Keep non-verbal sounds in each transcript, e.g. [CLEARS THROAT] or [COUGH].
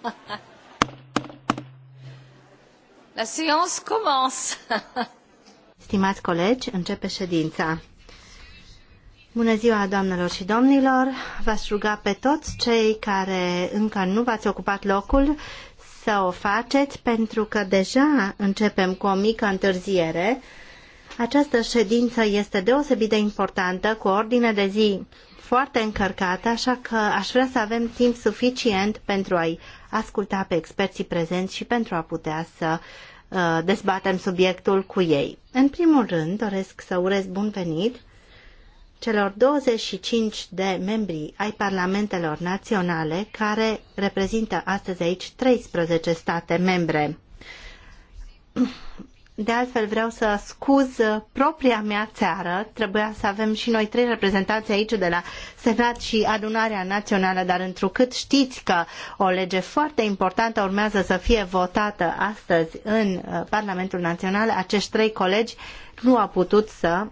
[LAUGHS] La séance commence. Stimați colegi, începe ședința. Bună ziua, doamnelor și domnilor! V-aș ruga pe toți cei care încă nu v-ați ocupat locul să o faceți, pentru că deja începem cu o mică întârziere. Uh, această ședință este deosebit de importantă, cu ordine de zi foarte încărcată, așa că aș vrea să avem timp suficient pentru a-i asculta pe experții prezenți și pentru a putea să uh, dezbatem subiectul cu ei. În primul rând, doresc să urez bun venit celor 25 de membri ai parlamentelor naționale care reprezintă astăzi aici 13 state membre. De altfel vreau să scuz uh, propria mea țară. Trebuia să avem și noi trei reprezentanți aici de la Senat și Adunarea Națională, dar întrucât știți că o lege foarte importantă urmează să fie votată astăzi în uh, Parlamentul Național, acești trei colegi nu au putut să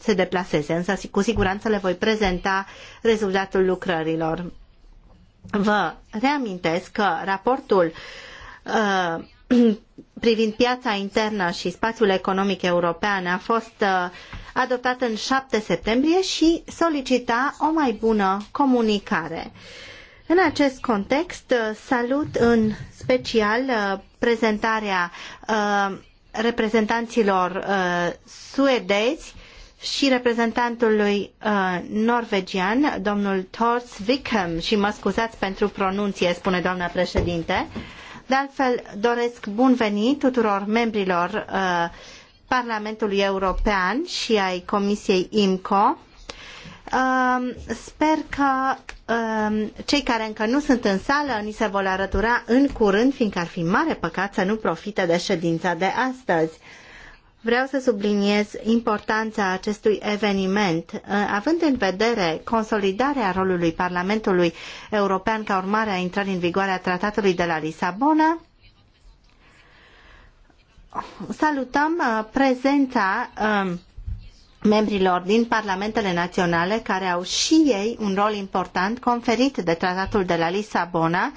se deplaseze, însă cu siguranță le voi prezenta rezultatul lucrărilor. Vă reamintesc că raportul uh, [CLEARS THROAT] privind piața internă și spațiul economic european a fost uh, adoptat în 7 septembrie și solicita o mai bună comunicare. În acest context, uh, salut în special uh, prezentarea reprezentanților suedezi și reprezentantului norvegian, domnul Tors Wickham, și mă scuzați pentru pronunție, spune doamna președinte, de altfel, doresc bun venit tuturor membrilor uh, Parlamentului European și ai Comisiei IMCO. Um, sper că um, cei care încă nu sunt în sală ni se vor alătura în curând, fiindcă ar fi mare păcat să nu profite de ședința de astăzi. Vreau să subliniez importanța acestui eveniment, uh, având în vedere consolidarea rolului Parlamentului European ca urmare a intrării în vigoare a Tratatului de la Lisabona. Salutăm uh, prezența um, membrilor din parlamentele naționale care au și ei un rol important conferit de Tratatul de la Lisabona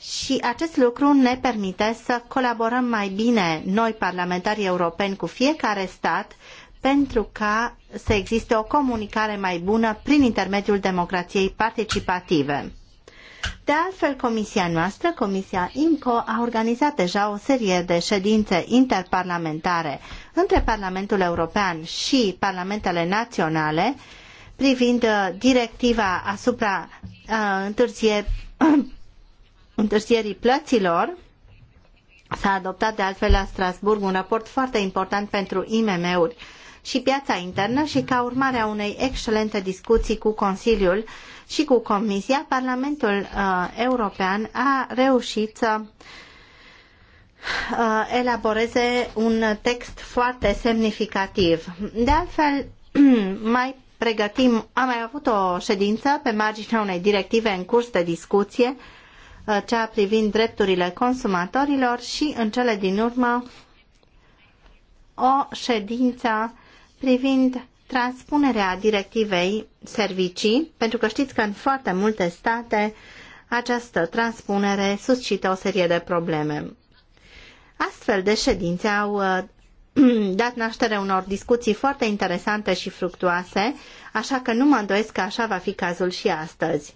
și acest lucru ne permite să colaborăm mai bine noi, parlamentarii europeni, cu fiecare stat pentru ca să existe o comunicare mai bună prin intermediul democrației participative. De altfel, comisia noastră, Comisia IMCO, a organizat deja o serie de ședințe interparlamentare între Parlamentul European și Parlamentele Naționale privind uh, directiva asupra uh, întârzie întârzierii plăților, s-a adoptat de altfel la Strasburg un raport foarte important pentru IMM-uri și piața internă și ca urmare a unei excelente discuții cu Consiliul și cu Comisia, Parlamentul uh, European a reușit să uh, elaboreze un text foarte semnificativ. De altfel, [CLEARS THROAT] mai pregătim, am mai avut o ședință pe marginea unei directive în curs de discuție Uh, cea privind drepturile consumatorilor și, în cele din urmă, o ședință privind transpunerea directivei servicii, pentru că știți că în foarte multe state această transpunere suscită o serie de probleme. Astfel de ședințe au uh, [CLEARS THROAT] dat naștere unor discuții foarte interesante și fructuoase, așa că nu mă îndoiesc că așa va fi cazul și astăzi.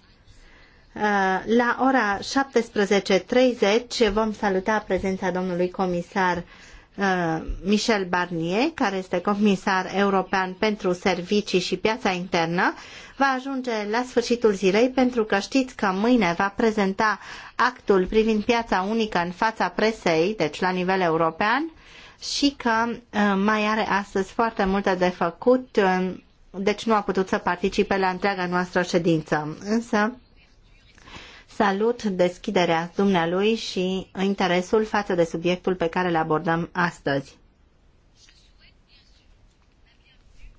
Uh, la ora 17.30 vom saluta prezența domnului comisar uh, Michel Barnier, care este comisar european pentru servicii și piața internă, va ajunge la sfârșitul zilei pentru că știți că mâine va prezenta actul privind piața unică în fața presei, deci la nivel european, și că uh, mai are astăzi foarte multe de făcut, deci nu a putut să participe la întreaga noastră ședință. Însă, Salut deschiderea dumnealui și interesul față de subiectul pe care îl abordăm astăzi.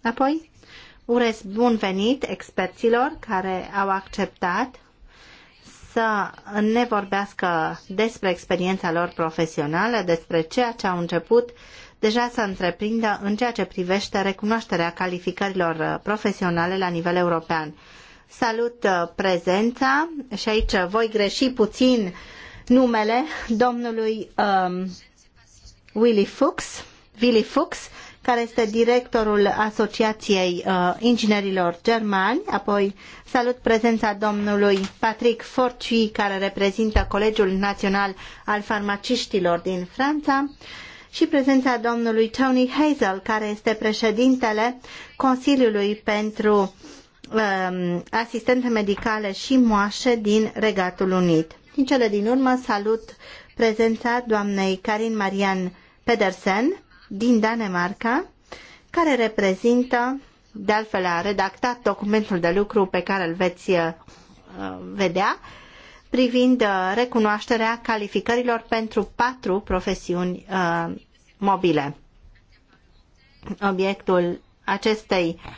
Apoi, urez bun venit experților care au acceptat să ne vorbească despre experiența lor profesională, despre ceea ce au început deja să întreprindă în ceea ce privește recunoașterea calificărilor profesionale la nivel european. Salut uh, prezența și aici voi greși puțin numele domnului um, Willy Fuchs, Willy Fuchs, care este directorul Asociației uh, Inginerilor Germani. Apoi salut prezența domnului Patrick Forci, care reprezintă Colegiul Național al Farmaciștilor din Franța și prezența domnului Tony Hazel, care este președintele Consiliului pentru uh, Um, asistente medicale și moașe din Regatul Unit. Din cele din urmă salut prezența doamnei Karin Marian Pedersen din Danemarca, care reprezintă, de altfel a redactat documentul de lucru pe care îl veți uh, vedea, privind uh, recunoașterea calificărilor pentru patru profesiuni uh, mobile. Obiectul acestei uh,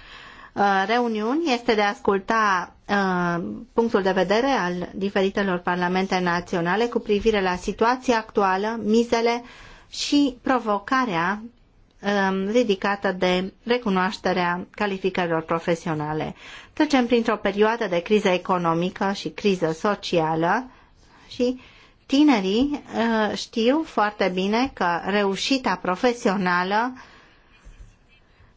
Uh, reuniuni este de a asculta uh, punctul de vedere al diferitelor parlamente naționale cu privire la situația actuală, mizele și provocarea um, ridicată de recunoașterea calificărilor profesionale. Trecem printr-o perioadă de criză economică și criză socială și tinerii uh, știu foarte bine că reușita profesională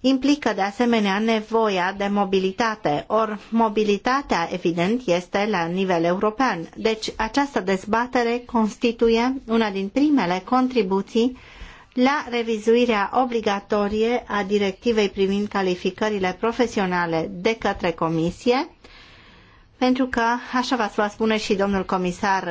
implică de asemenea nevoia de mobilitate, or mobilitatea evident este la nivel european. Deci această dezbatere constituie una din primele contribuții la revizuirea obligatorie a directivei privind calificările profesionale de către Comisie, pentru că, așa va spune și domnul comisar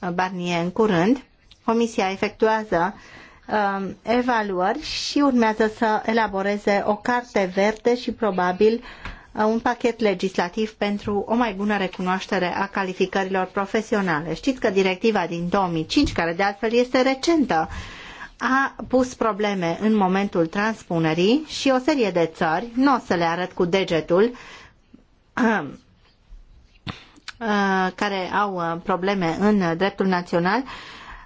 uh, Barnier în curând, Comisia efectuează uh, Um, evaluări și urmează să elaboreze o carte verde și probabil uh, un pachet legislativ pentru o mai bună recunoaștere a calificărilor profesionale. Știți că directiva din 2005, care de altfel este recentă, a pus probleme în momentul transpunerii și o serie de țări, nu o să le arăt cu degetul, um, uh, care au uh, probleme în dreptul național,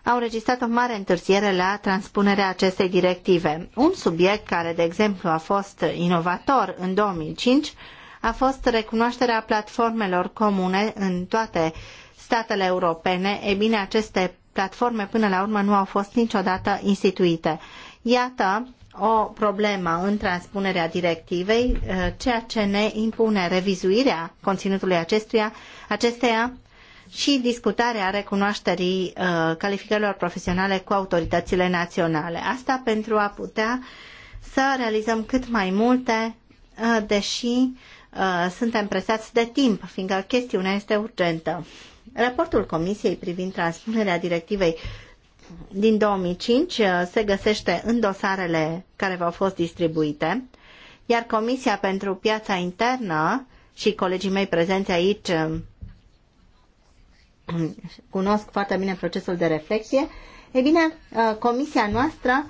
au registrat o mare întârziere la transpunerea acestei directive. Un subiect care, de exemplu, a fost inovator în 2005 a fost recunoașterea platformelor comune în toate statele europene. E bine, aceste platforme până la urmă nu au fost niciodată instituite. Iată o problemă în transpunerea directivei, ceea ce ne impune revizuirea conținutului acestuia, acesteia și discutarea recunoașterii uh, calificărilor profesionale cu autoritățile naționale. Asta pentru a putea să realizăm cât mai multe, uh, deși uh, suntem presați de timp, fiindcă chestiunea este urgentă. Raportul Comisiei privind transpunerea directivei din 2005 se găsește în dosarele care v-au fost distribuite, iar Comisia pentru Piața Internă și colegii mei prezenți aici cunosc foarte bine procesul de reflexie, e bine, uh, comisia noastră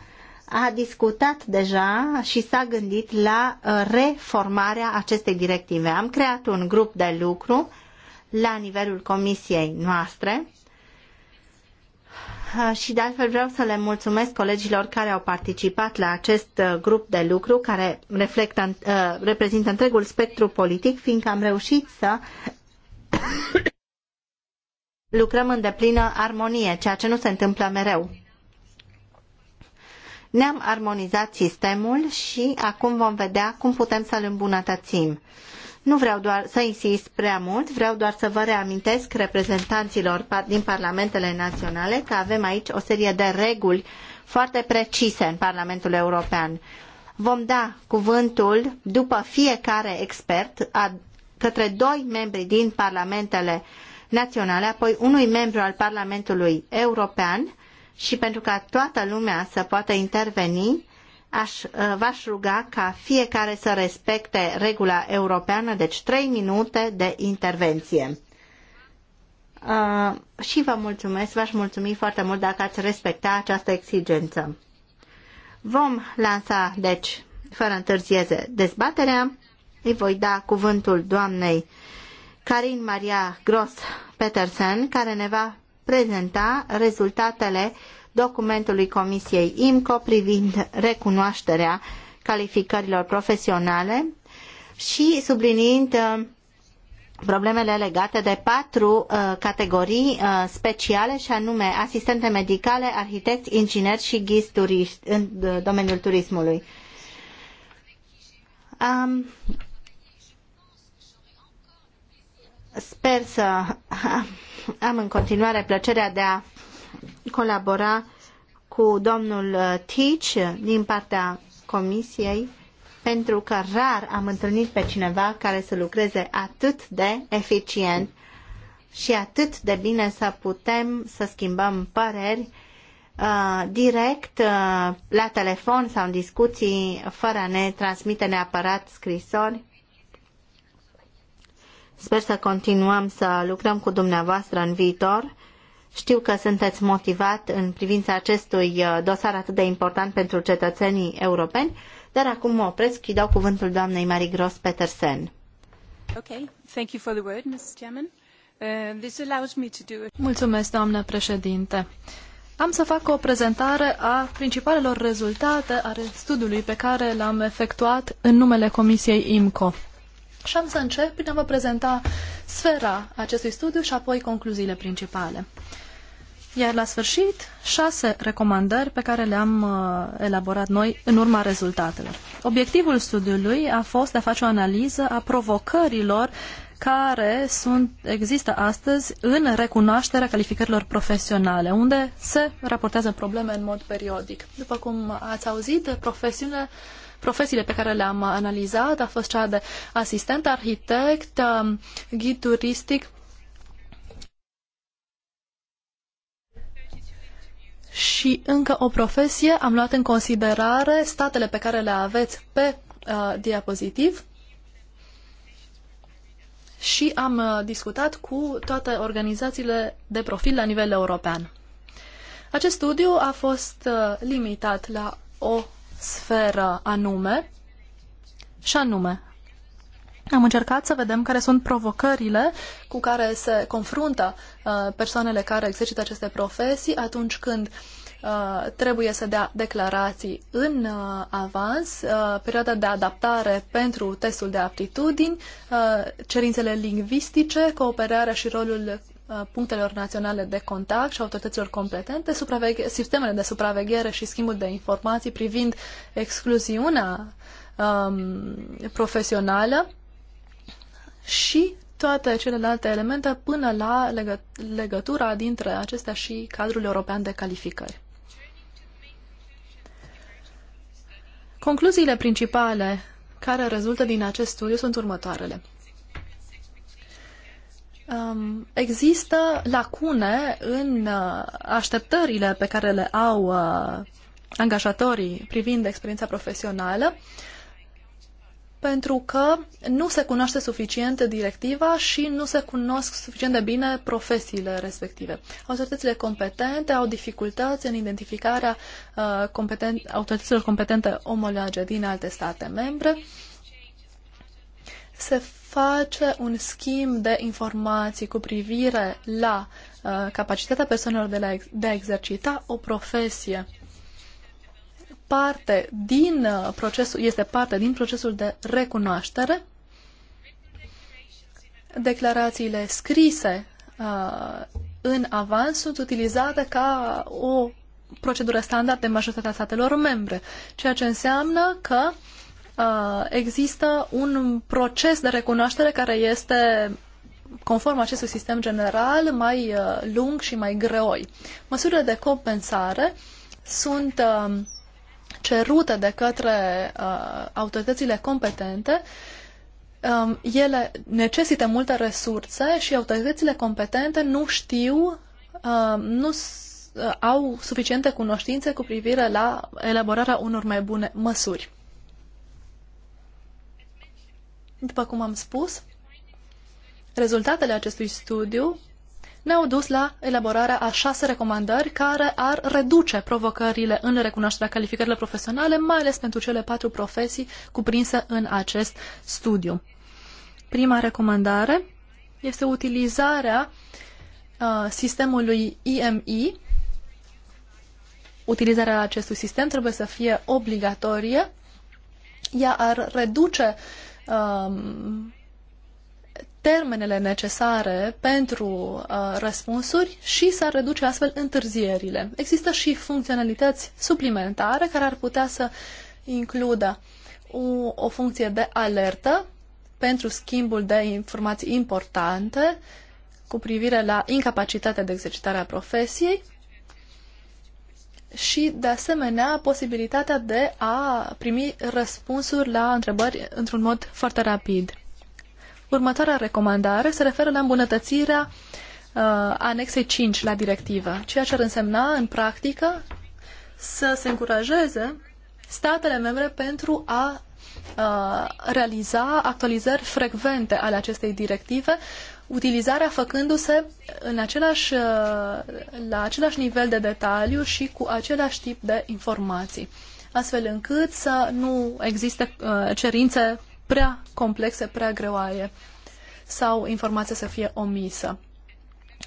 a discutat deja și s-a gândit la uh, reformarea acestei directive. Am creat un grup de lucru la nivelul comisiei noastre uh, și de altfel vreau să le mulțumesc colegilor care au participat la acest grup de lucru care reflectă, reprezintă întregul spectru politic, fiindcă am reușit să lucrăm în deplină armonie, ceea ce nu se întâmplă mereu. Ne-am armonizat sistemul și acum vom vedea cum putem să-l îmbunătățim. Nu vreau doar să insist prea mult, vreau doar să vă reamintesc reprezentanților din parlamentele naționale că avem aici o serie de reguli foarte precise în Parlamentul European. Vom da cuvântul după fiecare expert a, către doi membri din parlamentele uh, naționale, apoi unui membru al Parlamentului European și pentru ca toată lumea să poată interveni, aș, uh, v-aș ruga ca fiecare să respecte regula europeană, deci trei minute de intervenție. Uh, și vă mulțumesc, v-aș mulțumi foarte mult dacă ați respecta această exigență. Vom lansa, deci, fără întârziere, dezbaterea. Îi voi da cuvântul doamnei Karin Maria Gross Petersen, care ne va prezenta rezultatele documentului Comisiei IMCO privind recunoașterea calificărilor profesionale și subliniind uh, problemele legate de patru uh, categorii uh, speciale și anume asistente medicale, arhitecți, ingineri și ghizi turiști în uh, domeniul turismului. Um, Sper să am în continuare plăcerea de a colabora cu domnul Teach din partea Comisiei, pentru că rar am întâlnit pe cineva care să lucreze atât de eficient și atât de bine să putem să schimbăm păreri uh, direct uh, la telefon sau în discuții fără a ne transmite neapărat scrisori Sper să continuăm să lucrăm cu dumneavoastră în viitor. Știu că sunteți motivat în privința acestui uh, dosar atât de important pentru cetățenii europeni, dar acum mă opresc și dau cuvântul doamnei Marie Gross Petersen. Okay. Thank you for the word, Mrs. Chairman. Uh, this allows me to do... Mulțumesc, doamnă președinte. Am să fac o prezentare a principalelor rezultate ale studiului pe care l-am efectuat în numele Comisiei IMCO. Și am să încep prin a vă prezenta sfera acestui studiu și apoi concluziile principale. Iar la sfârșit, șase recomandări pe care le-am uh, elaborat noi în urma rezultatelor. Obiectivul studiului a fost de a face o analiză a provocărilor care sunt, există astăzi în recunoașterea calificărilor profesionale, unde se raportează probleme în mod periodic. După cum ați auzit, profesiunea uh, profesiile pe care le-am analizat a fost cea de asistent, arhitect, um, ghid turistic, și încă o profesie. Am luat în considerare statele pe care le aveți pe uh, diapozitiv și am uh, discutat cu toate organizațiile de profil la nivel european. Acest studiu a fost uh, limitat la o sferă anume, și anume, am încercat să vedem care sunt provocările cu care se confruntă uh, persoanele care exercită aceste profesii atunci când uh, trebuie să dea declarații în uh, avans, uh, perioada de adaptare pentru testul de aptitudini, uh, cerințele lingvistice, cooperarea și rolul Uh, punctelor naționale de contact și autorităților competente, sistemele de supraveghere și schimbul de informații privind excluziunea um, profesională și toate celelalte elemente până la legă legătura dintre acestea și cadrul european de calificări. Concluziile principale care rezultă din acest studiu sunt următoarele. Um, există lacune în uh, așteptările pe care le au uh, angajatorii privind experiența profesională pentru că nu se cunoaște suficient directiva și nu se cunosc suficient de bine profesiile respective. Autoritățile competente au dificultăți în identificarea uh, competen- autorităților competente omologe din alte state membre se face un schimb de informații cu privire la uh, capacitatea persoanelor de, la ex- de a exercita o profesie. Parte din uh, procesul, este parte din procesul de recunoaștere. Declarațiile scrise uh, în avans sunt utilizate ca o procedură standard de majoritatea statelor membre, ceea ce înseamnă că uh, Uh, există un proces de recunoaștere care este conform acestui sistem general, mai uh, lung și mai greoi. Măsurile de compensare sunt uh, cerute de către autoritățile competente. Um, ele necesită multe resurse și autoritățile competente nu știu, nu au suficiente cunoștințe cu privire la elaborarea unor mai bune măsuri. După cum am spus, rezultatele acestui studiu ne-au dus la elaborarea a șase recomandări care ar reduce provocările în recunoașterea calificărilor profesionale, mai ales pentru cele patru profesii cuprinse în acest studiu. Prima recomandare este utilizarea uh, sistemului IMI. Utilizarea acestui sistem trebuie să fie obligatorie. Ea ar reduce um, termenele necesare pentru uh, răspunsuri și s-ar reduce astfel întârzierile. Există și funcționalități suplimentare care ar putea să includă o, o funcție de alertă pentru schimbul de informații importante cu privire la incapacitatea de exercitare a profesiei, și, de asemenea, posibilitatea de a primi răspunsuri la întrebări într-un mod foarte rapid. Următoarea recomandare se referă la îmbunătățirea uh, anexei 5 la directivă, ceea ce ar însemna, în practică, să se încurajeze statele membre pentru a uh, realiza actualizări frecvente ale acestei directive, utilizarea făcându-se în același, uh, la același nivel de detaliu și cu același tip de informații, astfel încât să nu existe uh, cerințe prea complexe, prea greoaie sau informația să fie omisă.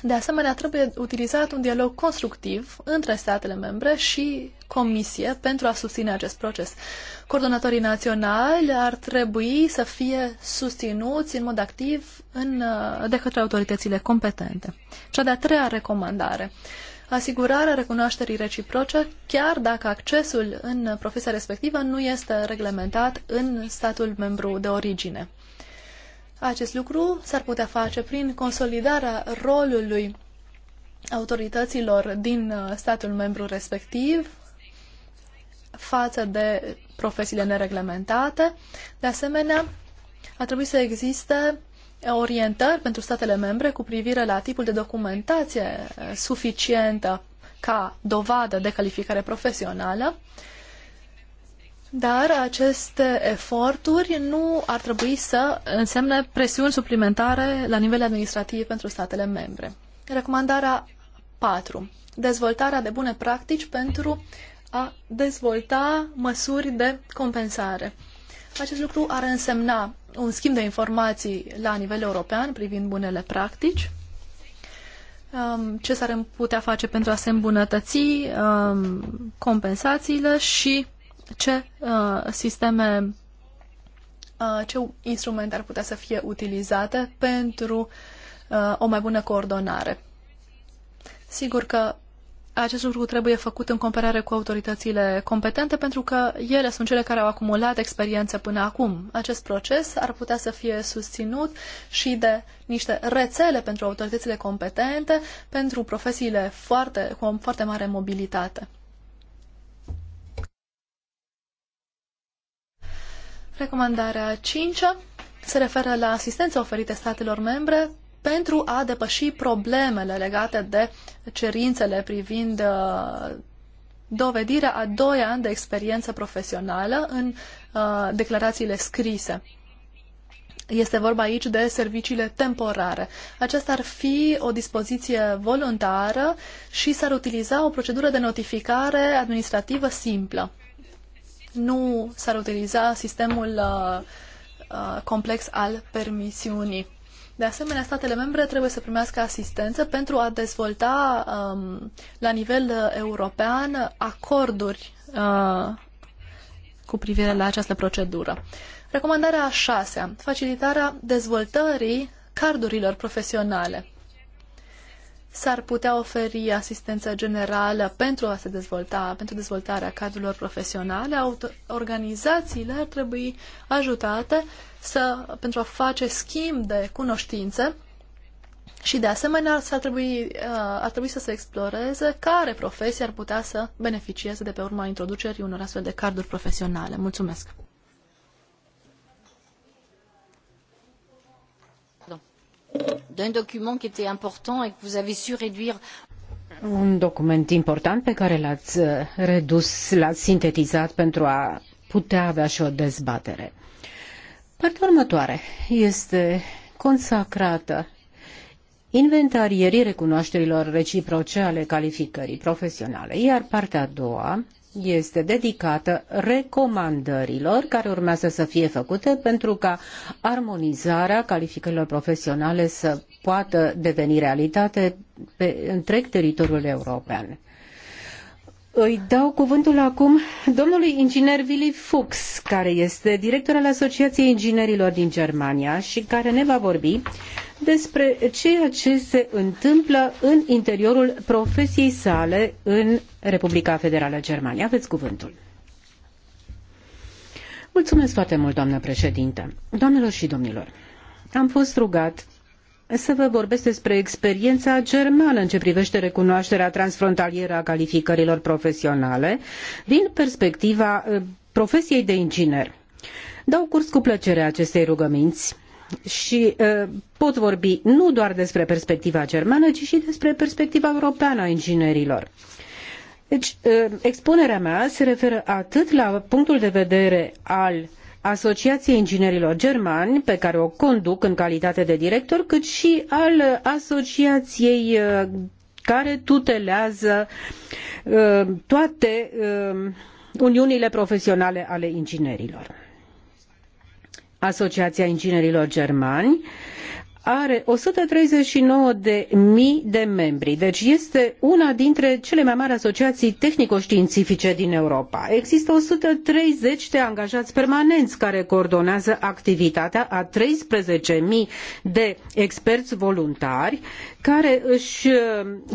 De asemenea, trebuie utilizat un dialog constructiv între statele membre și Comisie pentru a susține acest proces. Coordonatorii naționali ar trebui să fie susținuți în mod activ în, de către autoritățile competente. Cea de-a treia recomandare. Asigurarea recunoașterii reciproce, chiar dacă accesul în profesia respectivă nu este reglementat în statul membru de origine. Acest lucru s-ar putea face prin consolidarea rolului autorităților din uh, statul membru respectiv față de profesiile nereglementate. De asemenea, ar trebui să existe orientări pentru statele membre cu privire la tipul de documentație uh, suficientă ca dovadă de calificare profesională dar aceste eforturi nu ar trebui să însemne presiuni suplimentare la nivel administrativ pentru statele membre. Recomandarea 4. Dezvoltarea de bune practici pentru a dezvolta măsuri de compensare. Acest lucru ar însemna un schimb de informații la nivel european privind bunele practici, um, ce s-ar putea face pentru a se îmbunătăți um, compensațiile și ce uh, sisteme, uh, ce instrumente ar putea să fie utilizate pentru uh, o mai bună coordonare. Sigur că acest lucru trebuie făcut în comparare cu autoritățile competente pentru că ele sunt cele care au acumulat experiență până acum. Acest proces ar putea să fie susținut și de niște rețele pentru autoritățile competente pentru profesiile foarte, cu o foarte mare mobilitate. Recomandarea 5 se referă la asistența oferită statelor membre pentru a depăși problemele legate de cerințele privind uh, dovedirea a doi ani de experiență profesională în uh, declarațiile scrise. Este vorba aici de serviciile temporare. Aceasta ar fi o dispoziție voluntară și s-ar utiliza o procedură de notificare administrativă simplă nu s-ar utiliza sistemul uh, uh, complex al permisiunii. De asemenea, statele membre trebuie să primească asistență pentru a dezvolta um, la nivel uh, european acorduri uh, cu privire la această procedură. Recomandarea a șasea, facilitarea dezvoltării cardurilor profesionale s-ar putea oferi asistență generală pentru a se dezvolta, pentru dezvoltarea cadrelor profesionale, auto- organizațiile ar trebui ajutate să, pentru a face schimb de cunoștințe și de asemenea ar trebui, uh, ar trebui să se exploreze care profesie ar putea să beneficieze de pe urma introducerii unor astfel de carduri profesionale. Mulțumesc! d'un document qui était important et que vous avez su réduire un document important pe care l-ați uh, redus, l-ați sintetizat pentru a putea avea și o dezbatere. Partea următoare este consacrată inventarierii recunoașterilor reciproce ale calificării profesionale, iar partea a doua este dedicată recomandărilor care urmează să fie făcute pentru ca armonizarea calificărilor profesionale să poată deveni realitate pe întreg teritoriul european. Îi dau cuvântul acum domnului inginer Willy Fuchs, care este director al Asociației Inginerilor din Germania și care ne va vorbi despre ceea ce se întâmplă în interiorul profesiei sale în Republica Federală Germania. Aveți cuvântul. Mulțumesc foarte mult, doamnă președinte. Doamnelor și domnilor, am fost rugat să vă vorbesc despre experiența germană în ce privește recunoașterea transfrontalieră a calificărilor profesionale din perspectiva eh, profesiei de inginer. Dau curs cu plăcere acestei rugăminți și eh, pot vorbi nu doar despre perspectiva germană, ci și despre perspectiva europeană a inginerilor. Deci, eh, expunerea mea se referă atât la punctul de vedere al Asociației Inginerilor Germani, pe care o conduc în calitate de director, cât și al Asociației uh, care tutelează uh, toate uh, uniunile profesionale ale inginerilor. Asociația Inginerilor Germani are 139 de mii de membri, deci este una dintre cele mai mari asociații tehnico-științifice din Europa. Există 130 de angajați permanenți care coordonează activitatea a 13 mii de experți voluntari care își uh,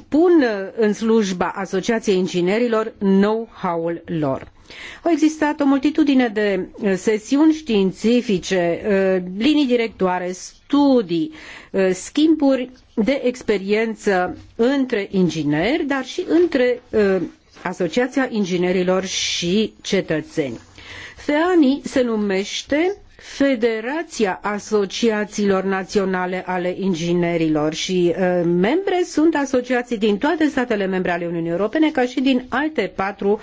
pun în slujba Asociației Inginerilor know-how-ul lor. Au existat o multitudine de eh, sesiuni științifice, eh, linii directoare, studii, eh, schimburi de experiență între ingineri, dar și între Asociația Inginerilor și Cetățeni. FEANI se numește Federația Asociațiilor Naționale ale Inginerilor și membre sunt asociații din toate statele membre ale Uniunii Europene, ca și din alte patru uh,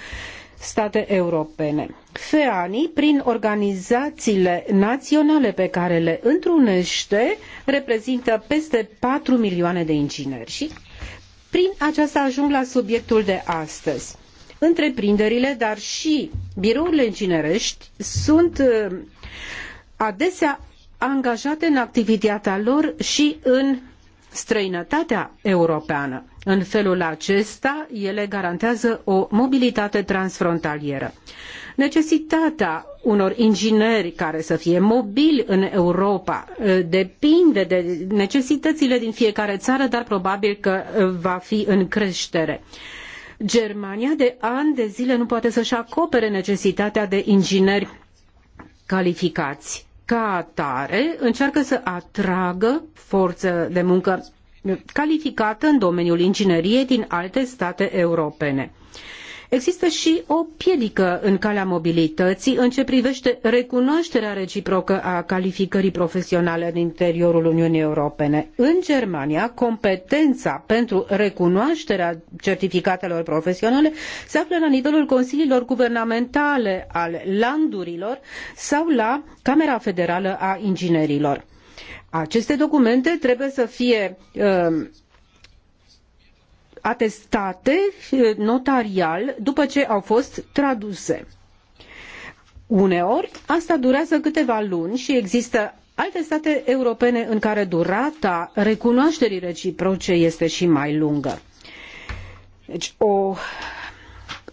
state europene. FEANI, prin organizațiile naționale pe care le întrunește, reprezintă peste 4 milioane de ingineri și prin aceasta ajung la subiectul de astăzi. Întreprinderile, dar și birourile inginerești sunt uh, adesea angajate în activitatea lor și în străinătatea europeană. În felul acesta, ele garantează o mobilitate transfrontalieră. Necesitatea unor ingineri care să fie mobili în Europa uh, depinde de necesitățile din fiecare țară, dar probabil că uh, va fi în creștere. Germania de ani de zile nu poate să-și acopere necesitatea de ingineri calificați ca atare încearcă să atragă forță de muncă calificată în domeniul ingineriei din alte state europene. Există și o piedică în calea mobilității în ce privește recunoașterea reciprocă a calificării profesionale în interiorul Uniunii Europene. În Germania, competența pentru recunoașterea certificatelor profesionale se află la nivelul consiliilor guvernamentale ale landurilor sau la Camera Federală a Inginerilor. Aceste documente trebuie să fie uh, atestate eh, notarial după ce au fost traduse. Uneori, asta durează câteva luni și există alte state europene în care durata recunoașterii reciproce este și mai lungă. Deci, o,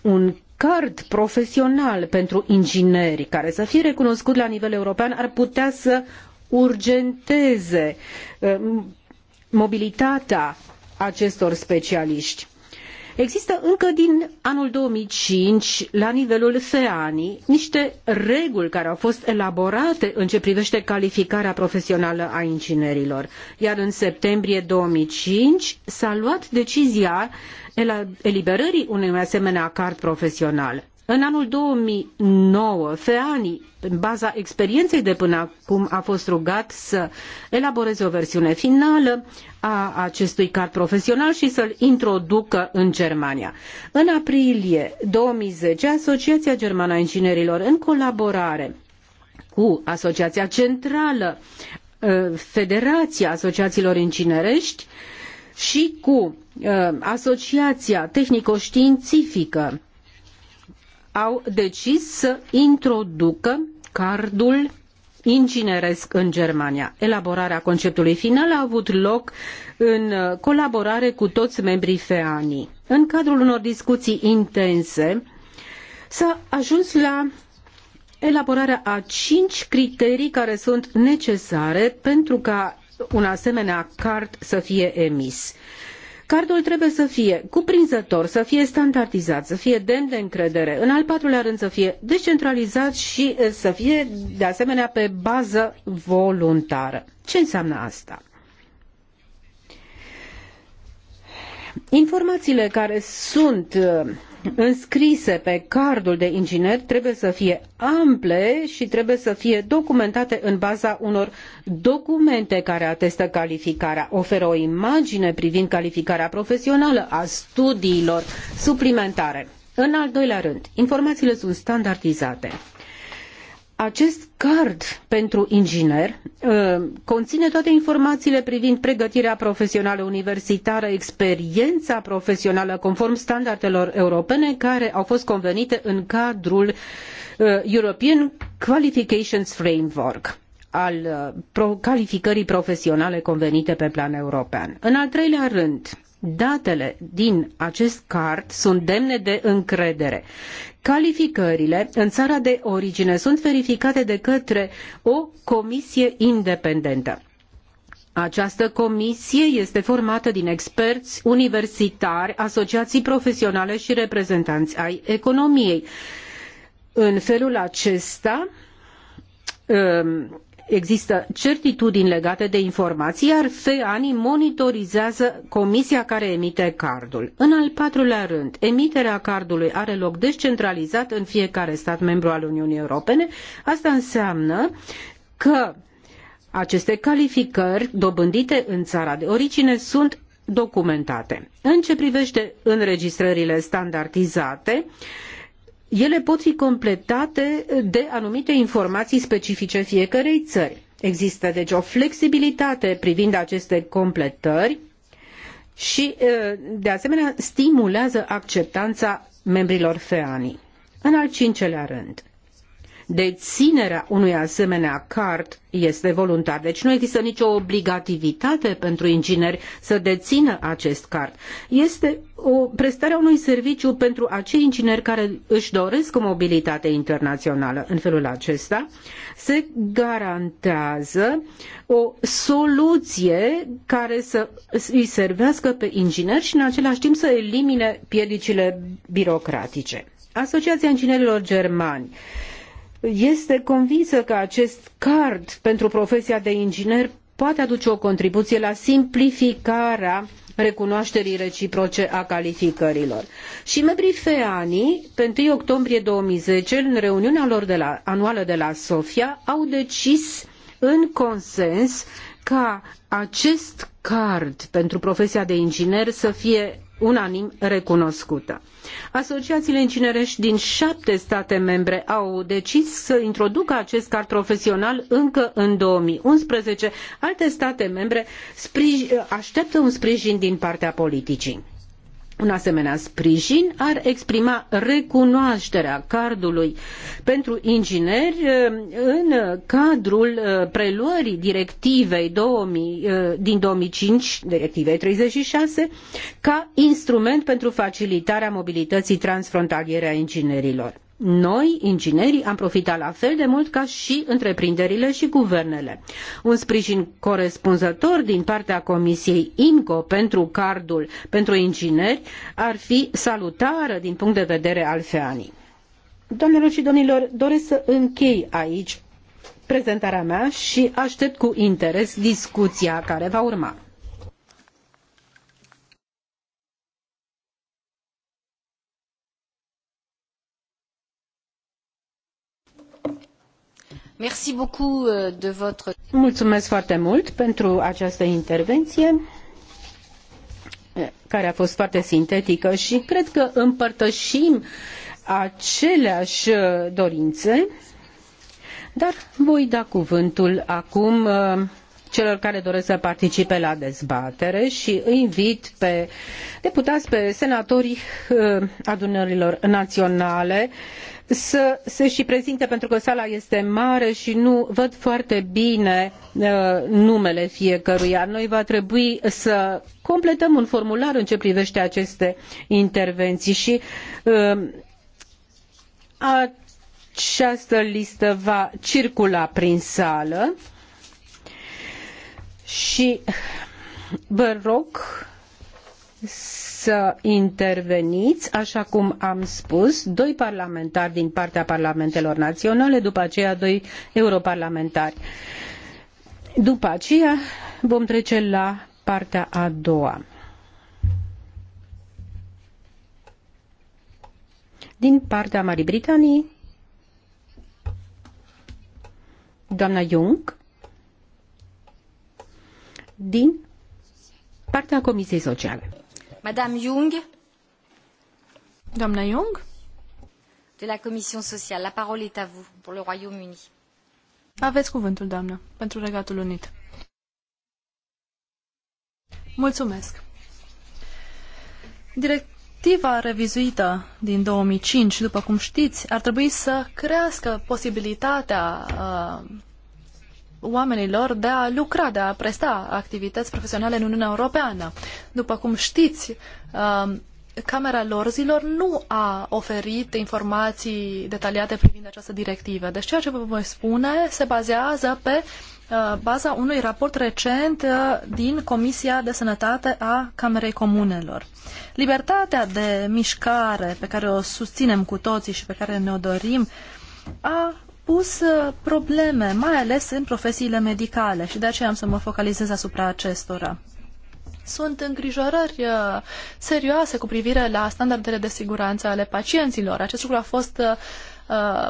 un card profesional pentru ingineri care să fie recunoscut la nivel european ar putea să urgenteze eh, mobilitatea acestor specialiști. Există încă din anul 2005, la nivelul FEANI, niște reguli care au fost elaborate în ce privește calificarea profesională a inginerilor. Iar în septembrie 2005 s-a luat decizia eliberării unui asemenea card profesional. În anul 2009, FEANI, în baza experienței de până acum, a fost rugat să elaboreze o versiune finală a acestui card profesional și să-l introducă în Germania. În aprilie 2010, Asociația Germană a Inginerilor, în colaborare cu Asociația Centrală, ă, Federația Asociațiilor Incinerești și cu ă, Asociația Tehnico-Științifică au decis să introducă cardul ingineresc în Germania. Elaborarea conceptului final a avut loc în colaborare cu toți membrii FEANI. În cadrul unor discuții intense s-a ajuns la elaborarea a cinci criterii care sunt necesare pentru ca un asemenea card să fie emis. Cardul trebuie să fie cuprinzător, să fie standardizat, să fie demn de încredere. În al patrulea rând să fie decentralizat și să fie de asemenea pe bază voluntară. Ce înseamnă asta? Informațiile care sunt înscrise pe cardul de inginer trebuie să fie ample și trebuie să fie documentate în baza unor documente care atestă calificarea, oferă o imagine privind calificarea profesională a studiilor suplimentare. În al doilea rând, informațiile sunt standardizate. Acest card pentru inginer uh, conține toate informațiile privind pregătirea profesională universitară, experiența profesională conform standardelor europene care au fost convenite în cadrul uh, European Qualifications Framework al uh, calificării profesionale convenite pe plan european. În al treilea rând, Datele din acest card sunt demne de încredere. Calificările în țara de origine sunt verificate de către o comisie independentă. Această comisie este formată din experți universitari, asociații profesionale și reprezentanți ai economiei. În felul acesta, um, există certitudini legate de informații, iar FEANI monitorizează comisia care emite cardul. În al patrulea rând, emiterea cardului are loc descentralizat în fiecare stat membru al Uniunii Europene. Asta înseamnă că aceste calificări dobândite în țara de origine sunt documentate. În ce privește înregistrările standardizate, uh, ele pot fi completate de anumite informații specifice fiecărei țări. Există deci o flexibilitate privind aceste completări și, de asemenea, stimulează acceptanța membrilor FEANI. În al cincelea rând, deținerea unui asemenea card este voluntar. Deci nu există nicio obligativitate pentru ingineri să dețină acest card. Este o prestare a unui serviciu pentru acei ingineri care își doresc o mobilitate internațională. În felul acesta se garantează o soluție care să îi servească pe ingineri și în același timp să elimine piedicile birocratice. Asociația Inginerilor Germani este convinsă că acest card pentru profesia de inginer poate aduce o contribuție la simplificarea recunoașterii reciproce a calificărilor. Și membrii FEANI, pe 1 octombrie 2010, în reuniunea lor de la, anuală de la Sofia, au decis în consens ca acest card pentru profesia de inginer să fie unanim recunoscută. Asociațiile incinerești din șapte state membre au decis să introducă acest card profesional încă în 2011. Alte state membre așteptă un sprijin din partea politicii. Un asemenea sprijin ar exprima recunoașterea cardului pentru ingineri eh, în cadrul eh, preluării directivei 2000, eh, din 2005, directivei 36, ca instrument pentru facilitarea mobilității transfrontaliere a inginerilor. Noi, inginerii, am profitat la fel de mult ca și întreprinderile și guvernele. Un sprijin corespunzător din partea Comisiei INCO pentru cardul pentru ingineri ar fi salutară din punct de vedere al FEANI. Doamnelor și domnilor, doresc să închei aici prezentarea mea și aștept cu interes discuția care va urma. Merci beaucoup euh, de votre... Mulțumesc foarte mult pentru această intervenție eh, care a fost foarte sintetică și cred că împărtășim aceleași eh, dorințe, dar voi da cuvântul acum eh, celor care doresc să participe la dezbatere și îi invit pe deputați, pe senatorii adunărilor naționale să se și prezinte pentru că sala este mare și nu văd foarte bine uh, numele fiecăruia. Noi va trebui să completăm un formular în ce privește aceste intervenții și uh, această listă va circula prin sală și vă rog să interveniți, așa cum am spus, doi parlamentari din partea parlamentelor naționale, după aceea doi europarlamentari. După aceea vom trece la partea a doua. Din partea Marii Britanii, doamna Jung, din partea Comisiei Sociale doamnă Jung. Jung. De la Comisia Socială. la parole est à vous pour le Royaume-Uni. Aveți cuvântul, doamnă, pentru Regatul Unit. Mulțumesc. Directiva revizuită din 2005, după cum știți, ar trebui să crească posibilitatea uh, oamenilor de a lucra, de a presta activități profesionale în Uniunea Europeană. După cum știți, um, Camera Lorzilor nu a oferit informații detaliate privind această directivă. Deci ceea ce vă voi spune se bazează pe uh, baza unui raport recent uh, din Comisia de Sănătate a Camerei Comunelor. Libertatea de mișcare pe care o susținem cu toții și pe care ne-o dorim a pus uh, probleme, mai ales în profesiile medicale și de aceea am să mă focalizez asupra acestora. Sunt îngrijorări uh, serioase cu privire la standardele de siguranță ale pacienților. Acest lucru a fost uh,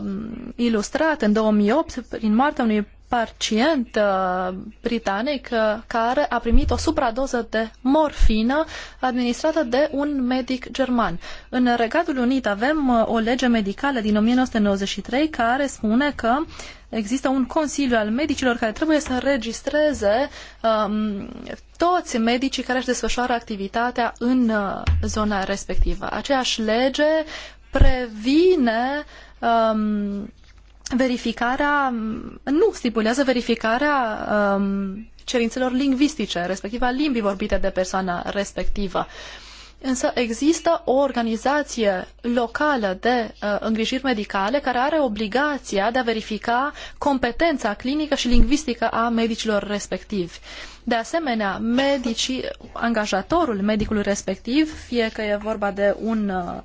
ilustrat în 2008 prin moartea unui pacient uh, britanic uh, care a primit o supradoză de morfină administrată de un medic german. În Regatul Unit avem uh, o lege medicală din 1993 care spune că există un consiliu al medicilor care trebuie să înregistreze um, toți medicii care își desfășoară activitatea în uh, zona respectivă. Aceeași lege previne um, verificarea, nu stipulează verificarea um, cerințelor lingvistice, respectiv a limbii vorbite de persoana respectivă. Însă există o organizație locală de uh, îngrijiri medicale care are obligația de a verifica competența clinică și lingvistică a medicilor respectivi. De asemenea, medicii, angajatorul medicului respectiv, fie că e vorba de un uh,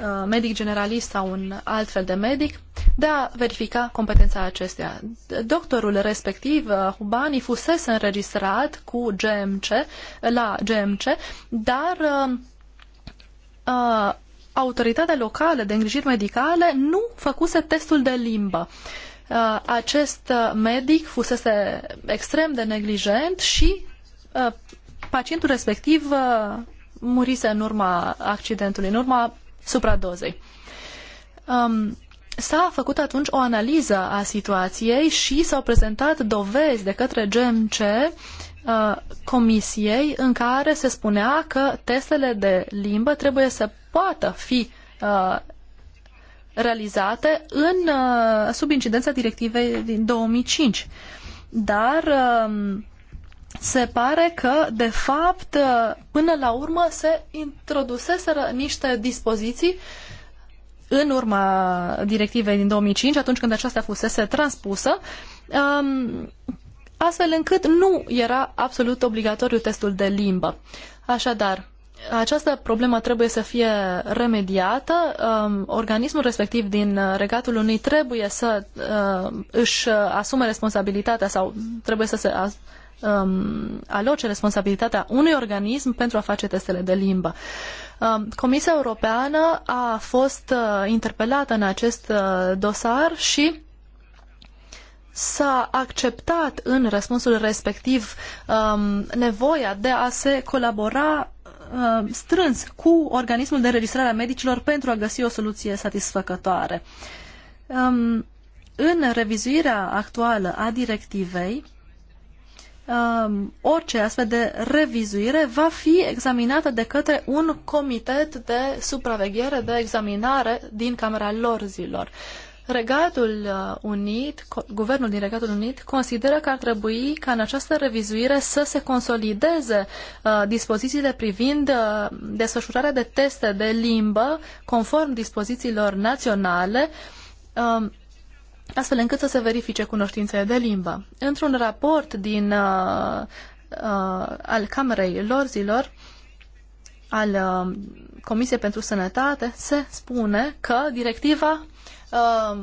Uh, medic generalist sau un alt fel de medic, de a verifica competența acesteia. Doctorul respectiv, uh, Hubani, fusese înregistrat cu GMC, la GMC, dar uh, uh, autoritatea locală de îngrijiri medicale nu făcuse testul de limbă. Uh, acest medic fusese extrem de neglijent și uh, pacientul respectiv murise în urma accidentului, în urma supradozei. Um, S-a făcut atunci o analiză a situației și s-au prezentat dovezi de către GMC uh, comisiei în care se spunea că testele de limbă trebuie să poată fi uh, realizate în, uh, sub incidența directivei din 2005. Dar um, se pare că, de fapt, până la urmă se introduseseră niște dispoziții în urma directivei din 2005, atunci când aceasta fusese transpusă, um, astfel încât nu era absolut obligatoriu testul de limbă. Așadar, această problemă trebuie să fie remediată. Um, organismul respectiv din Regatul Unii trebuie să uh, își asume responsabilitatea sau trebuie să se um, aloce responsabilitatea unui organism pentru a face testele de limbă. Um, Comisia Europeană a fost uh, interpelată în acest uh, dosar și s-a acceptat în răspunsul respectiv um, nevoia de a se colabora uh, strâns cu organismul de registrare a medicilor pentru a găsi o soluție satisfăcătoare. Um, în revizuirea actuală a directivei, uh, orice astfel de revizuire va fi examinată de către un comitet de supraveghere, de examinare din Camera lor zilor. Regatul uh, Unit, guvernul din Regatul Unit consideră că ar trebui ca în această revizuire să se consolideze uh, dispozițiile privind uh, desfășurarea de teste de limbă conform dispozițiilor naționale uh, astfel încât să se verifice cunoștințele de limbă. Într-un raport din uh, uh, al Camerei Lorzilor, al uh, Comisiei pentru Sănătate, se spune că directiva uh,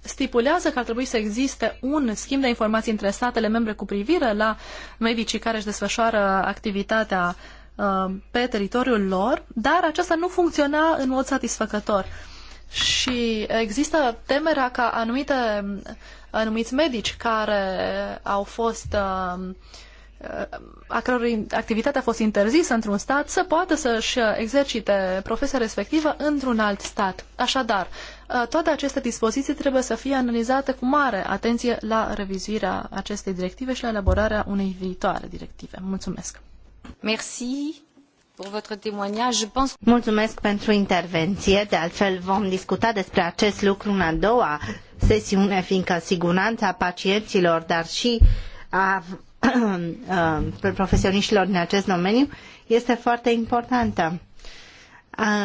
stipulează că ar trebui să existe un schimb de informații între statele membre cu privire la medicii care își desfășoară activitatea uh, pe teritoriul lor, dar aceasta nu funcționa în mod satisfăcător. Uh, și există temerea ca anumite, anumiți medici care au fost uh, a căror activitate a fost interzisă într-un stat să poată să-și exercite profesia respectivă într-un alt stat. Așadar, uh, toate aceste dispoziții trebuie să fie analizate cu mare atenție la revizuirea acestei directive și la elaborarea unei viitoare directive. Mulțumesc! Merci. Mulțumesc pentru intervenție, de altfel vom discuta despre acest lucru în a doua sesiune, fiindcă siguranța pacienților, dar și a [CLEARS THROAT] profesioniștilor din acest domeniu este foarte importantă.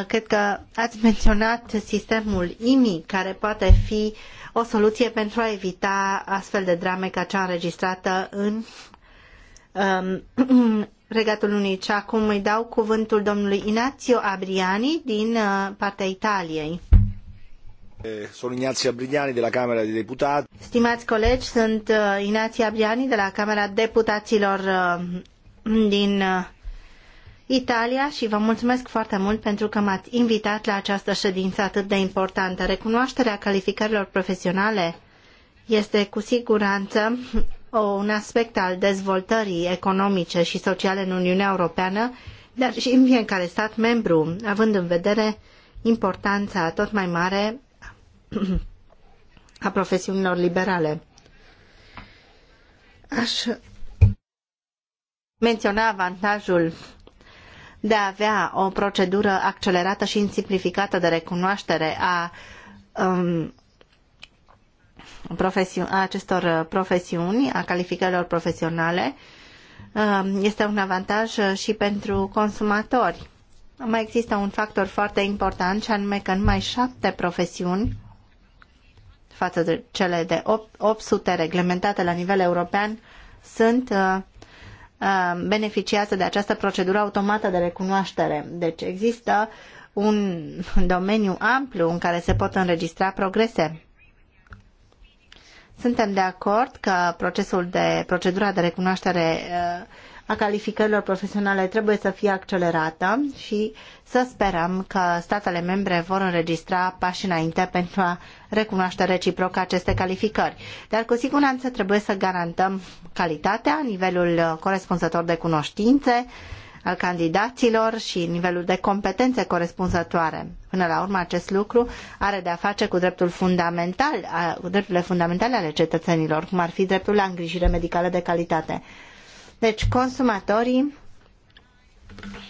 Cred că ați menționat sistemul IMI, care poate fi o soluție pentru a evita astfel de drame ca cea înregistrată în um, [CLEARS THROAT] Regatul Unit. acum îi dau cuvântul domnului Inazio Abriani din uh, partea Italiei. Eh, sunt Ignazio Abriani de la Camera de Deputați. Stimați colegi, sunt uh, Ignazio Abriani de la Camera Deputaților uh, din Italia și vă mulțumesc foarte mult pentru că m-ați invitat la această ședință atât de importantă. Recunoașterea calificărilor profesionale este cu siguranță un aspect al dezvoltării economice și sociale în Uniunea Europeană, dar și în fiecare stat membru, având în vedere importanța tot mai mare [CLEARS THROAT] a profesiunilor liberale. Aș menționa avantajul de a avea o procedură accelerată și simplificată de recunoaștere a um, a acestor uh, profesiuni, a calificărilor profesionale, uh, este un avantaj uh, și pentru consumatori. Mai există un factor foarte important și anume că numai șapte profesiuni față de cele de 800 reglementate la nivel european sunt beneficiază de această procedură automată de recunoaștere. Deci există un domeniu amplu în care se pot înregistra progrese. Suntem de acord că procesul de procedura de recunoaștere uh, a calificărilor profesionale trebuie să fie accelerată și să sperăm că statele membre vor înregistra pași înainte pentru a recunoaște reciproc aceste calificări. Dar cu siguranță trebuie să garantăm calitatea, nivelul corespunzător de cunoștințe, uh, al candidaților și nivelul de competențe corespunzătoare. Până la urmă, acest lucru are de a face cu dreptul fundamental, cu drepturile fundamentale ale cetățenilor, cum ar fi dreptul la îngrijire medicală de calitate. Deci, consumatorii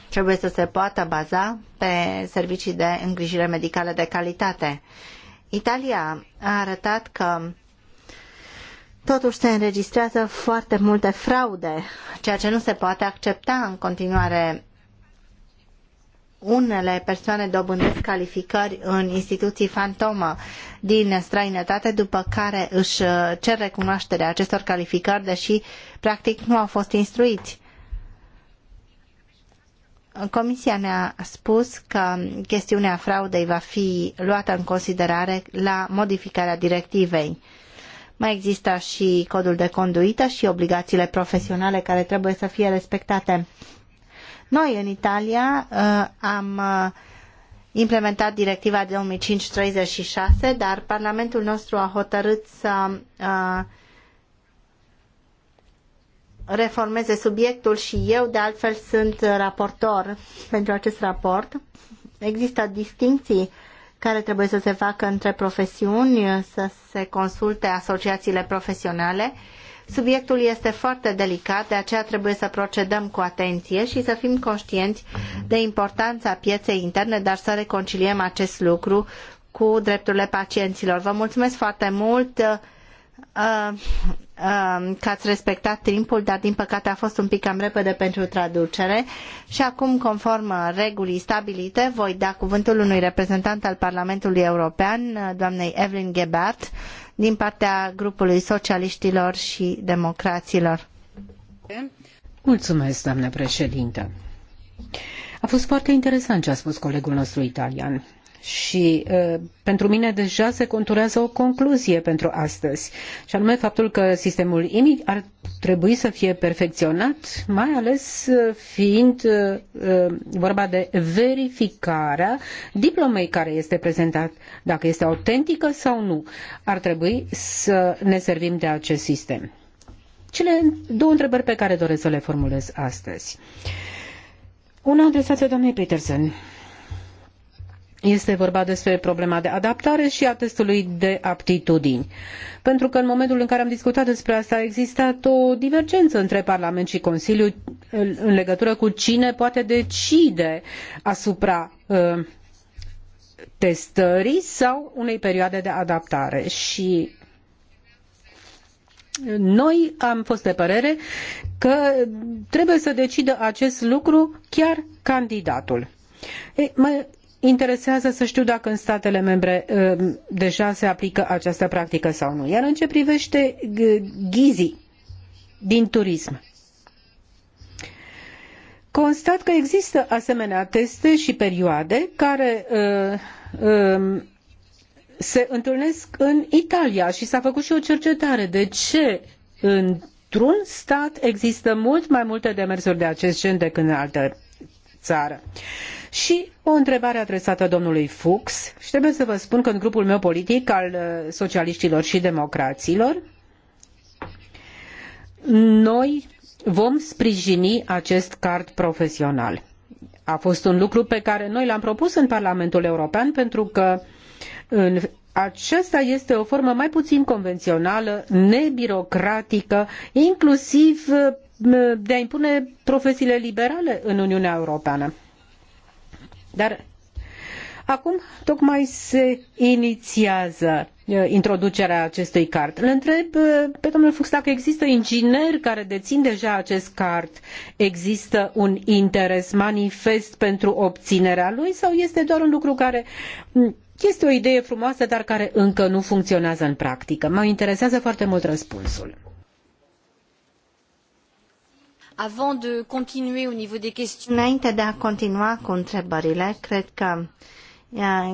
trebuie să se poată baza pe servicii de îngrijire medicală de calitate. Italia a arătat că Totuși se înregistrează foarte multe fraude, ceea ce nu se poate accepta în continuare. Unele persoane dobândesc calificări în instituții fantomă din străinătate, după care își cer recunoașterea acestor calificări, deși practic nu au fost instruiți. Comisia ne-a spus că chestiunea fraudei va fi luată în considerare la modificarea directivei. Mai exista și codul de conduită și obligațiile profesionale care trebuie să fie respectate. Noi, în Italia, uh, am uh, implementat directiva 2005-36, dar Parlamentul nostru a hotărât să uh, reformeze subiectul și eu, de altfel, sunt raportor pentru acest raport. Există distinții care trebuie să se facă între profesiuni, să se consulte asociațiile profesionale. Subiectul este foarte delicat, de aceea trebuie să procedăm cu atenție și să fim conștienți de importanța pieței interne, dar să reconciliem acest lucru cu drepturile pacienților. Vă mulțumesc foarte mult! Uh, uh, că ați respectat timpul, dar din păcate a fost un pic cam repede pentru traducere. Și acum, conform regulii stabilite, voi da cuvântul unui reprezentant al Parlamentului European, uh, doamnei Evelyn Gebhardt, din partea grupului socialiștilor și democraților. Mulțumesc, doamnă președintă. A fost foarte interesant ce a spus colegul nostru italian și uh, pentru mine deja se conturează o concluzie pentru astăzi, și anume faptul că sistemul IMI ar trebui să fie perfecționat, mai ales uh, fiind uh, uh, vorba de verificarea diplomei care este prezentat, dacă este autentică sau nu. Ar trebui să ne servim de acest sistem. Cele două întrebări pe care doresc să le formulez astăzi. Una adresată doamnei Peterson este vorba despre problema de adaptare și a testului de aptitudini. Pentru că în momentul în care am discutat despre asta a existat o divergență între Parlament și Consiliu în legătură cu cine poate decide asupra uh, testării sau unei perioade de adaptare. Și noi am fost de părere că trebuie să decidă acest lucru chiar candidatul interesează să știu dacă în statele membre uh, deja se aplică această practică sau nu. Iar în ce privește uh, ghizii din turism, constat că există asemenea teste și perioade care uh, um, se întâlnesc în Italia și s-a făcut și o cercetare de ce într-un stat există mult mai multe demersuri de acest gen decât în alte țară. Și o întrebare adresată domnului Fuchs și trebuie să vă spun că în grupul meu politic al uh, socialiștilor și democraților noi vom sprijini acest card profesional. A fost un lucru pe care noi l-am propus în Parlamentul European pentru că în aceasta este o formă mai puțin convențională, nebirocratică, inclusiv uh, de a impune profesiile liberale în Uniunea Europeană. Dar acum tocmai se inițiază introducerea acestui card. Îl întreb pe domnul Fux dacă există ingineri care dețin deja acest card. Există un interes manifest pentru obținerea lui sau este doar un lucru care este o idee frumoasă, dar care încă nu funcționează în practică? Mă interesează foarte mult răspunsul. Avant de au niveau des questions... Înainte de a continua cu întrebările, cred că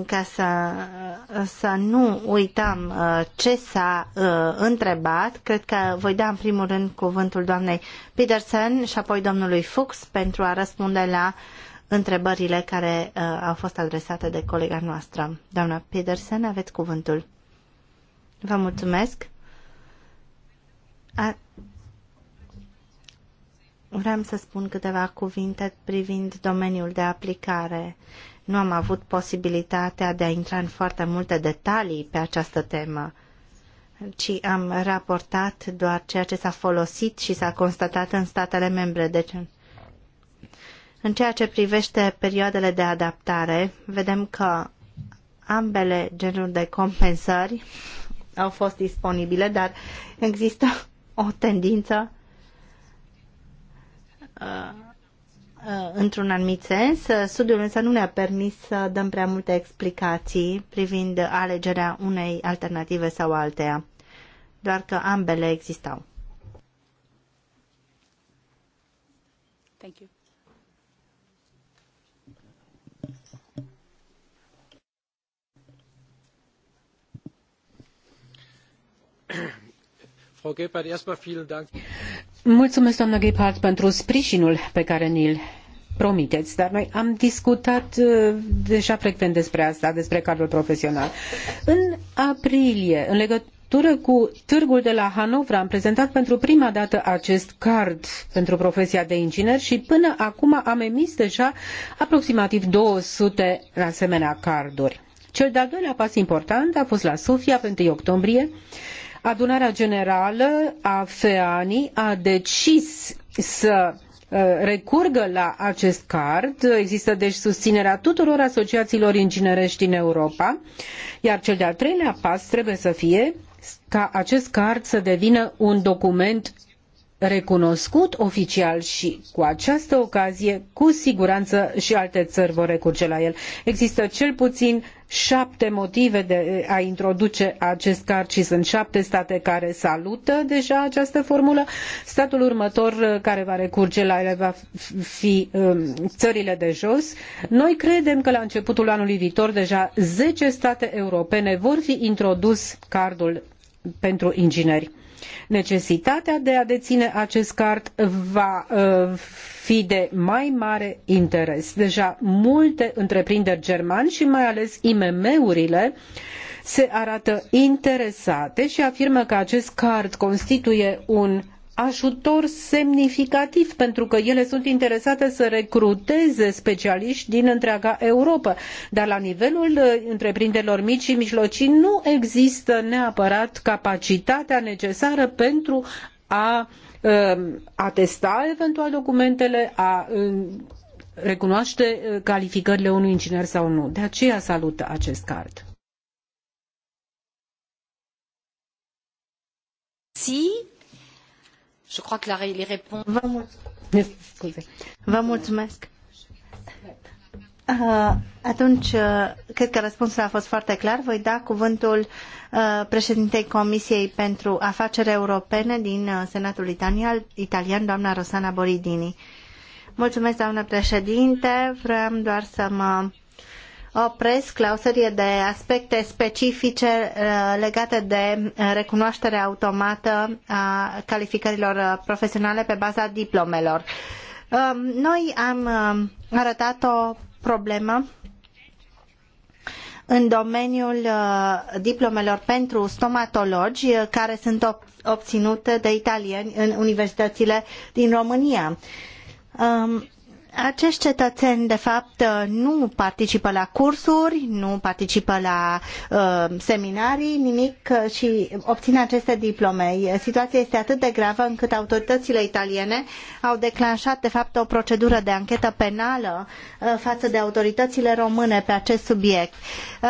ca să, să nu uităm uh, ce s-a uh, întrebat, cred că voi da în primul rând cuvântul doamnei Peterson și apoi domnului Fuchs pentru a răspunde la întrebările care uh, au fost adresate de colega noastră. Doamna Peterson, aveți cuvântul. Vă mulțumesc. A, Vreau să spun câteva cuvinte privind domeniul de aplicare. Nu am avut posibilitatea de a intra în foarte multe detalii pe această temă, ci am raportat doar ceea ce s-a folosit și s-a constatat în statele membre. Deci, în ceea ce privește perioadele de adaptare, vedem că ambele genuri de compensări au fost disponibile, dar există o tendință Uh, într-un anumit sens. Studiul însă nu ne-a permis să dăm prea multe explicații privind alegerea unei alternative sau alteia, doar că ambele existau. Thank you. Frau Gebhardt, erstmal vielen Dank. Mulțumesc, doamnă Gephardt, pentru sprijinul pe care ni-l promiteți, dar noi am discutat uh, deja frecvent despre asta, despre cadrul profesional. În aprilie, în legătură cu târgul de la Hanovra, am prezentat pentru prima dată acest card pentru profesia de inginer și până acum am emis deja aproximativ 200 asemenea carduri. Cel de-al doilea pas important a fost la Sofia pe 1 octombrie, Adunarea Generală a FEANI a decis să uh, recurgă la acest card. Există deci susținerea tuturor asociațiilor inginerești din Europa, iar cel de-al treilea pas trebuie să fie ca acest card să devină un document recunoscut oficial și cu această ocazie, cu siguranță și alte țări vor recurge la el. Există cel puțin șapte motive de a introduce acest card și sunt șapte state care salută deja această formulă. Statul următor uh, care va recurge la ele va fi um, țările de jos. Noi credem că la începutul anului viitor deja zece state europene vor fi introdus cardul pentru ingineri. Necesitatea de a deține acest card va uh, fi de mai mare interes. Deja multe întreprinderi germane și mai ales IMM-urile se arată interesate și afirmă că acest card constituie un ajutor semnificativ pentru că ele sunt interesate să recruteze specialiști din întreaga Europa. Dar la nivelul uh, întreprinderilor mici și mijlocii nu există neapărat capacitatea necesară pentru a um, atesta eventual documentele, a um, recunoaște uh, calificările unui inginer sau nu. De aceea salut acest card. Si Je crois que la, les réponses... Vă mulțumesc. Vă mulțumesc. Uh, atunci, uh, cred că răspunsul a fost foarte clar. Voi da cuvântul uh, președintei Comisiei pentru Afaceri Europene din Senatul Italian, italian doamna Rosana Boridini. Mulțumesc, doamnă președinte. Vreau doar să mă opresc la o serie de aspecte specifice uh, legate de uh, recunoașterea automată a calificărilor uh, profesionale pe baza diplomelor. Um, noi am arătat o problemă în domeniul diplomelor pentru stomatologi care sunt obținute de italieni în universitățile din România. Um, acești cetățeni, de fapt, nu participă la cursuri, nu participă la uh, seminarii, nimic uh, și obțin aceste diplome. Situația este atât de gravă încât autoritățile italiene au declanșat, de fapt, o procedură de anchetă penală uh, față de autoritățile române pe acest subiect. Uh,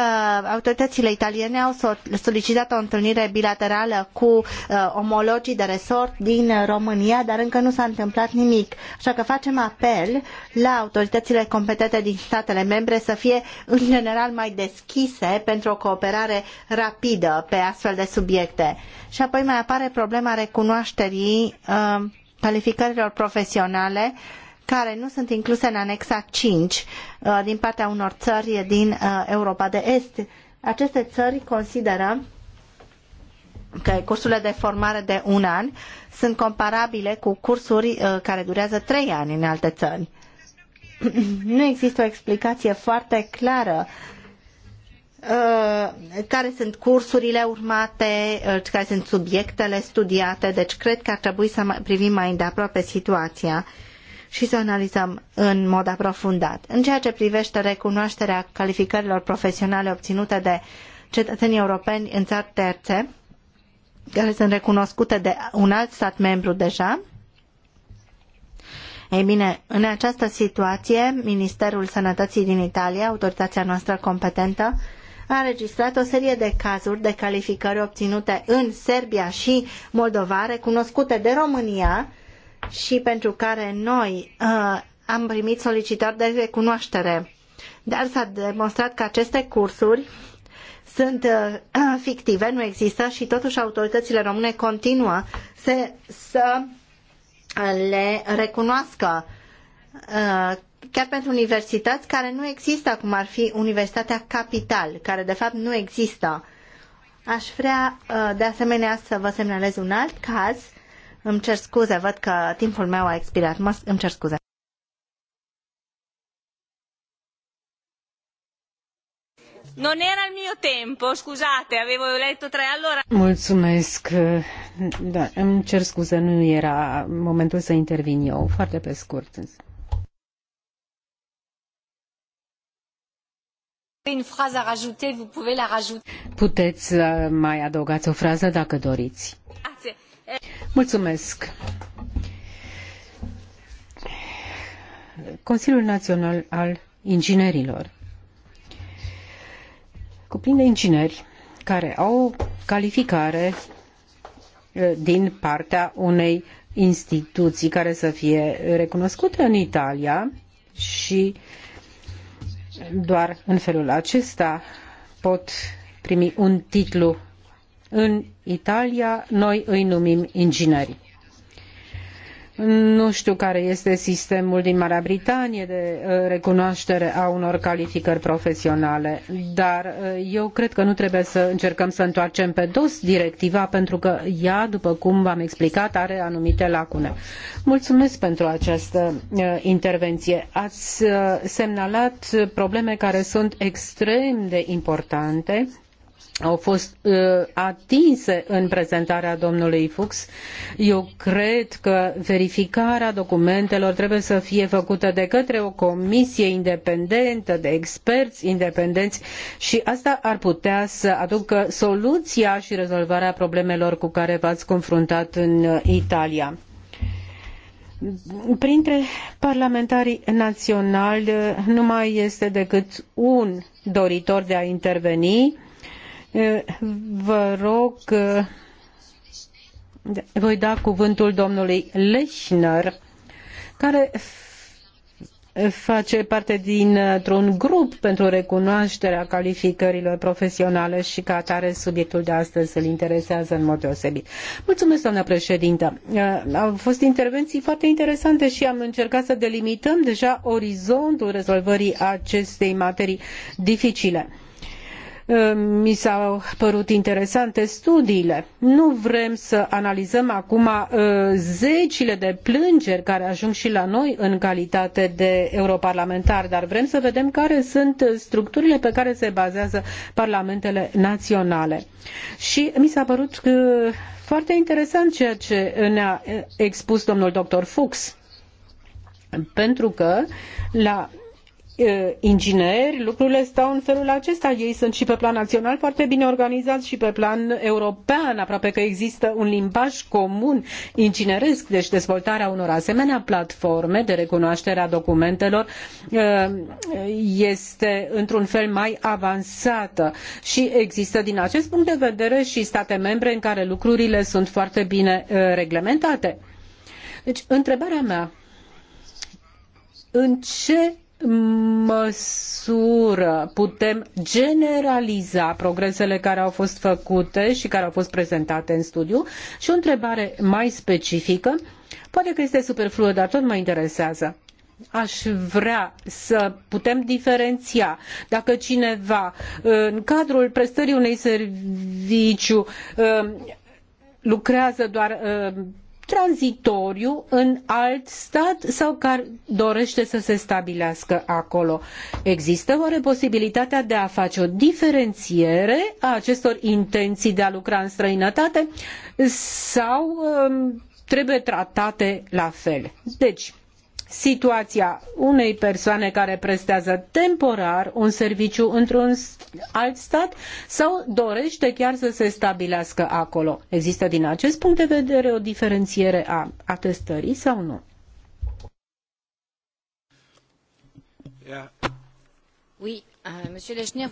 autoritățile italiene au solicitat o întâlnire bilaterală cu uh, omologii de resort din România, dar încă nu s-a întâmplat nimic. Așa că facem apel la autoritățile competente din statele membre să fie în general mai deschise pentru o cooperare rapidă pe astfel de subiecte. Și apoi mai apare problema recunoașterii uh, calificărilor profesionale care nu sunt incluse în anexa 5 uh, din partea unor țări din uh, Europa de Est. Aceste țări consideră că cursurile de formare de un an sunt comparabile cu cursuri uh, care durează trei ani în alte țări nu există o explicație foarte clară uh, care sunt cursurile urmate, uh, care sunt subiectele studiate, deci cred că ar trebui să privim mai îndeaproape situația și să o analizăm în mod aprofundat. În ceea ce privește recunoașterea calificărilor profesionale obținute de cetățenii europeni în țări terțe, care sunt recunoscute de un alt stat membru deja, ei bine, în această situație, Ministerul Sănătății din Italia, autoritatea noastră competentă, a înregistrat o serie de cazuri de calificări obținute în Serbia și Moldova, recunoscute de România și pentru care noi uh, am primit solicitări de recunoaștere. Dar s-a demonstrat că aceste cursuri sunt uh, fictive, nu există și totuși autoritățile române continuă să, să le recunoască uh, chiar pentru universități care nu există, cum ar fi Universitatea Capital, care de fapt nu există. Aș vrea uh, de asemenea să vă semnalez un alt caz. Îmi cer scuze, văd că timpul meu a expirat. îmi cer scuze. Non era il mio tempo, scusate, avevo letto tre allora. Mulțumesc. Da, îmi cer scuze, nu era momentul să intervin eu, foarte pe scurt. Une phrase à rajouter, vous pouvez la rajouter. Puteți uh, mai adăugați o frază dacă doriți. Mulțumesc. Consiliul Național al Inginerilor cuprinde ingineri care au calificare din partea unei instituții care să fie recunoscută în Italia și doar în felul acesta pot primi un titlu. În Italia noi îi numim ingineri. Nu știu care este sistemul din Marea Britanie de uh, recunoaștere a unor calificări profesionale, dar uh, eu cred că nu trebuie să încercăm să întoarcem pe dos directiva, pentru că ea, după cum v-am explicat, are anumite lacune. Mulțumesc pentru această uh, intervenție. Ați semnalat probleme care sunt extrem de importante au fost uh, atinse în prezentarea domnului Fuchs. Eu cred că verificarea documentelor trebuie să fie făcută de către o comisie independentă, de experți independenți și asta ar putea să aducă soluția și rezolvarea problemelor cu care v-ați confruntat în uh, Italia. Printre parlamentarii naționali uh, nu mai este decât un doritor de a interveni Vă rog, voi da cuvântul domnului Lechner, care face parte dintr-un grup pentru recunoașterea calificărilor profesionale și ca atare subiectul de astăzi îl interesează în mod deosebit. Mulțumesc, doamna președintă. Au fost intervenții foarte interesante și am încercat să delimităm deja orizontul rezolvării acestei materii dificile. Eh, mi s-au părut interesante studiile. Nu vrem să analizăm acum eh, zecile de plângeri care ajung și la noi în calitate de europarlamentari, dar vrem să vedem care sunt structurile pe care se bazează parlamentele naționale. Și mi s-a părut eh, foarte interesant ceea ce ne-a expus domnul dr. Fuchs, pentru că la ingineri, lucrurile stau în felul acesta. Ei sunt și pe plan național foarte bine organizați și pe plan european, aproape că există un limbaj comun ingineresc, deci dezvoltarea unor asemenea platforme de recunoaștere a documentelor este într-un fel mai avansată și există din acest punct de vedere și state membre în care lucrurile sunt foarte bine reglementate. Deci, întrebarea mea, în ce măsură putem generaliza progresele care au fost făcute și care au fost prezentate în studiu? Și o întrebare mai specifică, poate că este superfluă, dar tot mă interesează aș vrea să putem diferenția dacă cineva în cadrul prestării unui serviciu uh, lucrează doar uh, tranzitoriu în alt stat sau care dorește să se stabilească acolo. Există oare posibilitatea de a face o diferențiere a acestor intenții de a lucra în străinătate sau um, trebuie tratate la fel? Deci, situația unei persoane care prestează temporar un serviciu într-un alt stat sau dorește chiar să se stabilească acolo. Există din acest punct de vedere o diferențiere a atestării sau nu? Oui, uh,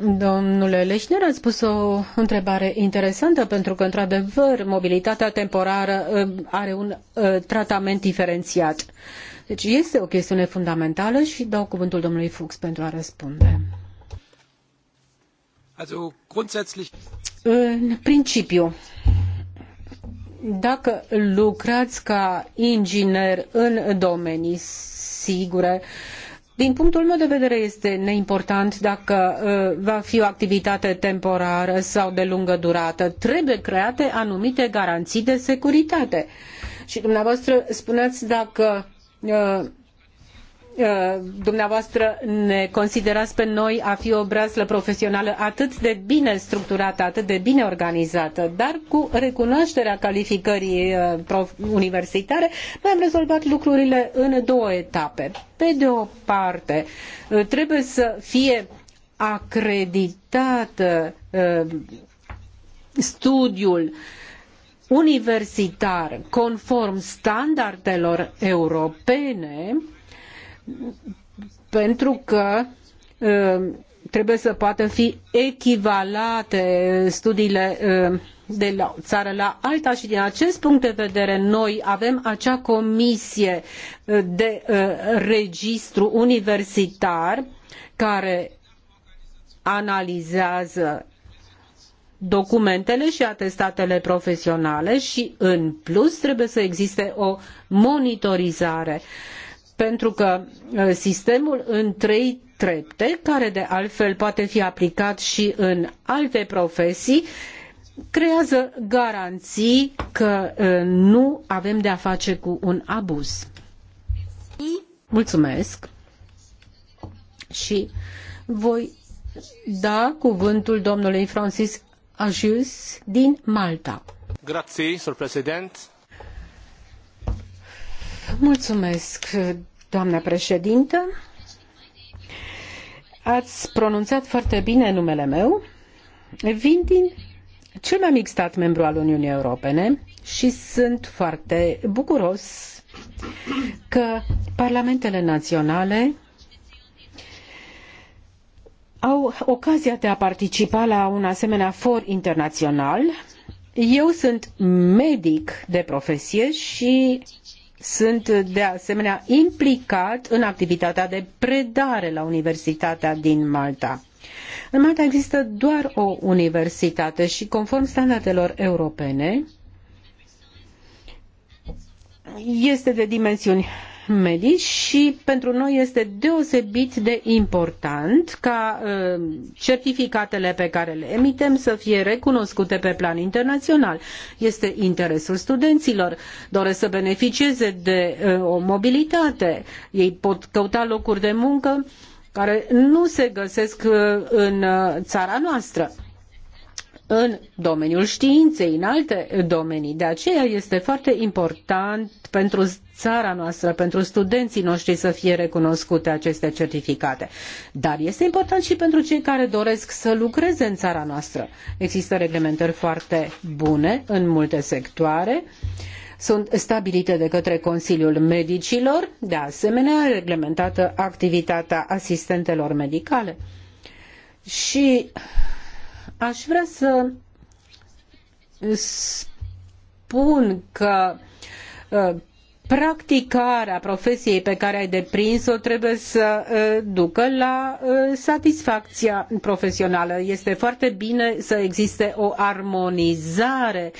Domnule Leșner, ați pus o întrebare interesantă pentru că, într-adevăr, mobilitatea temporară uh, are un uh, tratament diferențiat. Deci este o chestiune fundamentală și dau cuvântul domnului Fuchs pentru a răspunde. Also, grundsätzlich... În principiu, dacă lucrați ca inginer în domenii sigure, uh, din punctul meu de vedere este neimportant dacă uh, va fi o activitate temporară sau de lungă durată. Trebuie create anumite garanții de securitate. Și dumneavoastră spuneați dacă uh, Eh, dumneavoastră ne considerați pe noi a fi o breaslă profesională atât de bine structurată, atât de bine organizată, dar cu recunoașterea calificării eh, universitare, noi am rezolvat lucrurile în două etape. Pe de o parte, eh, trebuie să fie acreditată studiul universitar conform standardelor europene, pentru că ă, trebuie să poată fi echivalate studiile ă, de la o țară la alta și din acest punct de vedere noi avem acea comisie ă, de registru universitar care analizează documentele și atestatele profesionale și în plus trebuie să existe o monitorizare uh, pentru că ă, sistemul în trei trepte, care de altfel poate fi aplicat și în alte profesii, creează garanții că ă, nu avem de a face cu un abuz. Mulțumesc și voi da cuvântul domnului Francis Ajus din Malta. Grazie, sur Mulțumesc, doamna președintă. Ați pronunțat foarte bine numele meu. Vin din cel mai mic stat membru al Uniunii Europene și sunt foarte bucuros că parlamentele naționale au ocazia de a participa la un asemenea for internațional. Eu sunt medic de profesie și sunt de asemenea implicat în activitatea de predare la Universitatea din Malta. În Malta există doar o universitate și conform standardelor europene este de dimensiuni medii și pentru noi este deosebit de important ca uh, certificatele pe care le emitem să fie recunoscute pe plan internațional. Este interesul studenților, doresc să beneficieze de uh, o mobilitate, ei pot căuta locuri de muncă care nu se găsesc uh, în țara noastră în domeniul științei, în alte domenii. De aceea este foarte important pentru țara noastră, pentru studenții noștri să fie recunoscute aceste certificate. Dar este important și pentru cei care doresc să lucreze în țara noastră. Există reglementări foarte bune în multe sectoare sunt stabilite de către Consiliul Medicilor, de asemenea reglementată activitatea asistentelor medicale. Și Aș vrea să spun că uh, practicarea profesiei pe care ai deprins-o trebuie să ducă la satisfacția profesională. Este foarte bine să existe o armonizare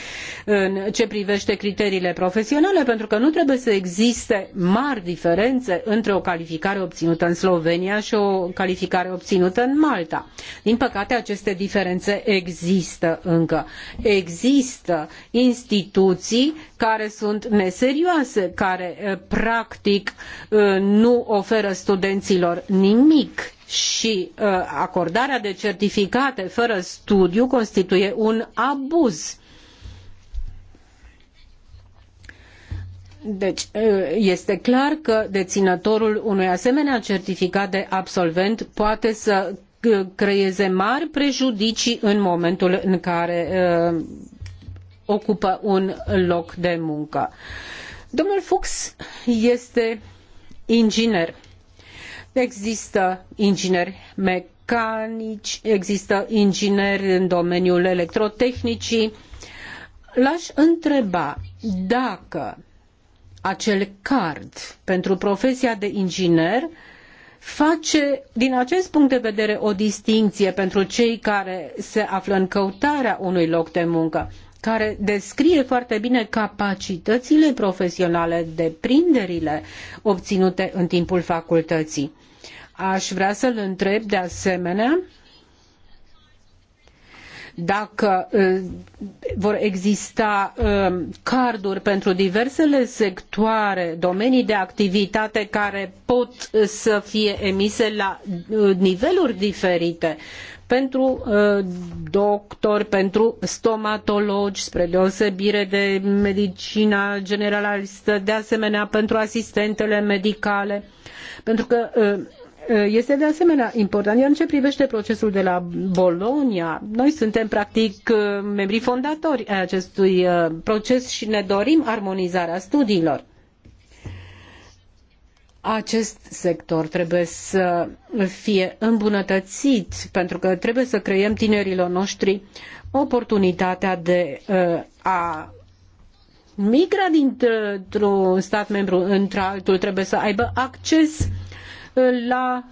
în ce privește criteriile profesionale, pentru că nu trebuie să existe mari diferențe între o calificare obținută în Slovenia și o calificare obținută în Malta. Din păcate, aceste diferențe există încă. Există instituții care sunt neserioase, care eh, practic eh, nu oferă studenților nimic și eh, acordarea de certificate fără studiu constituie un abuz. Deci este clar că deținătorul unui asemenea certificat de absolvent poate să creeze mari prejudicii în momentul în care ocupă un loc de muncă. Domnul Fuchs este inginer. Există ingineri mecanici, există ingineri în domeniul electrotehnicii. L-aș întreba dacă acel card pentru profesia de inginer face, din acest punct de vedere, o distinție pentru cei care se află în căutarea unui loc de muncă care descrie foarte bine capacitățile profesionale, deprinderile obținute în timpul facultății. Aș vrea să-l întreb de asemenea dacă vor exista carduri pentru diversele sectoare, domenii de activitate care pot să fie emise la niveluri diferite pentru doctori, pentru stomatologi, spre deosebire de medicina generalistă, de asemenea pentru asistentele medicale, pentru că este de asemenea important. Iar în ce privește procesul de la Bologna, noi suntem practic membrii fondatori ai acestui uh, proces și ne dorim armonizarea studiilor. Acest sector trebuie să fie îmbunătățit pentru că trebuie să creăm tinerilor noștri oportunitatea de uh, a migra dintr-un stat membru într-altul, trebuie să aibă acces la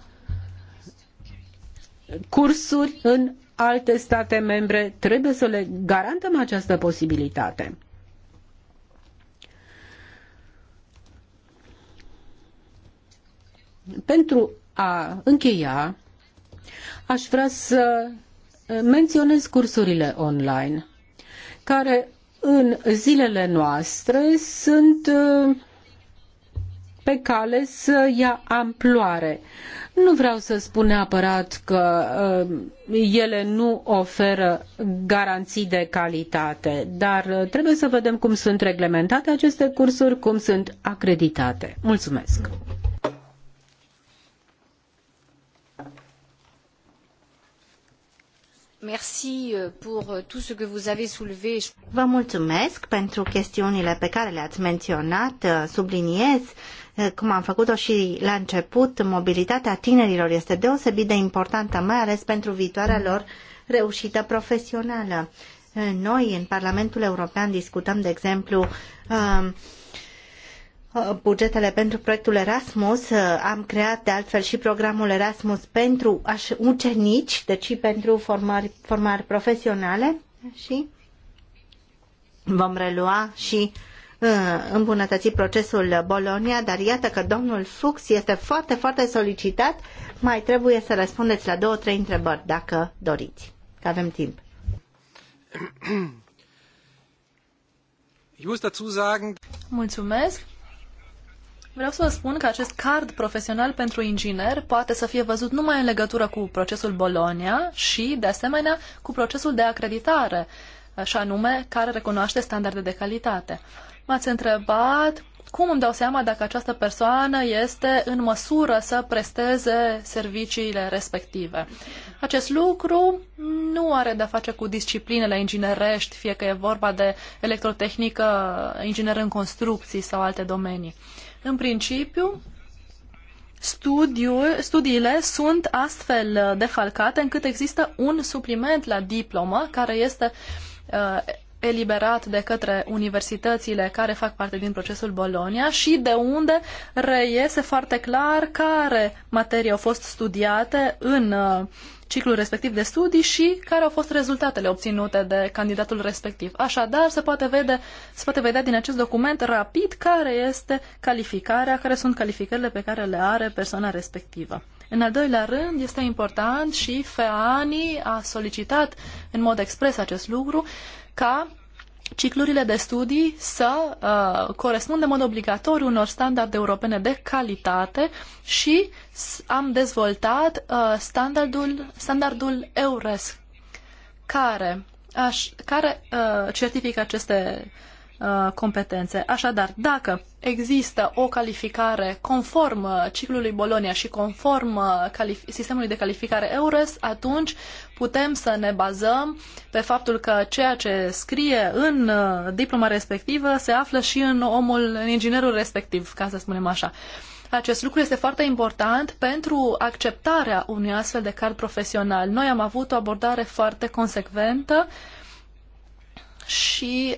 cursuri în alte state membre. Trebuie să le garantăm această posibilitate. Pentru a încheia, aș vrea să menționez cursurile online, care în zilele noastre sunt uh, pe cale să ia amploare. Nu vreau să spun neapărat că uh, ele nu oferă garanții de calitate, dar uh, trebuie să vedem cum sunt reglementate aceste cursuri, cum sunt acreditate. Mulțumesc! Vă mulțumesc pentru chestiunile pe care le-ați menționat. Uh, subliniez, uh, cum am făcut-o și la început, mobilitatea tinerilor este deosebit de importantă, mai ales pentru viitoarea lor reușită profesională. Uh, noi, în Parlamentul European, discutăm, de exemplu, Uh, bugetele pentru proiectul Erasmus. Uh, am creat de altfel și programul Erasmus pentru ucenici, deci și pentru formări, formări profesionale și vom relua și uh, îmbunătăți procesul Bolonia, dar iată că domnul Fuchs este foarte, foarte solicitat. Mai trebuie să răspundeți la două, trei întrebări, dacă doriți, că avem timp. Mulțumesc. Vreau să vă spun că acest card profesional pentru inginer poate să fie văzut numai în legătură cu procesul Bologna și, de asemenea, cu procesul de acreditare, și anume care recunoaște standarde de calitate. M-ați întrebat cum îmi dau seama dacă această persoană este în măsură să presteze serviciile respective. Acest lucru nu are de-a face cu disciplinele inginerești, fie că e vorba de electrotehnică, inginer în construcții sau alte domenii. În principiu, studiile sunt astfel uh, defalcate încât există un supliment la diplomă care este uh, eliberat de către universitățile care fac parte din procesul Bologna și de unde reiese foarte clar care materii au fost studiate în uh, ciclul respectiv de studii și care au fost rezultatele obținute de candidatul respectiv. Așadar, se poate, vede, se poate vedea din acest document rapid care este calificarea, care sunt calificările pe care le are persoana respectivă. În al doilea rând, este important și FEANI a solicitat în mod expres acest lucru ca ciclurile de studii să uh, corespundă în mod obligatoriu unor standarde europene de calitate și am dezvoltat uh, standardul, standardul EURES, care, aș, care uh, certifică aceste Uh, competențe. Așadar, dacă există o calificare conform uh, ciclului Bolonia și conform uh, sistemului de calificare EURES, atunci putem să ne bazăm pe faptul că ceea ce scrie în diploma respectivă se află și în omul, în inginerul respectiv, ca să spunem așa. Acest lucru este foarte important pentru acceptarea unui astfel de card profesional. Noi am avut o abordare foarte consecventă și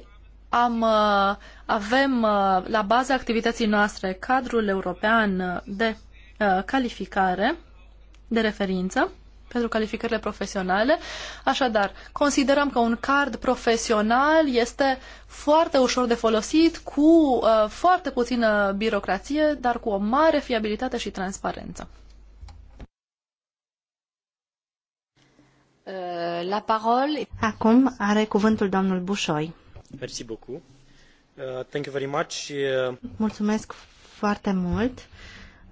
am, uh, avem uh, la baza activității noastre cadrul european de uh, calificare, de referință, pentru calificările profesionale. Așadar, considerăm că un card profesional este foarte ușor de folosit, cu foarte puțină birocrație, dar cu o mare fiabilitate și transparență. La parole. Acum are cuvântul domnul Bușoi. Uh, thank you very much. Uh, Mulțumesc foarte mult.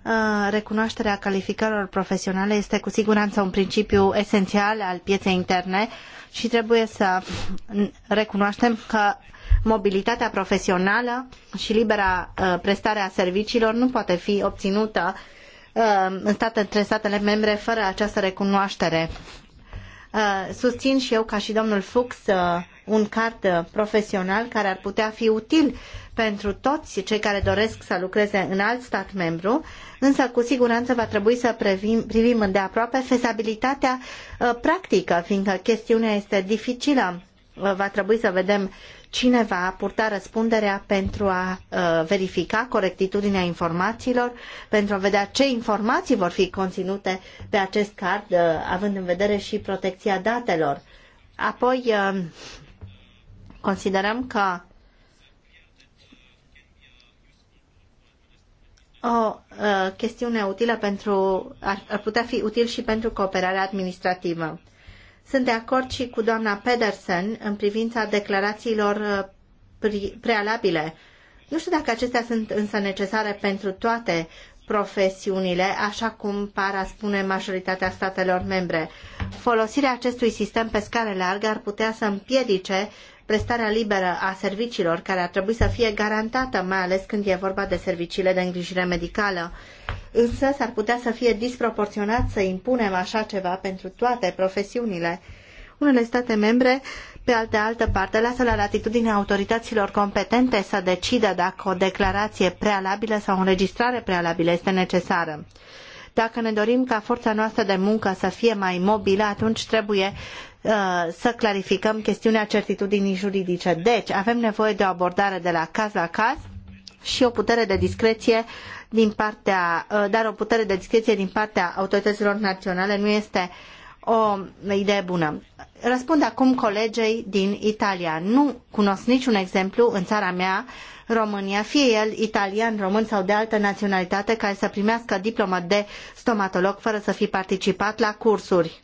Uh, recunoașterea calificărilor profesionale este cu siguranță un principiu esențial al pieței interne și trebuie să recunoaștem că mobilitatea profesională și libera uh, prestare a serviciilor nu poate fi obținută în state, între statele membre fără această recunoaștere. Susțin și eu, ca și domnul Fuchs, un card profesional care ar putea fi util pentru toți cei care doresc să lucreze în alt stat membru, însă cu siguranță va trebui să privim, privim îndeaproape fezabilitatea uh, practică, fiindcă chestiunea este dificilă. Uh, va trebui să vedem cine va purta răspunderea pentru a uh, verifica corectitudinea informațiilor, pentru a vedea ce informații vor fi conținute pe acest card, având în vedere și protecția datelor. Apoi, Considerăm că o uh, chestiune utilă pentru, ar, ar putea fi util și pentru cooperarea administrativă. Sunt de acord și cu doamna Pedersen în privința declarațiilor uh, prealabile. Nu știu dacă acestea sunt însă necesare pentru toate profesiunile, așa cum par a spune majoritatea statelor membre. Folosirea acestui sistem pe scară largă ar putea să împiedice prestarea liberă a serviciilor care ar trebui să fie garantată, mai ales când e vorba de serviciile de îngrijire medicală. Însă s-ar putea să fie disproporționat să impunem așa ceva pentru toate profesiunile. Unele state membre, pe de altă parte, lasă la latitudinea autorităților competente să decidă dacă o declarație prealabilă sau o înregistrare prealabilă este necesară. Dacă ne dorim ca forța noastră de muncă să fie mai mobilă, atunci trebuie Uh, să clarificăm chestiunea certitudinii juridice. Deci, avem nevoie de o abordare de la caz la caz și o putere de discreție din partea, uh, dar o putere de discreție din partea autorităților naționale nu este o idee bună. Răspund acum colegei din Italia. Nu cunosc niciun exemplu în țara mea, România, fie el italian, român sau de altă naționalitate, care să primească diplomă de stomatolog fără să fi participat la cursuri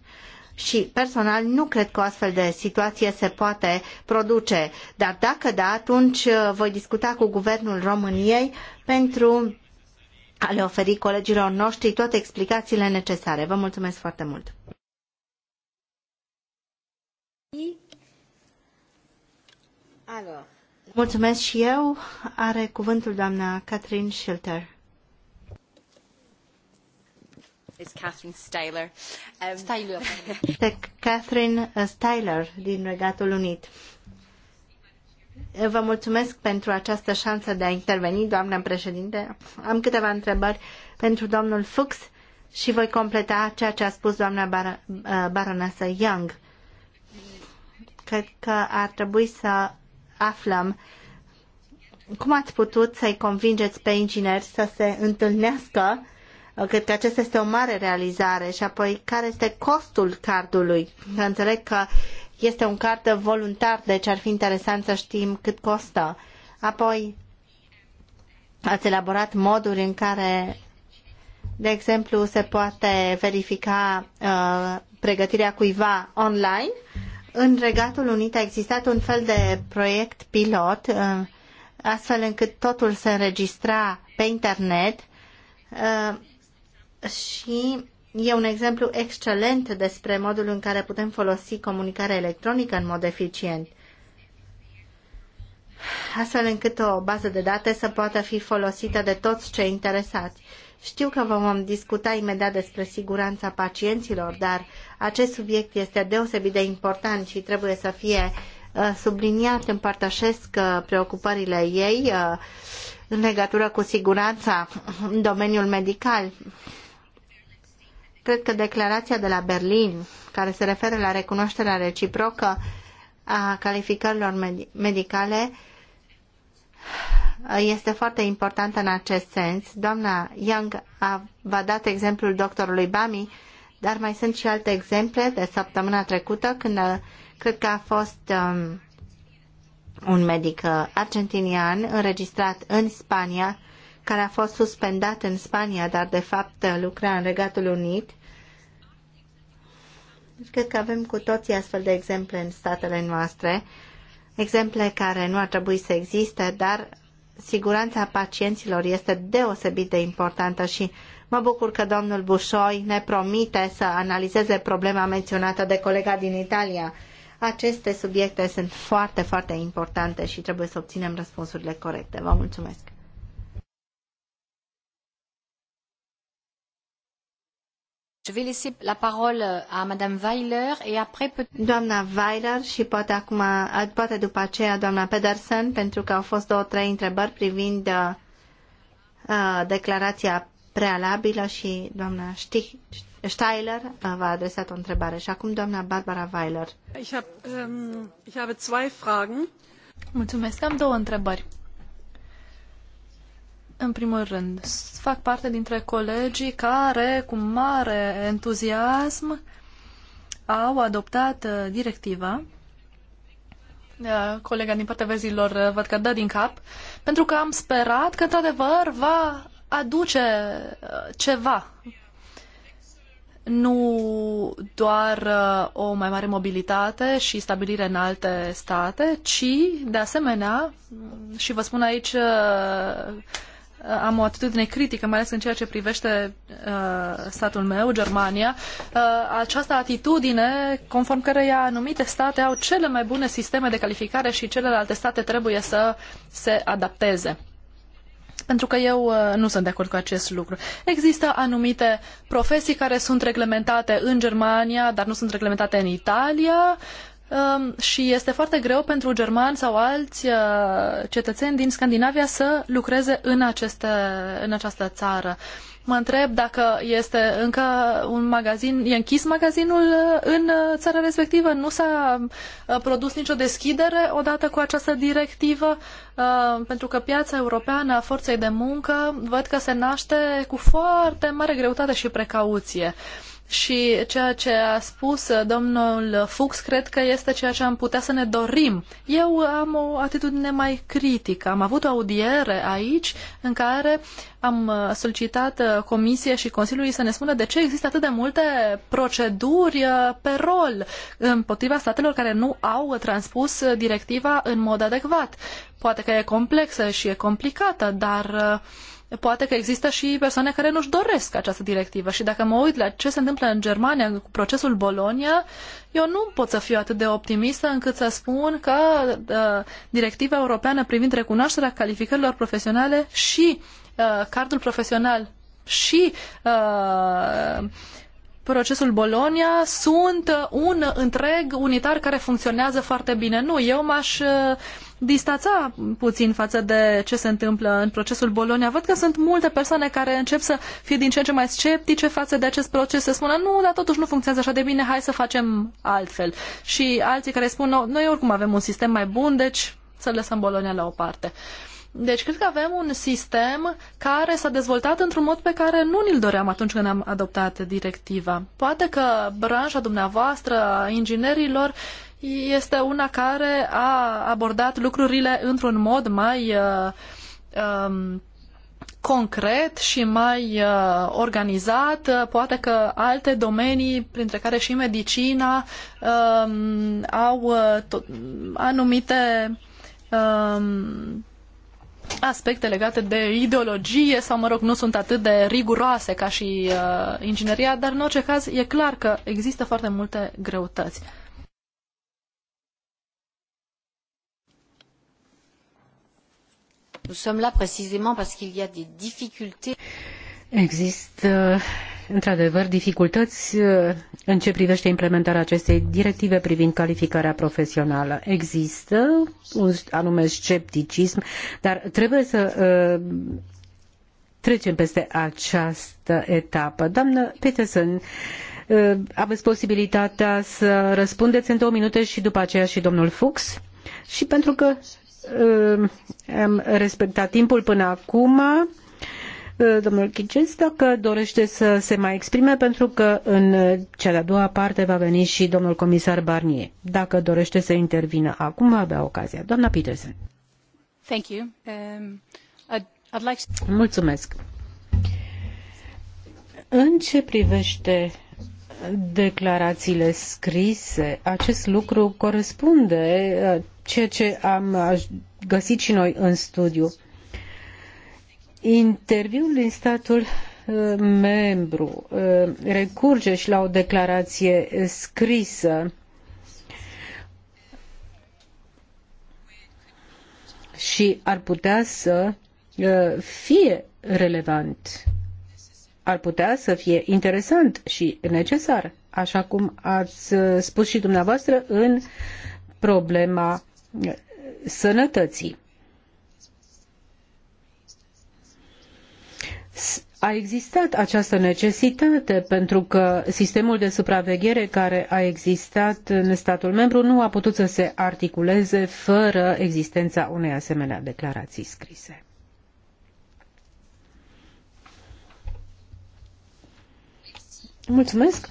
și personal nu cred că o astfel de situație se poate produce. Dar dacă da, atunci uh, voi discuta cu Guvernul României pentru a le oferi colegilor noștri toate explicațiile necesare. Vă mulțumesc foarte mult! Mulțumesc și eu. Are cuvântul doamna Catherine Schilter. It's Catherine Styler. Um, Styler. [LAUGHS] Este Catherine uh, Styler din Regatul Unit. Vă mulțumesc pentru această șansă de a interveni, doamnă președinte. Am câteva întrebări pentru domnul Fuchs și voi completa ceea ce a spus doamna bar- uh, Young. Cred că ar trebui să aflăm cum ați putut să-i convingeți pe ingineri să se întâlnească Cred că aceasta este o mare realizare și apoi care este costul cardului. Că înțeleg că este un card voluntar, deci ar fi interesant să știm cât costă. Apoi ați elaborat moduri în care, de exemplu, se poate verifica uh, pregătirea cuiva online. În Regatul Unit a existat un fel de proiect pilot, uh, astfel încât totul se înregistra pe internet. Uh, și e un exemplu excelent despre modul în care putem folosi comunicarea electronică în mod eficient astfel încât o bază de date să poată fi folosită de toți cei interesați. Știu că vom discuta imediat despre siguranța pacienților, dar acest subiect este deosebit de important și trebuie să fie uh, subliniat. Împărtășesc uh, preocupările ei uh, în legătură cu siguranța în domeniul medical. Cred că declarația de la Berlin, care se referă la recunoașterea reciprocă a calificărilor medicale, este foarte importantă în acest sens. Doamna Young a, v-a dat exemplul doctorului Bami, dar mai sunt și alte exemple de săptămâna trecută când uh, cred că a fost um, un medic uh, argentinian înregistrat în Spania, care a fost suspendat în Spania, dar de fapt uh, lucra în Regatul Unit Cred că avem cu toții astfel de exemple în statele noastre, exemple care nu ar trebui să existe, dar siguranța pacienților este deosebit de importantă și mă bucur că domnul Bușoi ne promite să analizeze problema menționată de colega din Italia. Aceste subiecte sunt foarte, foarte importante și trebuie să obținem răspunsurile corecte. Vă mulțumesc! Je vais laisser la parole euh, à Madame Weiler et après Doamna Weiler și poate acum, poate după aceea doamna Pedersen, pentru că au fost două, trei întrebări privind uh, uh declarația prealabilă și doamna Steiler uh, v-a adresat o întrebare. Și acum doamna Barbara Weiler. Ich um, ich habe zwei Fragen. Mulțumesc, am două întrebări. În primul rând, fac parte dintre colegii care, cu mare entuziasm, au adoptat uh, directiva. Uh, colega din partea verzilor uh, văd că dă din cap, pentru că am sperat că, într-adevăr, va aduce ceva. Nu doar o mai mare mobilitate și stabilire în alte state, ci, de asemenea, și vă spun aici Uh, am o atitudine critică, mai ales în ceea ce privește uh, statul meu, Germania, uh, această atitudine conform căreia anumite state au cele mai bune sisteme de calificare și celelalte state trebuie să se adapteze. Pentru că eu uh, nu sunt de acord cu acest lucru. Există anumite profesii care sunt reglementate în Germania, dar nu sunt reglementate în Italia. Uh, Um, și este foarte greu pentru germani sau alți uh, cetățeni din Scandinavia să lucreze în, aceste, în această țară. Mă întreb dacă este încă un magazin, e închis magazinul uh, în uh, țara respectivă, nu s-a produs nicio deschidere odată cu această directivă, pentru că piața europeană a forței de muncă văd că se naște cu foarte mare greutate și precauție și ceea ce a spus uh, domnul Fuchs cred că este ceea ce am putea să ne dorim. Eu am o atitudine mai critică. Am avut o audiere aici în care am uh, solicitat uh, Comisiei și Consiliului să ne spună de ce există atât de multe proceduri pe rol împotriva statelor care nu au transpus directiva în mod adecvat. Poate că e complexă și e complicată, dar uh, poate că există și persoane care nu-și doresc această directivă și dacă mă uit la ce se întâmplă în Germania cu procesul Bologna, eu nu pot să fiu atât de optimistă încât să spun că uh, directiva europeană privind recunoașterea calificărilor profesionale și uh, cardul profesional și uh, procesul Bologna sunt un întreg unitar care funcționează foarte bine. Nu, eu m-aș uh, distanța puțin față de ce se întâmplă în procesul Bolonia. Văd că sunt multe persoane care încep să fie din ce în ce mai sceptice față de acest proces, să spună nu, dar totuși nu funcționează așa de bine, hai să facem altfel. Și alții care spun noi oricum avem un sistem mai bun, deci să lăsăm Bolonia la o parte. Deci cred că avem un sistem care s-a dezvoltat într-un mod pe care nu ni-l doream atunci când am adoptat directiva. Poate că branșa dumneavoastră, a inginerilor, este una care a abordat lucrurile într-un mod mai uh, um, concret și mai uh, organizat. poate că alte domenii, printre care și medicina, um, au uh, tot, anumite um, aspecte legate de ideologie sau, mă rog, nu sunt atât de riguroase ca și uh, ingineria, dar în orice caz e clar că există foarte multe greutăți. Nous sommes là précisément parce qu'il y a des difficultés. Există într-adevăr dificultăți uh, în ce privește implementarea acestei directive privind calificarea profesională. Există un anume scepticism, dar trebuie să uh, trecem peste această etapă. Doamnă Peterson, uh, aveți posibilitatea să răspundeți în două minute și după aceea și domnul Fuchs. Și pentru că am respectat timpul până acum. Uh, domnul Chices, dacă dorește să se mai exprime, pentru că în cea de-a doua parte va veni și domnul comisar Barnier. Dacă dorește să intervină acum, va avea ocazia. Doamna Peterson. Thank you. Um, I'd, I'd like... Mulțumesc. În ce privește declarațiile scrise, acest lucru corespunde uh, ceea ce am găsit și noi în studiu. Interviul din statul uh, membru uh, recurge și la o declarație scrisă și ar putea să uh, fie relevant, ar putea să fie interesant și necesar, așa cum ați spus și dumneavoastră în problema sănătății. A existat această necesitate pentru că sistemul de supraveghere care a existat în statul membru nu a putut să se articuleze fără existența unei asemenea declarații scrise. Mulțumesc.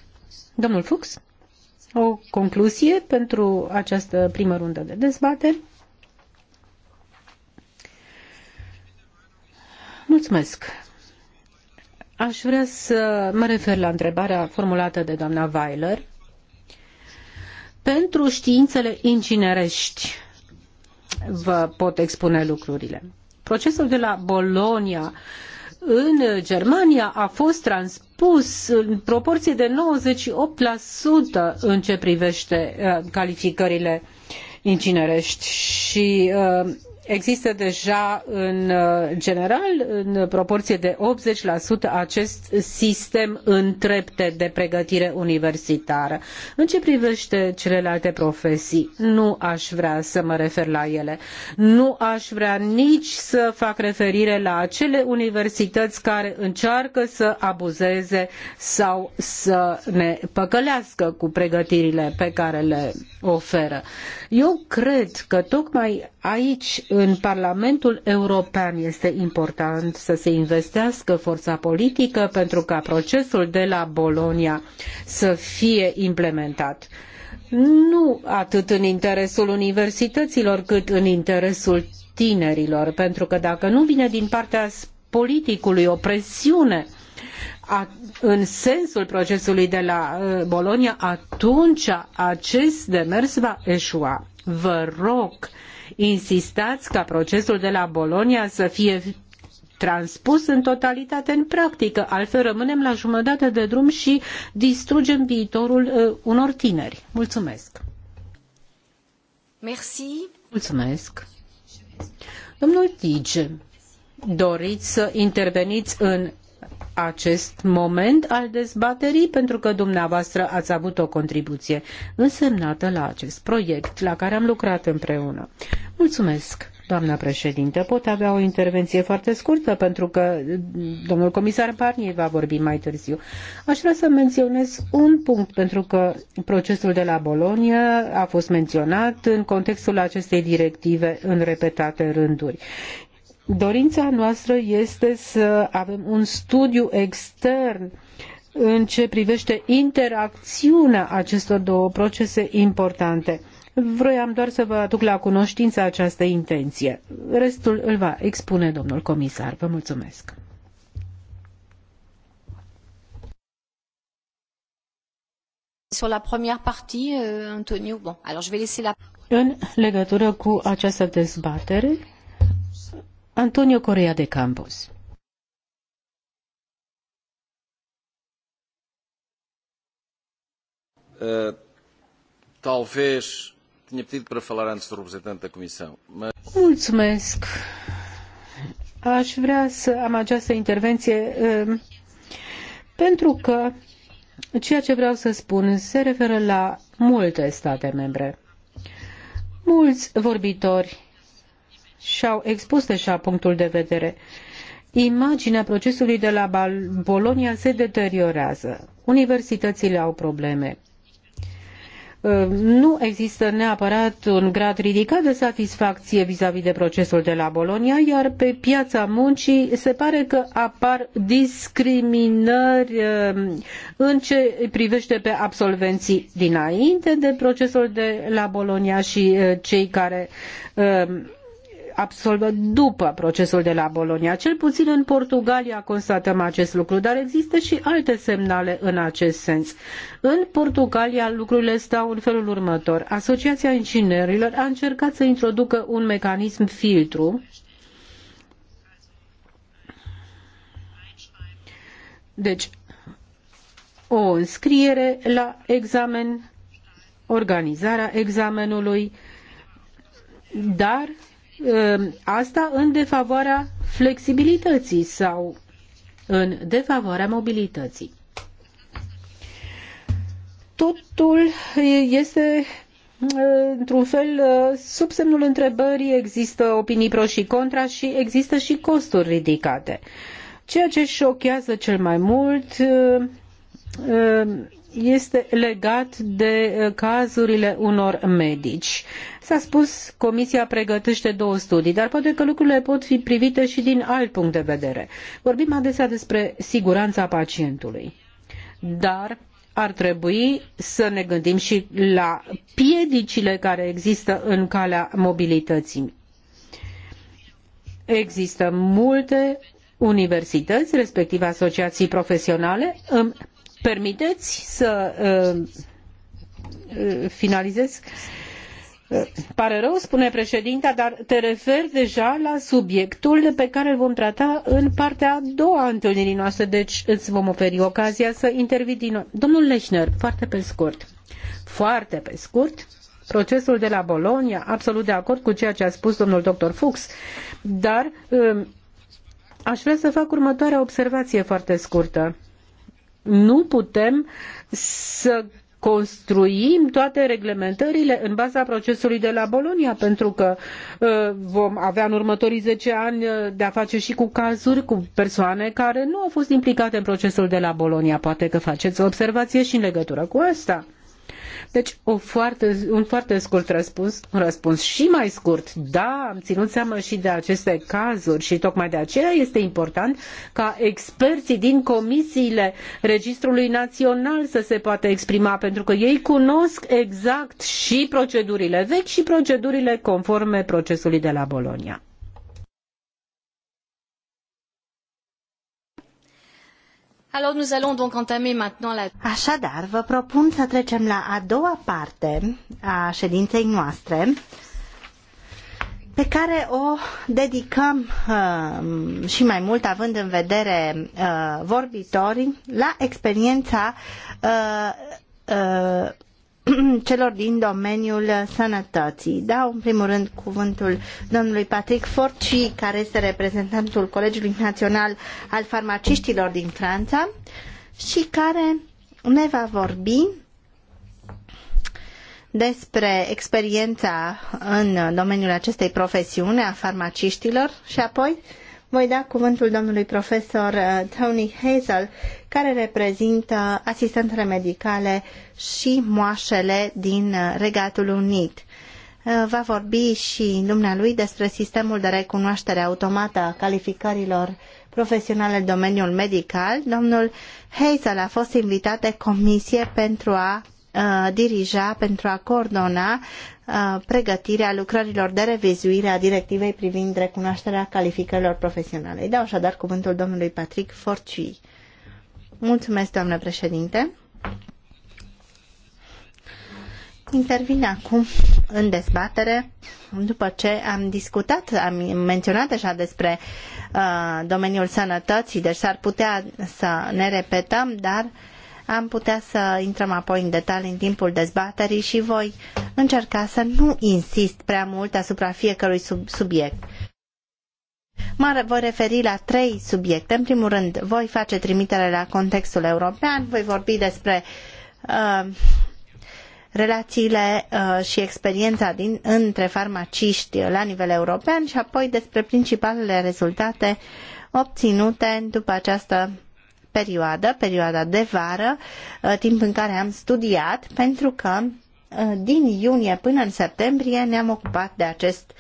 Domnul Fuchs? o concluzie pentru această primă rundă de dezbateri. Mulțumesc. Aș vrea să mă refer la întrebarea formulată de doamna Weiler. Pentru științele inginerești vă pot expune lucrurile. Procesul de la Bologna în Germania a fost transpus în proporție de 98% în ce privește uh, calificările incinerești și uh, Există deja în uh, general, în proporție de 80%, acest sistem întrepte de pregătire universitară. În ce privește celelalte profesii, nu aș vrea să mă refer la ele. Nu aș vrea nici să fac referire la acele universități care încearcă să abuzeze sau să ne păcălească cu pregătirile pe care le oferă. Eu cred că tocmai aici în Parlamentul European este important să se investească forța politică pentru ca procesul de la Bologna să fie implementat. Nu atât în interesul universităților, cât în interesul tinerilor, pentru că dacă nu vine din partea politicului o presiune a, în sensul procesului de la uh, Bologna, atunci acest demers va eșua. Vă rog insistați ca procesul de la Bologna să fie transpus în totalitate în practică, altfel rămânem la jumătate de drum și distrugem viitorul uh, unor tineri. Mulțumesc! Merci. Mulțumesc! Domnul Tige, doriți să interveniți în acest moment al dezbaterii, pentru că dumneavoastră ați avut o contribuție însemnată la acest proiect la care am lucrat împreună. Mulțumesc! Doamna președintă, pot avea o intervenție foarte scurtă pentru că domnul comisar Barnier va vorbi mai târziu. Aș vrea să menționez un punct pentru că procesul de la Bologna a fost menționat în contextul acestei directive în repetate rânduri. Dorința noastră este să avem un studiu extern în ce privește interacțiunea acestor două procese importante. Vroiam doar să vă aduc la cunoștință această intenție. Restul îl va expune domnul comisar. Vă mulțumesc. Sur la première partie, euh, Antonio, bon, alors je vais laisser la... În legătură cu această dezbatere, Antonio Correa de Campos. Uh, talvez tinha pedido para falar antes do representante da Comissão. Mas... Mulțumesc. Aș vrea să am această intervenție uh, pentru că ceea ce vreau să spun se referă la multe state membre. Mulți vorbitori și-au expus deja punctul de vedere. Imaginea procesului de la Bolonia se deteriorează. Universitățile au probleme. Ă, nu există neapărat un grad ridicat de satisfacție vis-a-vis -vis de procesul de la Bolonia, iar pe piața muncii se pare că apar discriminări ă, în ce privește pe absolvenții dinainte de procesul de la Bolonia și ă, cei care absolvă după procesul de la Bologna. Cel puțin în Portugalia constatăm acest lucru, dar există și alte semnale în acest sens. În Portugalia lucrurile stau în felul următor. Asociația Inginerilor a încercat să introducă un mecanism filtru Deci, o înscriere la examen, organizarea examenului, dar Um, asta în defavoarea flexibilității sau în defavoarea mobilității. Totul este uh, într-un fel, uh, sub semnul întrebării există opinii pro și contra și există și costuri ridicate. Ceea ce șochează cel mai mult uh, este legat de uh, cazurile unor medici. S-a spus, Comisia pregătește două studii, dar poate că lucrurile pot fi privite și din alt punct de vedere. Vorbim adesea despre siguranța pacientului, dar ar trebui să ne gândim și la piedicile care există în calea mobilității. Există multe universități, respectiv asociații profesionale, îmi permiteți să uh, uh, finalizez? Uh, pare rău, spune președinta, dar te referi deja la subiectul pe care îl vom trata în partea a doua a întâlnirii noastre, deci îți vom oferi ocazia să intervii din nou. Domnul Leșner, foarte pe scurt, foarte pe scurt, procesul de la Bologna, absolut de acord cu ceea ce a spus domnul dr. Fuchs, dar aș vrea să fac următoarea observație foarte scurtă nu putem să construim toate reglementările în baza procesului de la Bologna, pentru că uh, vom avea în următorii zece ani uh, de-a face și cu cazuri, cu persoane care nu au fost implicate în procesul de la Bologna. Poate că faceți o observație și în legătură cu asta. Deci, o foarte, un foarte scurt răspuns, un răspuns și mai scurt. Da, am ținut seama și de aceste cazuri și tocmai de aceea este important ca experții din comisiile Registrului Național să se poată exprima, pentru că ei cunosc exact și procedurile vechi și procedurile conforme procesului de la Bologna. Alors nous allons donc entamer maintenant la... Așadar, vă propun să trecem la a doua parte a ședinței noastre pe care o dedicăm uh, și mai mult având în vedere uh, vorbitorii la experiența uh, uh, [CLEARS THROAT] celor din domeniul sănătății. Dau în primul rând cuvântul domnului Patrick Forci, care este reprezentantul Colegiului Național al Farmaciștilor din Franța și care ne va vorbi despre experiența în domeniul acestei profesiuni a farmaciștilor și apoi uh, voi da cuvântul domnului profesor uh, Tony Hazel, care reprezintă asistentele medicale și moașele din uh, Regatul Unit. Uh, va vorbi și dumnealui despre sistemul de recunoaștere automată a calificărilor profesionale în domeniul medical. Domnul Hazel a fost invitat de comisie pentru a Uh, dirija pentru a coordona uh, pregătirea lucrărilor de revizuire a directivei privind recunoașterea calificărilor profesionale. Îi dau așadar cuvântul domnului Patrick Forciui. Mulțumesc, doamnă președinte. Intervine acum în dezbatere după ce am discutat, am menționat deja despre uh, domeniul sănătății, deci s-ar putea să ne repetăm, dar uh, am putea să intrăm apoi în detalii în timpul dezbaterii și voi încerca să nu insist prea mult asupra fiecărui sub subiect. Mă voi referi la trei subiecte. În primul rând, voi face trimitere la contextul european, voi vorbi despre uh, relațiile uh, și experiența din, între farmaciști la nivel european și apoi despre principalele rezultate obținute după această perioadă, perioada de vară, uh, timp în care am studiat, pentru că uh, din iunie până în septembrie ne-am ocupat de acest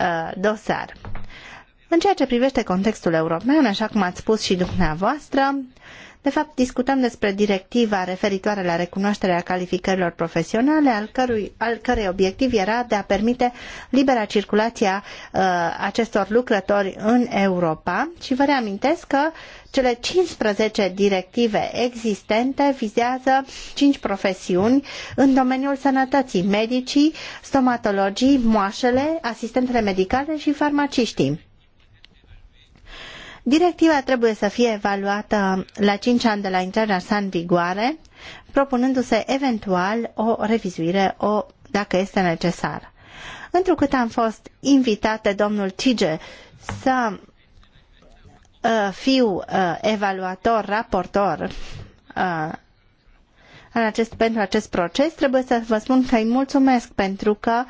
uh, dosar. În ceea ce privește contextul european, așa cum ați spus și dumneavoastră, de fapt, discutăm despre directiva referitoare la recunoașterea calificărilor profesionale, al, cărui, al cărei obiectiv era de a permite libera circulația a uh, acestor lucrători în Europa și vă reamintesc că cele 15 directive existente vizează 5 profesiuni în domeniul sănătății, medicii, stomatologii, moașele, asistentele medicale și farmaciștii. Directiva trebuie să fie evaluată la 5 ani de la intrarea sa în vigoare, propunându-se eventual o revizuire, o, dacă este necesar. Întrucât am fost invitată domnul Tige să uh, fiu uh, evaluator, raportor uh, în acest, pentru acest proces, trebuie să vă spun că îi mulțumesc pentru că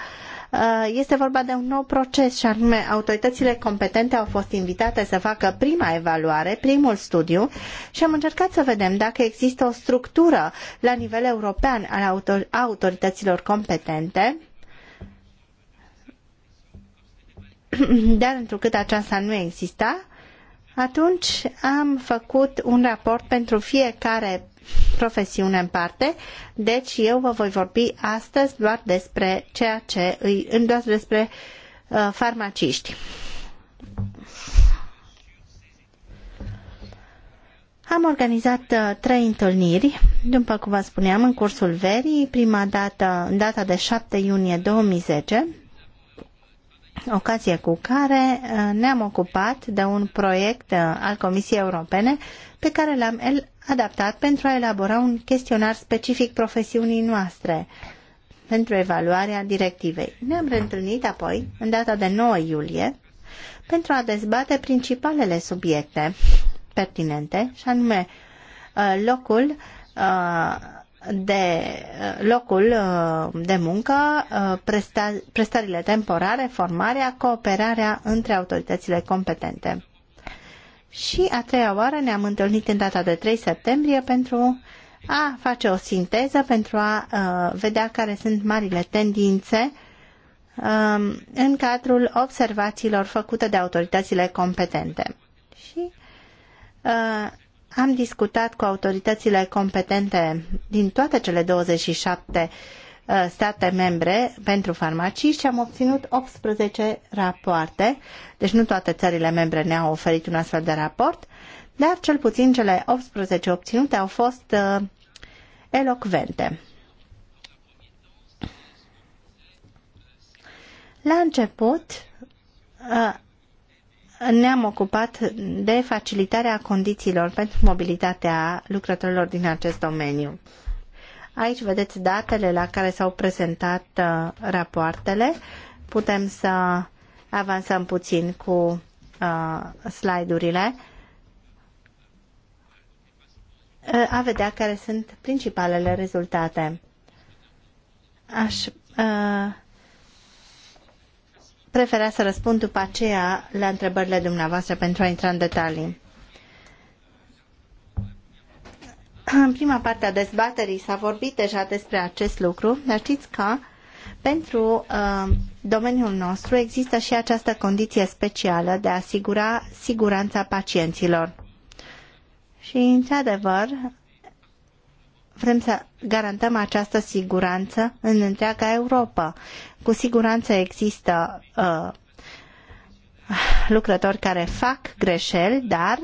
Uh, este vorba de un nou proces și anume autoritățile competente au fost invitate să facă prima evaluare, primul studiu și am încercat să vedem dacă există o structură la nivel european al autorităților competente [CLEARS THROAT] dar întrucât aceasta nu exista, atunci am făcut un raport pentru fiecare profesiune în parte, deci eu vă voi vorbi astăzi doar despre ceea ce îi, doar despre uh, farmaciști. Am organizat uh, trei întâlniri, după cum vă spuneam, în cursul verii, prima dată, data de 7 iunie 2010, ocazie cu care uh, ne-am ocupat de un proiect uh, al Comisiei Europene pe care l-am adaptat pentru a elabora un chestionar specific profesiunii noastre pentru evaluarea directivei. Ne-am reîntâlnit apoi, în data de 9 iulie, pentru a dezbate principalele subiecte pertinente, și anume uh, locul de uh, locul uh, de muncă, uh, prestările temporare, formarea, cooperarea între autoritățile competente. Și a treia oară ne-am întâlnit în data de 3 septembrie pentru a face o sinteză, pentru a vedea care sunt marile tendințe um, în cadrul observațiilor făcute de autoritățile competente. Și am discutat cu autoritățile competente din toate cele 27 uh, state membre pentru farmacii și am obținut 18 rapoarte, deci nu toate țările membre ne-au oferit un astfel de raport, dar cel puțin cele 18 obținute au fost uh, elocvente. La început, uh, ne-am ocupat de facilitarea condițiilor pentru mobilitatea lucrătorilor din acest domeniu. Aici vedeți datele la care s-au prezentat uh, rapoartele. Putem să avansăm puțin cu uh, slide-urile uh, a vedea care sunt principalele rezultate. Aș uh, prefera să răspund după aceea la întrebările dumneavoastră pentru a intra în detalii. În prima parte a dezbaterii s-a vorbit deja despre acest lucru, dar știți că pentru uh, domeniul nostru există și această condiție specială de a asigura siguranța pacienților. Și, într-adevăr, vrem să garantăm această siguranță în întreaga Europa. Cu siguranță există uh, lucrători care fac greșeli, dar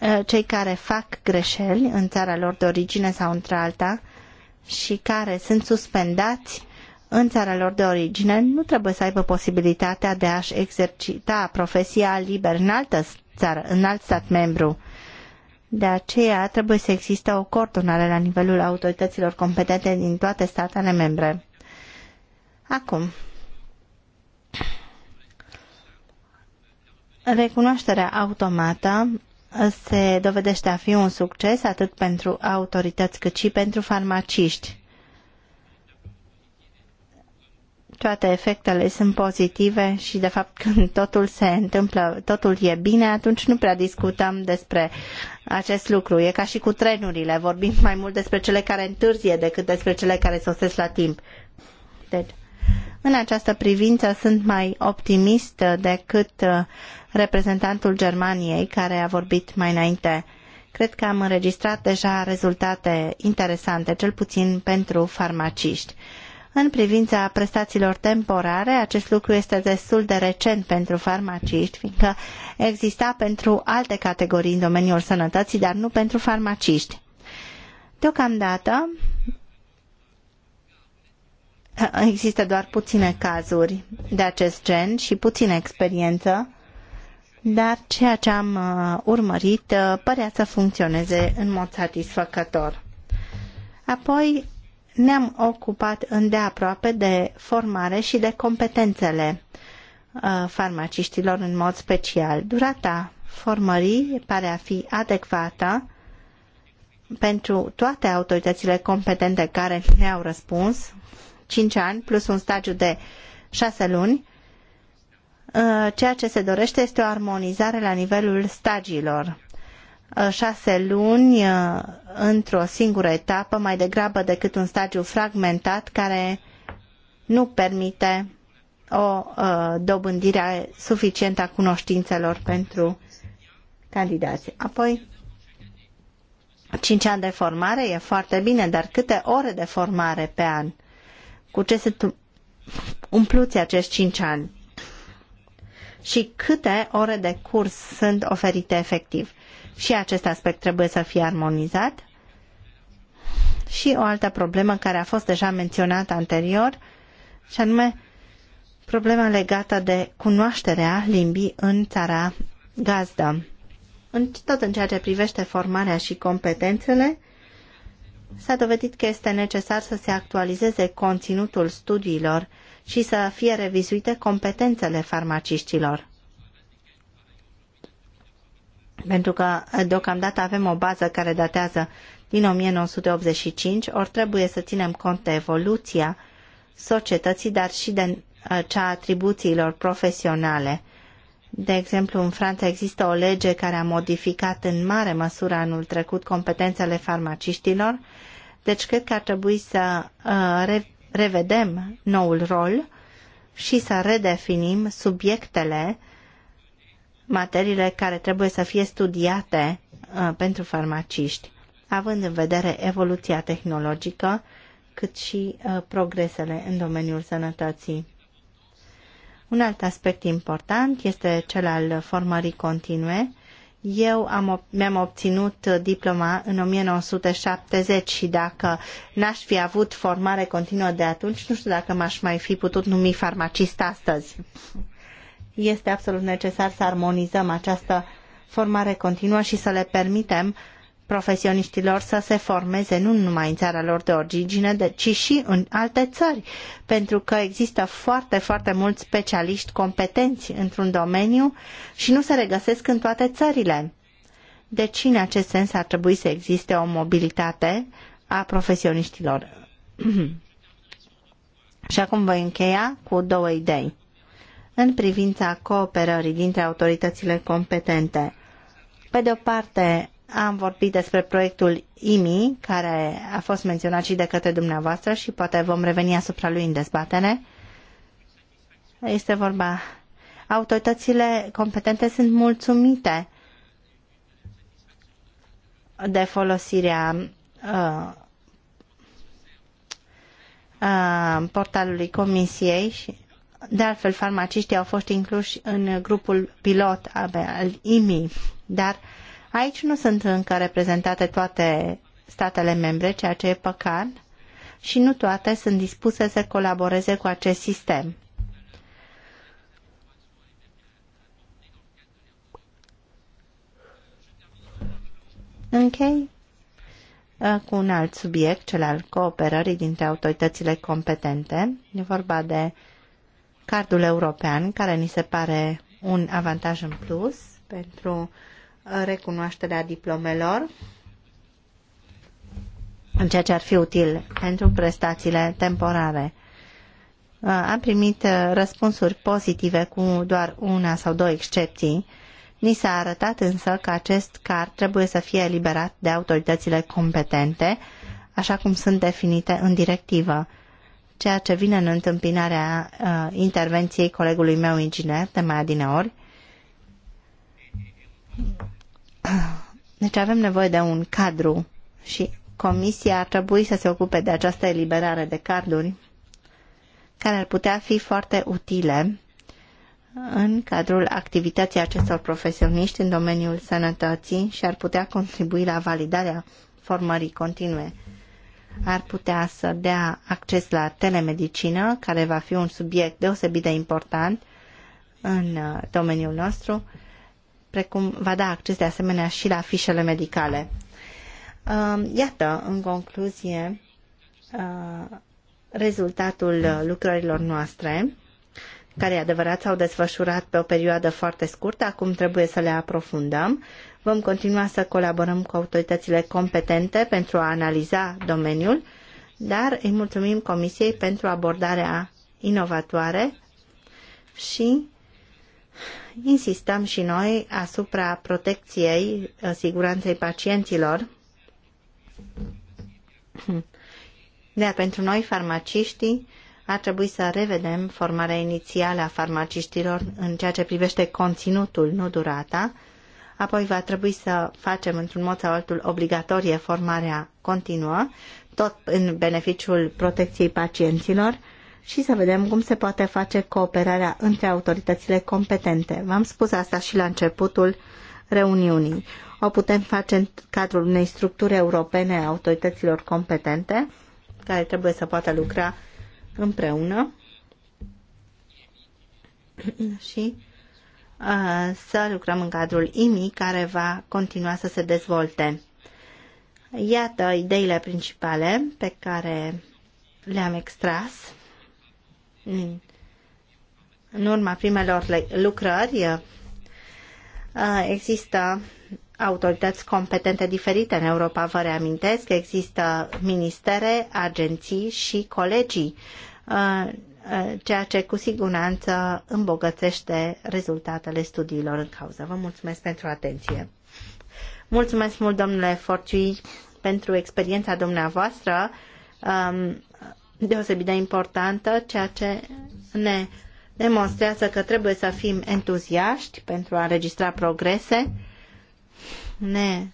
uh, cei care fac greșeli în țara lor de origine sau într-alta și care sunt suspendați în țara lor de origine nu trebuie să aibă posibilitatea de a-și exercita profesia liber în altă țară, în alt stat membru de aceea trebuie să existe o coordonare la nivelul autorităților competente din toate statele membre. Acum, recunoașterea automată se dovedește a fi un succes atât pentru autorități cât și pentru farmaciști. toate efectele sunt pozitive și de fapt [LAUGHS] când totul se întâmplă, totul e bine, atunci nu prea discutăm despre acest lucru. E ca și cu trenurile, vorbim mai mult despre cele care întârzie decât despre cele care sosesc la timp. Deci, în această privință sunt mai optimist decât uh, reprezentantul Germaniei care a vorbit mai înainte. Cred că am înregistrat deja rezultate interesante, cel puțin pentru farmaciști. În privința prestațiilor temporare, acest lucru este destul de recent pentru farmaciști, fiindcă exista pentru alte categorii în domeniul sănătății, dar nu pentru farmaciști. Deocamdată există doar puține cazuri de acest gen și puțină experiență, dar ceea ce am uh, urmărit uh, părea să funcționeze în mod satisfăcător. Apoi, ne-am ocupat îndeaproape de formare și de competențele uh, farmaciștilor în mod special. Durata formării pare a fi adecvată pentru toate autoritățile competente care ne-au răspuns, 5 ani plus un stagiu de 6 luni, uh, ceea ce se dorește este o armonizare la nivelul stagiilor. Uh, șase luni uh, într-o singură etapă, mai degrabă decât un stadiu fragmentat care nu permite o uh, dobândire suficientă a cunoștințelor pentru candidați. Apoi, cinci ani de formare e foarte bine, dar câte ore de formare pe an? Cu ce se umpluți acești cinci ani? Și câte ore de curs sunt oferite efectiv? Și acest aspect trebuie să fie armonizat. Și o altă problemă care a fost deja menționată anterior, și anume problema legată de cunoașterea limbii în țara gazdă. În, tot în ceea ce privește formarea și competențele, s-a dovedit că este necesar să se actualizeze conținutul studiilor și să fie revizuite competențele farmaciștilor pentru că eh, deocamdată avem o bază care datează din 1985, ori trebuie să ținem cont de evoluția societății, dar și de eh, cea atribuțiilor profesionale. De exemplu, în Franța există o lege care a modificat în mare măsură anul trecut competențele farmaciștilor, deci cred că ar trebui să eh, revedem noul rol și să redefinim subiectele materiile care trebuie să fie studiate uh, pentru farmaciști, având în vedere evoluția tehnologică, cât și uh, progresele în domeniul sănătății. Un alt aspect important este cel al formării continue. Eu am, mi-am obținut uh, diploma în 1970 și dacă n-aș fi avut formare continuă de atunci, nu știu dacă m-aș mai fi putut numi farmacist astăzi este absolut necesar să armonizăm această formare continuă și să le permitem profesioniștilor să se formeze nu numai în țara lor de origine, ci și în alte țări, pentru că există foarte, foarte mulți specialiști competenți într-un domeniu și nu se regăsesc în toate țările. Deci, în acest sens, ar trebui să existe o mobilitate a profesioniștilor. [CLEARS THROAT] și acum voi încheia cu două idei în privința cooperării dintre autoritățile competente. Pe de o parte, am vorbit despre proiectul IMI, care a fost menționat și de către dumneavoastră și poate vom reveni asupra lui în dezbatere. Este vorba. Autoritățile competente sunt mulțumite de folosirea uh, uh, portalului Comisiei și de altfel, farmaciștii au fost incluși în grupul pilot al IMI, dar aici nu sunt încă reprezentate toate statele membre, ceea ce e păcat, și nu toate sunt dispuse să colaboreze cu acest sistem. Închei uh, cu un alt subiect, cel al cooperării dintre autoritățile competente. E vorba de cardul european, care ni se pare un avantaj în plus pentru uh, recunoașterea diplomelor, în ceea ce ar fi util pentru prestațiile temporare. Uh, am primit uh, răspunsuri pozitive cu doar una sau două excepții. Ni s-a arătat însă că acest card trebuie să fie eliberat de autoritățile competente, așa cum sunt definite în directivă ceea ce vine în întâmpinarea uh, intervenției colegului meu inginer de mai adineori. Deci avem nevoie de un cadru și comisia ar trebui să se ocupe de această eliberare de carduri care ar putea fi foarte utile în cadrul activității acestor profesioniști în domeniul sănătății și ar putea contribui la validarea formării continue ar putea să dea acces la telemedicină, care va fi un subiect deosebit de important în uh, domeniul nostru, precum va da acces de asemenea și la fișele medicale. Um, iată, în concluzie, uh, rezultatul uh, lucrărilor noastre, care, adevărat, s-au desfășurat pe o perioadă foarte scurtă, acum trebuie să le aprofundăm Vom continua să colaborăm cu autoritățile competente pentru a analiza domeniul, dar îi mulțumim Comisiei pentru abordarea inovatoare și insistăm și noi asupra protecției uh, siguranței pacienților. Dar pentru noi, farmaciștii, ar trebui să revedem formarea inițială a farmaciștilor în ceea ce privește conținutul, nu durata, apoi va trebui să facem într-un mod sau altul obligatorie formarea continuă, tot în beneficiul protecției pacienților și să vedem cum se poate face cooperarea între autoritățile competente. V-am spus asta și la începutul reuniunii. O putem face în cadrul unei structuri europene a autorităților competente, care trebuie să poată lucra împreună [CLEARS THROAT] și Uh, să lucrăm în cadrul IMI care va continua să se dezvolte. Iată ideile principale pe care le-am extras în urma primelor lucrări. Uh, există autorități competente diferite în Europa, vă reamintesc, există ministere, agenții și colegii uh, Eh, ceea ce cu siguranță îmbogățește rezultatele studiilor în cauză. Vă mulțumesc pentru atenție. Mulțumesc mult, domnule Forciui, pentru experiența dumneavoastră ehm, deosebit de importantă, ceea ce ne demonstrează că trebuie să fim entuziaști pentru a registra progrese. Ne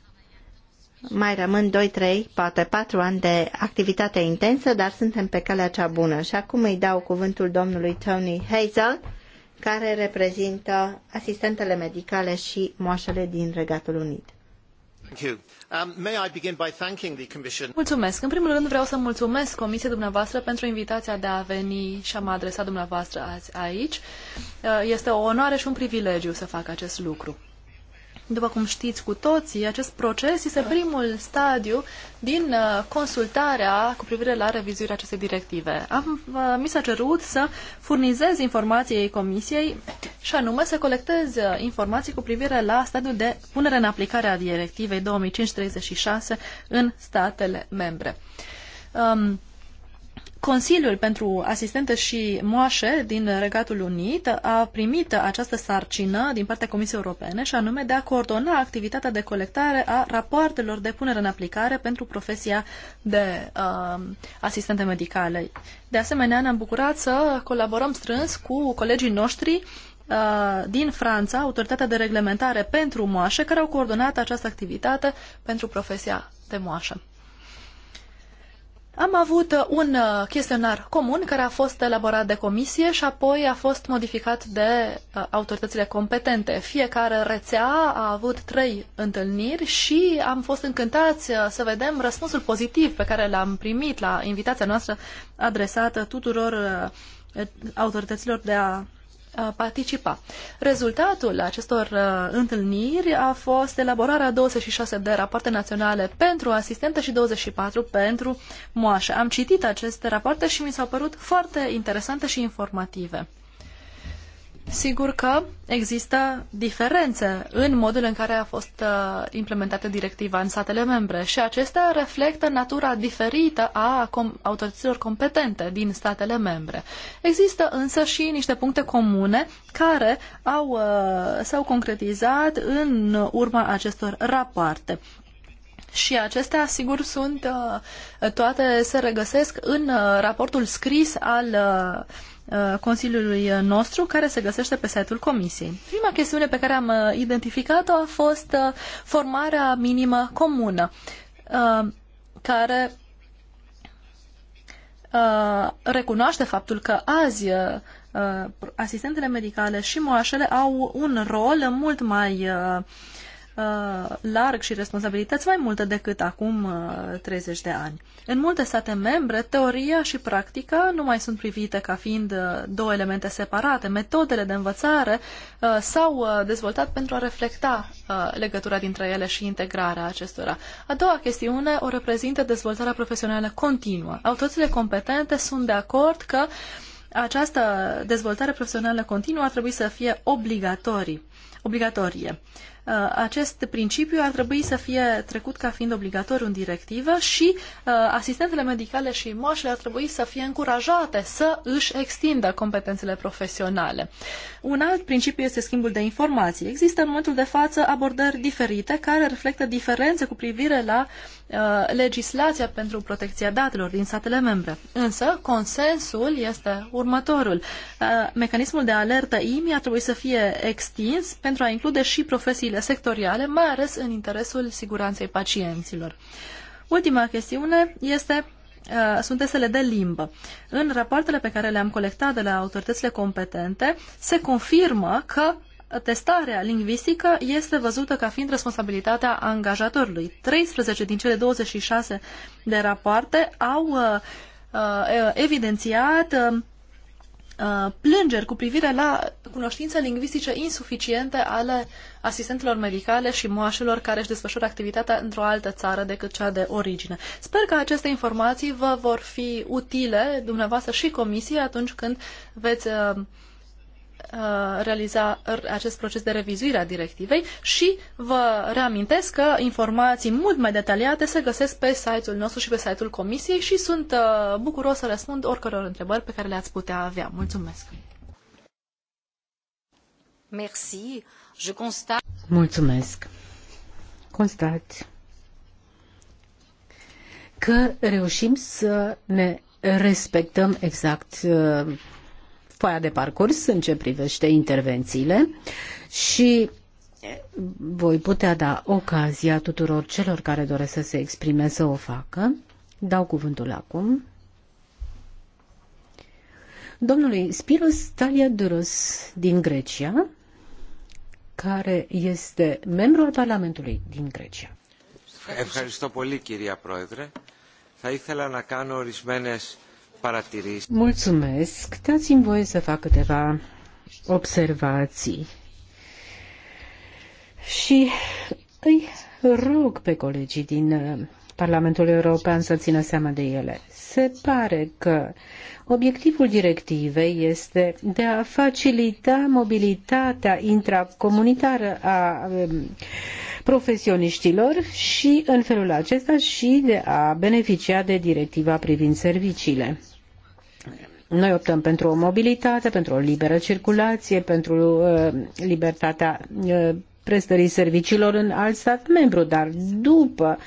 mai rămân 2, 3, poate 4 ani de activitate intensă, dar suntem pe calea cea bună. Și acum îi dau cuvântul domnului Tony Hazel, care reprezintă asistentele medicale și moașele din Regatul Unit. Um, mulțumesc. În primul rând vreau să mulțumesc Comisiei dumneavoastră pentru invitația de a veni și a mă adresa dumneavoastră azi aici. Uh, este o onoare și un privilegiu să fac acest lucru. După cum știți cu toții, acest proces este primul stadiu din uh, consultarea cu privire la revizuirea acestei directive. Am, uh, mi s-a cerut să furnizez informației Comisiei și anume să colectez uh, informații cu privire la stadiul de punere în aplicare a directivei 2536 în statele membre. Um, Consiliul pentru Asistentă și Moașe din Regatul Unit a primit această sarcină din partea Comisiei Europene și anume de a coordona activitatea de colectare a rapoartelor de punere în aplicare pentru profesia de uh, asistente medicale. De asemenea, ne-am bucurat să colaborăm strâns cu colegii noștri uh, din Franța, Autoritatea de Reglementare pentru Moașe, care au coordonat această activitate pentru profesia de moașă. Am avut uh, un uh, chestionar comun care a fost elaborat de comisie și apoi a fost modificat de uh, autoritățile competente. Fiecare rețea a avut trei întâlniri și am fost încântați să vedem răspunsul pozitiv pe care l-am primit la invitația noastră adresată tuturor autorităților de a participa. Rezultatul acestor uh, întâlniri a fost elaborarea 26 de rapoarte naționale pentru asistentă și 24 pentru moașă. Am citit aceste rapoarte și mi s-au părut foarte interesante și informative. Sigur că există diferențe în modul în care a fost uh, implementată directiva în statele membre și acestea reflectă natura diferită a autorităților competente din statele membre. Există însă și niște puncte comune care au, uh, s-au concretizat în urma acestor rapoarte. Și acestea, sigur, sunt uh, toate se regăsesc în raportul scris al Uh, Consiliului uh, nostru care se găsește pe site-ul Comisiei. Prima chestiune pe care am uh, identificat-o a fost formarea minimă comună, care recunoaște faptul că azi asistentele medicale și moașele au un rol mult mai Uh, larg și responsabilități mai multe decât acum 30 uh, de ani. În multe state membre, teoria și practica nu mai sunt privite ca fiind uh, două elemente separate. Metodele de învățare s-au dezvoltat pentru a reflecta legătura dintre ele și integrarea acestora. A doua chestiune o reprezintă dezvoltarea profesională continuă. Autoritățile competente sunt de acord că această dezvoltare profesională continuă ar trebui să fie obligatorie. Uh, acest principiu ar trebui să fie trecut ca fiind obligatoriu în directivă și uh, asistentele medicale și moașele ar trebui să fie încurajate să își extindă competențele profesionale. Un alt principiu este schimbul de informații. Există în momentul de față abordări diferite care reflectă diferențe cu privire la uh, legislația pentru protecția datelor din statele membre. Însă, consensul este următorul. Mecanismul de alertă IMI ar trebui să fie extins pentru a include și profesiile politicile sectoriale, mai ales în interesul siguranței pacienților. Ultima chestiune este uh, sunt testele de limbă. În rapoartele pe care le-am colectat de la autoritățile competente, se confirmă că testarea lingvistică este văzută ca fiind responsabilitatea angajatorului. 13 din cele 26 de rapoarte au uh, uh evidențiat um, Uh, plângeri cu privire la cunoștințe lingvistice insuficiente ale asistentelor medicale și moașelor care își desfășură activitatea într-o altă țară decât cea de origine. Sper că aceste informații vă vor fi utile dumneavoastră și comisiei atunci când veți uh, Uh, realiza acest proces de revizuire a directivei și vă reamintesc că informații mult mai detaliate se găsesc pe site-ul nostru și pe site-ul Comisiei și sunt uh, bucuros să răspund oricăror întrebări pe care le-ați putea avea. Mulțumesc! Merci. Je constat... Mulțumesc! Constat că reușim să ne respectăm exact uh, foaia de parcurs în ce privește intervențiile și voi putea da ocazia tuturor celor care doresc să se exprime să o facă. Dau cuvântul acum domnului Spiros Taliaduros din Grecia, care este membru al Parlamentului din Grecia. Ευχαριστώ πολύ, κυρία Πρόεδρε. Θα ήθελα να κάνω ορισμένες Mulțumesc. Dați-mi voie să fac câteva observații. Și îi rog pe colegii din uh, Parlamentul European să țină seama de ele. Se pare că obiectivul directivei este de a facilita mobilitatea intracomunitară a um, profesioniștilor și în felul acesta și de a beneficia de directiva privind serviciile. Noi optăm pentru o mobilitate, pentru o liberă circulație, pentru uh, libertatea uh, prestării serviciilor în alt stat membru, dar după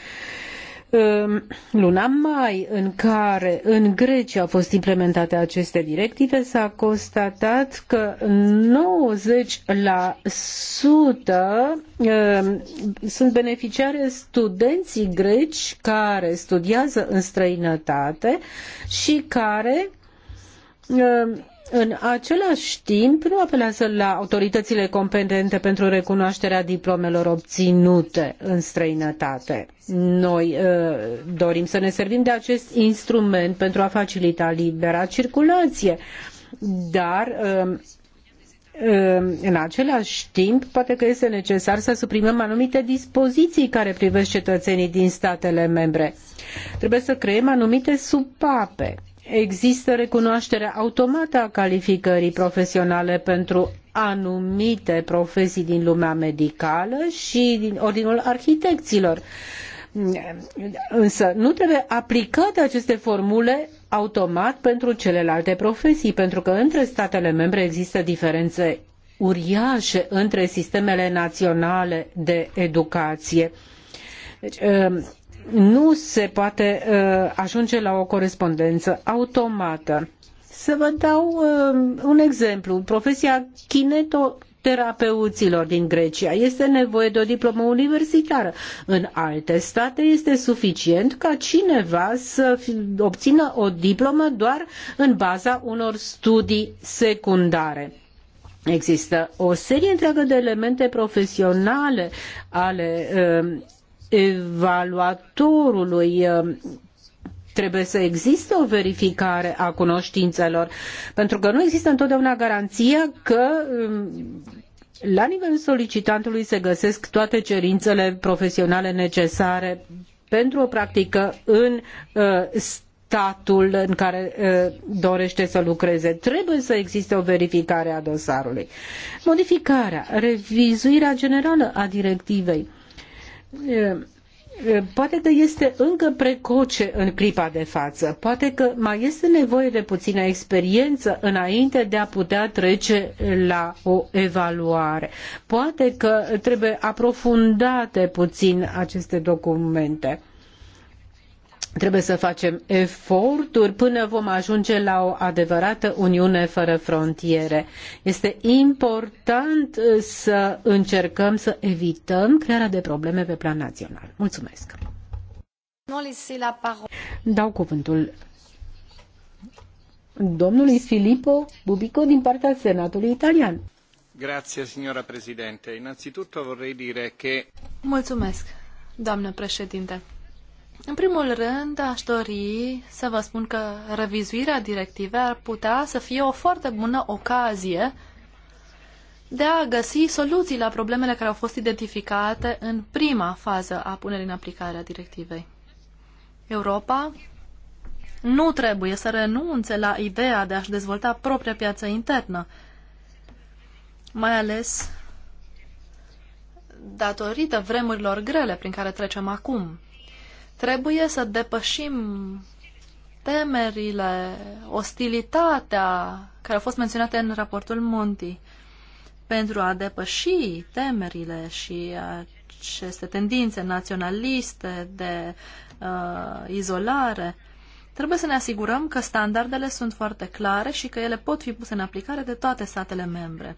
um, luna mai în care în Grecia au fost implementate aceste directive s-a constatat că 90% um, sunt beneficiare studenții greci care studiază în străinătate și care Ehm, în același timp nu apelează la autoritățile competente pentru recunoașterea diplomelor obținute în străinătate. Noi ehm, dorim să ne servim de acest instrument pentru a facilita libera circulație, dar ehm, în același timp, poate că este necesar să suprimăm anumite dispoziții care privesc cetățenii din statele membre. Trebuie să creăm anumite supape există recunoaștere automată a calificării profesionale pentru anumite profesii din lumea medicală și din ordinul arhitecților. Însă nu trebuie aplicate aceste formule automat pentru celelalte profesii, pentru că între statele membre există diferențe uriașe între sistemele naționale de educație. Deci, nu se poate uh, ajunge la o corespondență automată. Să vă dau uh, un exemplu. Profesia kinetoterapeuților din Grecia. Este nevoie de o diplomă universitară. În alte state este suficient ca cineva să obțină o diplomă doar în baza unor studii secundare. Există o serie întreagă de elemente profesionale ale uh, evaluatorului trebuie să existe o verificare a cunoștințelor, pentru că nu există întotdeauna garanția că um, la nivelul solicitantului se găsesc toate cerințele profesionale necesare pentru o practică în uh, statul în care uh, dorește să lucreze. Trebuie să existe o verificare a dosarului. Modificarea, revizuirea generală a directivei Poate că este încă precoce în clipa de față, poate că mai este nevoie de puțină experiență înainte de a putea trece la o evaluare. Poate că trebuie aprofundate puțin aceste documente. Trebuie să facem eforturi până vom ajunge la o adevărată Uniune fără frontiere. Este important uh, să încercăm să evităm crearea de probleme pe plan național. Mulțumesc! Dau cuvântul domnului Filippo Bubico din partea Senatului Italian. Grazie, signora Presidente. Innanzitutto vorrei dire che... Mulțumesc, doamnă președinte. În primul rând, aș dori să vă spun că revizuirea directivei ar putea să fie o foarte bună ocazie de a găsi soluții la problemele care au fost identificate în prima fază a punerii în aplicare a directivei. Europa nu trebuie să renunțe la ideea de a-și dezvolta propria piață internă, mai ales datorită vremurilor grele prin care trecem acum. Trebuie să depășim temerile, ostilitatea care au fost menționate în raportul Monti pentru a depăși temerile și aceste tendințe naționaliste de uh, izolare, trebuie să ne asigurăm că standardele sunt foarte clare și că ele pot fi puse în aplicare de toate statele membre.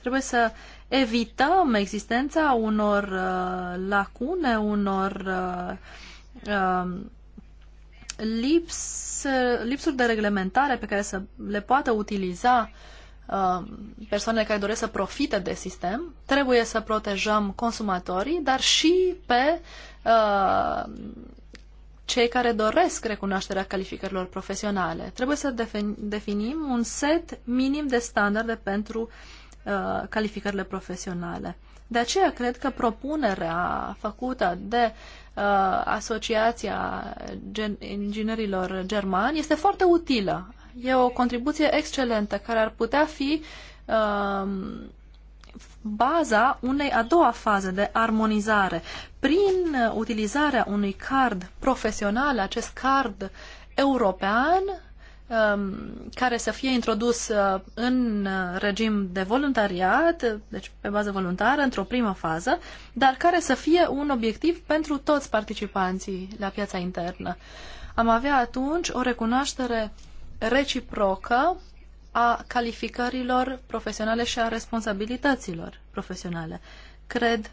Trebuie să evităm existența unor uh, lacune, unor uh, Um, lips, lipsuri de reglementare pe care să le poată utiliza um, persoanele care doresc să profite de sistem, trebuie să protejăm consumatorii, dar și pe uh, cei care doresc recunoașterea calificărilor profesionale. Trebuie să definim un set minim de standarde pentru uh, calificările profesionale. De aceea cred că propunerea făcută de Uh, Asociația Gen- Inginerilor Germani este foarte utilă. E o contribuție excelentă care ar putea fi uh, baza unei a doua faze de armonizare. Prin utilizarea unui card profesional, acest card european, Um, care să fie introdus uh, în uh, regim de voluntariat, deci pe bază voluntară, într-o primă fază, dar care să fie un obiectiv pentru toți participanții la piața internă. Am avea atunci o recunoaștere reciprocă a calificărilor profesionale și a responsabilităților profesionale. Cred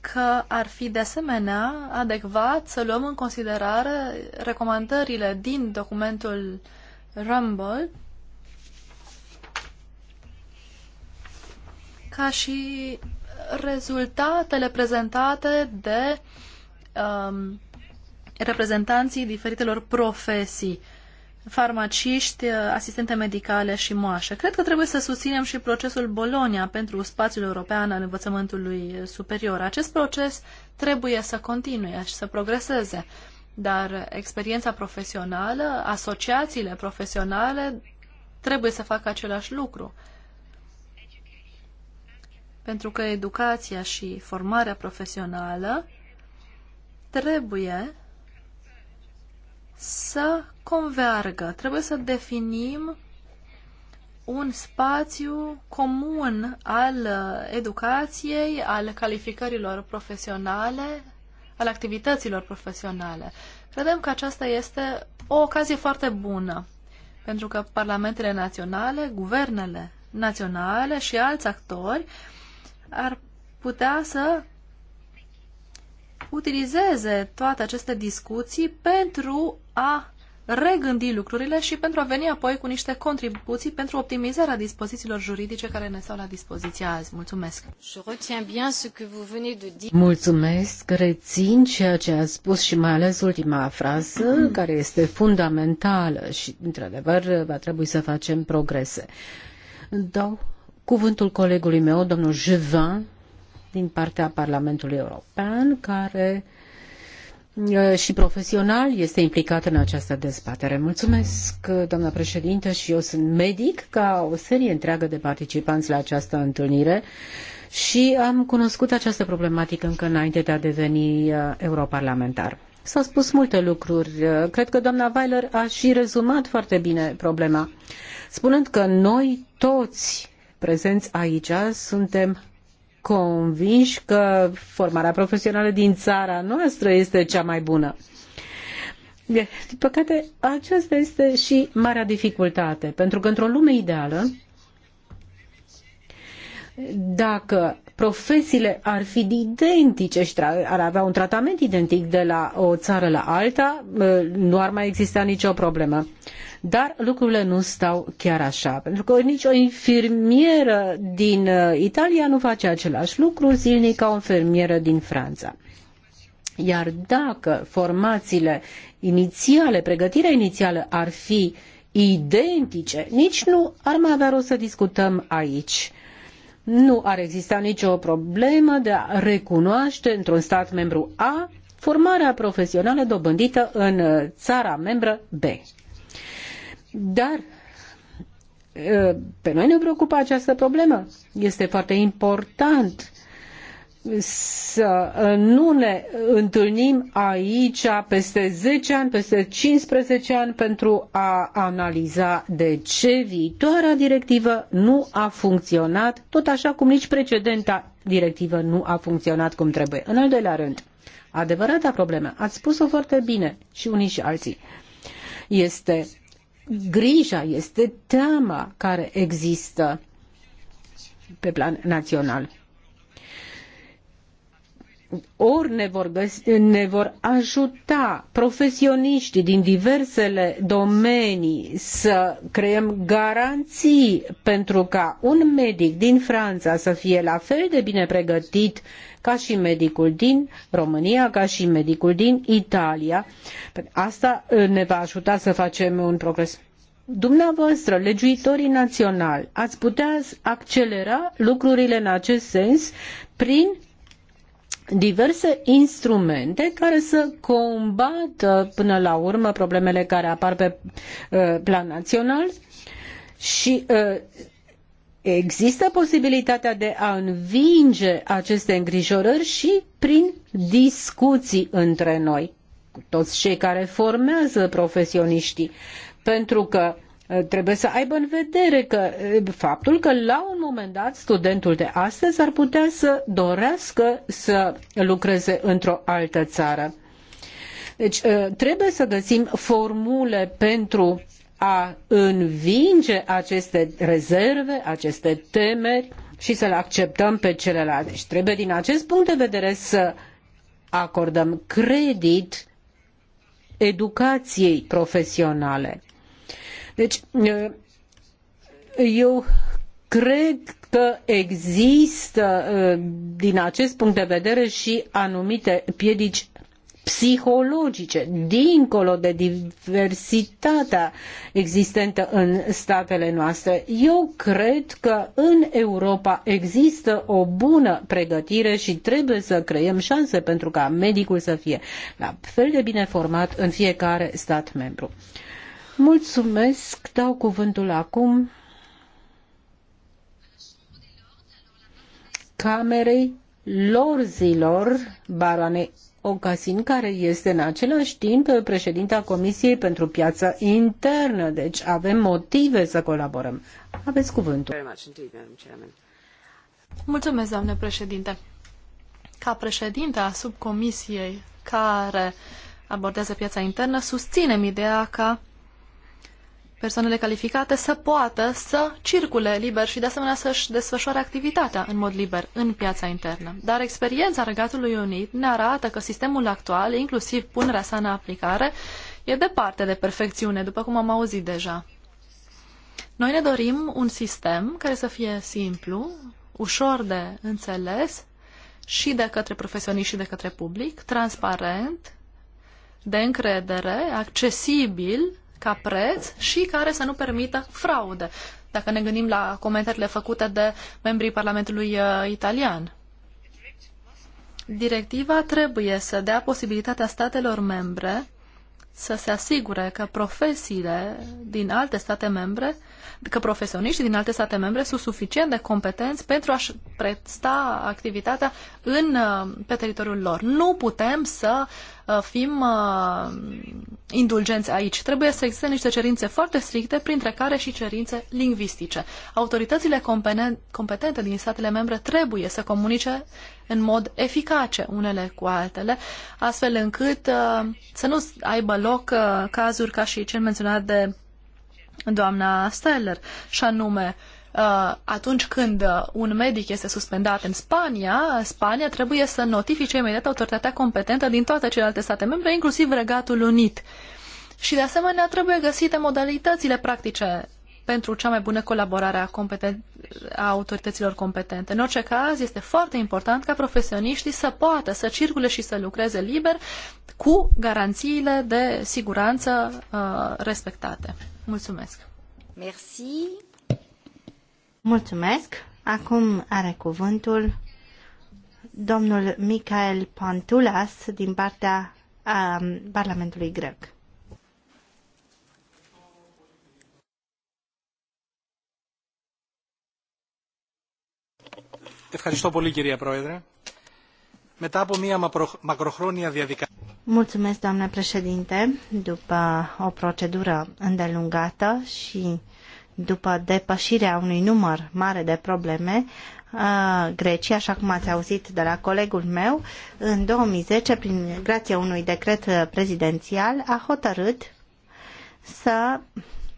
că ar fi de asemenea adecvat să luăm în considerare recomandările din documentul Rumble ca și rezultatele prezentate de um, reprezentanții diferitelor profesii farmaciști, asistente medicale și moașe. Cred că trebuie să susținem și procesul Bologna pentru spațiul european al învățământului superior. Acest proces trebuie să continue și să progreseze, dar experiența profesională, asociațiile profesionale trebuie să facă același lucru. Pentru că educația și formarea profesională trebuie să convergă. Trebuie să definim un spațiu comun al uh, educației, al calificărilor profesionale, al activităților profesionale. Credem că aceasta este o ocazie foarte bună, pentru că parlamentele naționale, guvernele naționale și alți actori ar putea să utilizeze toate aceste discuții pentru a regândi lucrurile și pentru a veni apoi cu niște contribuții pentru optimizarea dispozițiilor juridice care ne stau la dispoziție azi. Mulțumesc! Mulțumesc, rețin ceea ce a spus și mai ales ultima frază, mm. care este fundamentală și, într-adevăr, va trebui să facem progrese. Dau cuvântul colegului meu, domnul Jevin, din partea Parlamentului European, care și profesional este implicat în această dezbatere. Mulțumesc, doamna președintă, și eu sunt medic ca o serie întreagă de participanți la această întâlnire și am cunoscut această problematică încă înainte de a deveni europarlamentar. S-au spus multe lucruri. Cred că doamna Weiler a și rezumat foarte bine problema, spunând că noi toți prezenți aici suntem convinși că formarea profesională din țara noastră este cea mai bună. Din păcate, aceasta este și marea dificultate, pentru că într-o lume ideală, dacă profesiile ar fi identice și ar avea un tratament identic de la o țară la alta, ă, nu ar mai exista nicio problemă. Dar lucrurile nu stau chiar așa, pentru că nici o infirmieră din ă, Italia nu face același lucru zilnic ca o infirmieră din Franța. Iar dacă formațiile inițiale, pregătirea inițială ar fi identice, nici nu ar mai avea rost să discutăm aici nu ar exista nicio problemă de a recunoaște într-un stat membru A formarea profesională dobândită în uh, țara membră B. Dar uh, pe noi ne preocupă această problemă. Este foarte important să uh, nu ne întâlnim aici peste 10 ani, peste 15 ani pentru a analiza de ce viitoarea directivă nu a funcționat, tot așa cum nici precedenta directivă nu a funcționat cum trebuie. În al doilea rând, adevărata problemă, ați spus-o foarte bine și unii și alții, este grija, este teama care există pe plan național ori ne vor, găsi, ne vor ajuta profesioniștii din diversele domenii să creăm garanții pentru ca un medic din Franța să fie la fel de bine pregătit ca și medicul din România, ca și medicul din Italia. Asta uh, ne va ajuta să facem un progres. Dumneavoastră, legiuitorii naționali, ați putea accelera lucrurile în acest sens prin diverse instrumente care să combată până la urmă problemele care apar pe uh, plan național și uh, există posibilitatea de a învinge aceste îngrijorări și prin discuții între noi, cu toți cei care formează profesioniștii, pentru că Eh, trebuie să aibă în vedere că eh, faptul că la un moment dat studentul de astăzi ar putea să dorească să lucreze într-o altă țară. Deci eh, trebuie să găsim formule pentru a învinge aceste rezerve, aceste temeri și să le acceptăm pe celelalte. Deci trebuie din acest punct de vedere să acordăm credit educației profesionale. Deci, eu cred că există, din acest punct de vedere, și anumite piedici psihologice, dincolo de diversitatea existentă în statele noastre. Eu cred că în Europa există o bună pregătire și trebuie să creăm șanse pentru ca medicul să fie la fel de bine format în fiecare stat membru. Mulțumesc, dau cuvântul acum Camerei Lorzilor, baroane Ocasin, care este în același timp președinta Comisiei pentru Piața Internă. Deci avem motive să colaborăm. Aveți cuvântul. Mulțumesc, doamne președinte. Ca președinte a subcomisiei care abordează piața internă, susținem ideea ca persoanele calificate să poată să circule liber și de asemenea să-și desfășoare activitatea în mod liber în piața internă. Dar experiența Regatului Unit ne arată că sistemul actual, inclusiv punerea sa în aplicare, e departe de perfecțiune, după cum am auzit deja. Noi ne dorim un sistem care să fie simplu, ușor de înțeles și de către profesioniști și de către public, transparent, de încredere, accesibil ca preț și care să nu permită fraude. Dacă ne gândim la comentariile făcute de membrii Parlamentului uh, italian. Directiva trebuie să dea posibilitatea statelor membre să se asigure că profesiile din alte state membre că profesioniștii din alte state membre sunt suficient de competenți pentru a-și presta activitatea în, uh, pe teritoriul lor. Nu putem să uh, fim uh, indulgenți aici. Trebuie să existe niște cerințe foarte stricte, printre care și cerințe lingvistice. Autoritățile competente din statele membre trebuie să comunice în mod eficace unele cu altele, astfel încât să nu aibă loc cazuri ca și cel menționat de doamna Steller, și anume uh, atunci când uh, un medic este suspendat în Spania, Spania trebuie să notifice imediat autoritatea competentă din toate celelalte state membre, inclusiv Regatul Unit. Și de asemenea trebuie găsite modalitățile practice pentru cea mai bună colaborare a, competen- a autorităților competente. În orice caz, este foarte important ca profesioniștii să poată să circule și să lucreze liber cu garanțiile de siguranță uh, respectate. Mulțumesc! Merci! Mulțumesc! Acum are cuvântul domnul Michael Pantulas din partea um, Parlamentului grec. Ευχαριστώ πολύ κυρία Πρόεδρε președinte. După o procedură îndelungată și după depășirea unui număr mare de probleme, Grecia, așa cum ați auzit de la colegul meu, în 2010, prin grație unui decret prezidențial, a hotărât să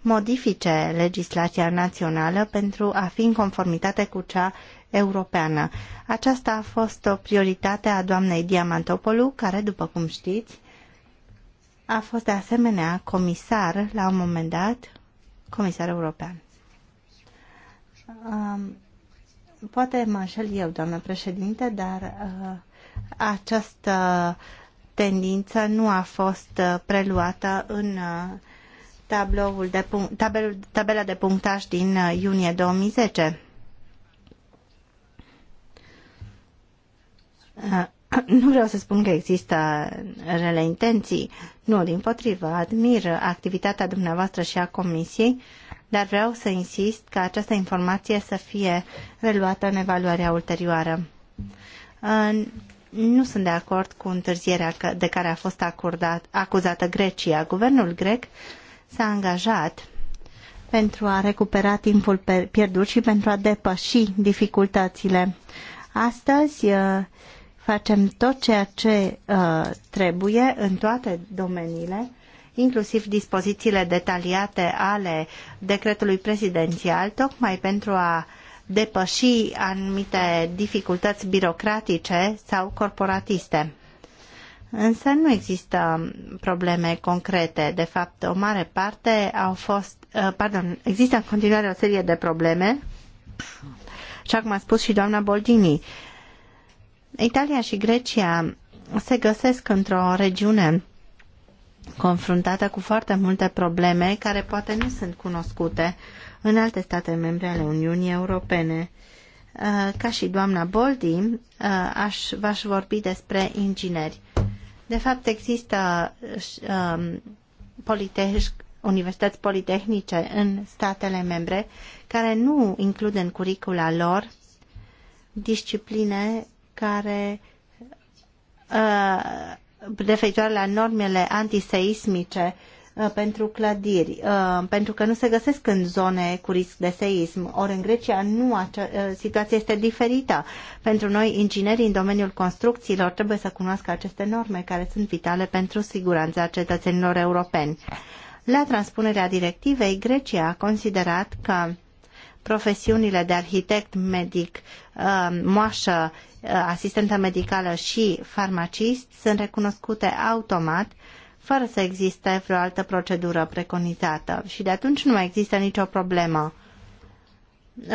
modifice legislația națională pentru a fi în conformitate cu cea europeană. Aceasta a fost o prioritate a doamnei Diamantopolu, care, după cum știți, a fost de asemenea comisar la un moment dat, comisar european. Um, poate mă înșel eu, doamnă președinte, dar uh, această tendință nu a fost uh, preluată în uh, tabloul de punct, tabel, tabela de punctaj din uh, iunie 2010. Uh, [CLEARS THROAT] nu vreau să spun că există rele intenții, nu, din potrivă, admir activitatea dumneavoastră și a Comisiei, dar vreau să insist ca această informație să fie reluată în evaluarea ulterioară. Uh, nu sunt de acord cu întârzierea de care a fost acordat, acuzată Grecia. Guvernul grec s-a angajat pentru a recupera timpul pierdut și pentru a depăși dificultățile. Astăzi, uh, facem tot ceea ce uh, trebuie în toate domeniile, inclusiv dispozițiile detaliate ale decretului prezidențial, tocmai pentru a depăși anumite dificultăți birocratice sau corporatiste. Însă nu există probleme concrete. De fapt, o mare parte au fost. Uh, pardon, există în continuare o serie de probleme. Și acum a spus și doamna Boldini. Uh, Italia și Grecia se găsesc într-o regiune confruntată cu foarte multe probleme care poate nu sunt cunoscute în alte state membre ale Uniunii Europene. Uh, ca și doamna Boldi, uh, aș, v-aș vorbi despre ingineri. De fapt, există um, politehnici, universități politehnice în statele membre care nu includ în curicula lor discipline care uh, referitoare la normele antiseismice uh, pentru clădiri, uh, pentru că nu se găsesc în zone cu risc de seism. Ori în Grecia nu, acea, situația este diferită. Pentru noi, inginerii în domeniul construcțiilor trebuie să cunoască aceste norme care sunt vitale pentru siguranța cetățenilor europeni. La transpunerea directivei, Grecia a considerat că profesiunile de arhitect, medic, um, moașă, uh, asistentă medicală și farmacist sunt recunoscute automat fără să existe vreo altă procedură preconizată și de atunci nu mai există nicio problemă.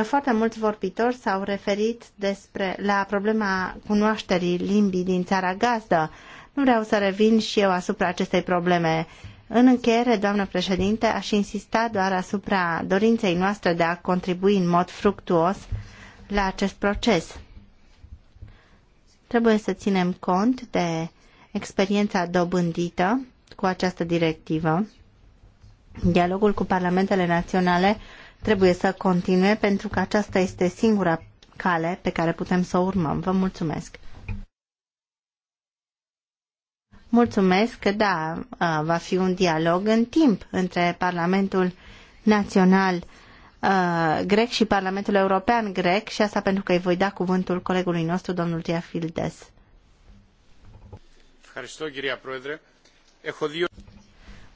Foarte mulți vorbitori s-au referit despre, la problema cunoașterii limbii din țara gazdă. Nu vreau să revin și eu asupra acestei probleme. În încheiere, doamnă președinte, aș insista doar asupra dorinței noastre de a contribui în mod fructuos la acest proces. Trebuie să ținem cont de experiența dobândită cu această directivă. Dialogul cu parlamentele naționale trebuie să continue pentru că aceasta este singura cale pe care putem să o urmăm. Vă mulțumesc! Mulțumesc, da, va fi un dialog în timp între Parlamentul Național grec și Parlamentul European grec și asta pentru că îi voi da cuvântul colegului nostru, domnul Tiafildes.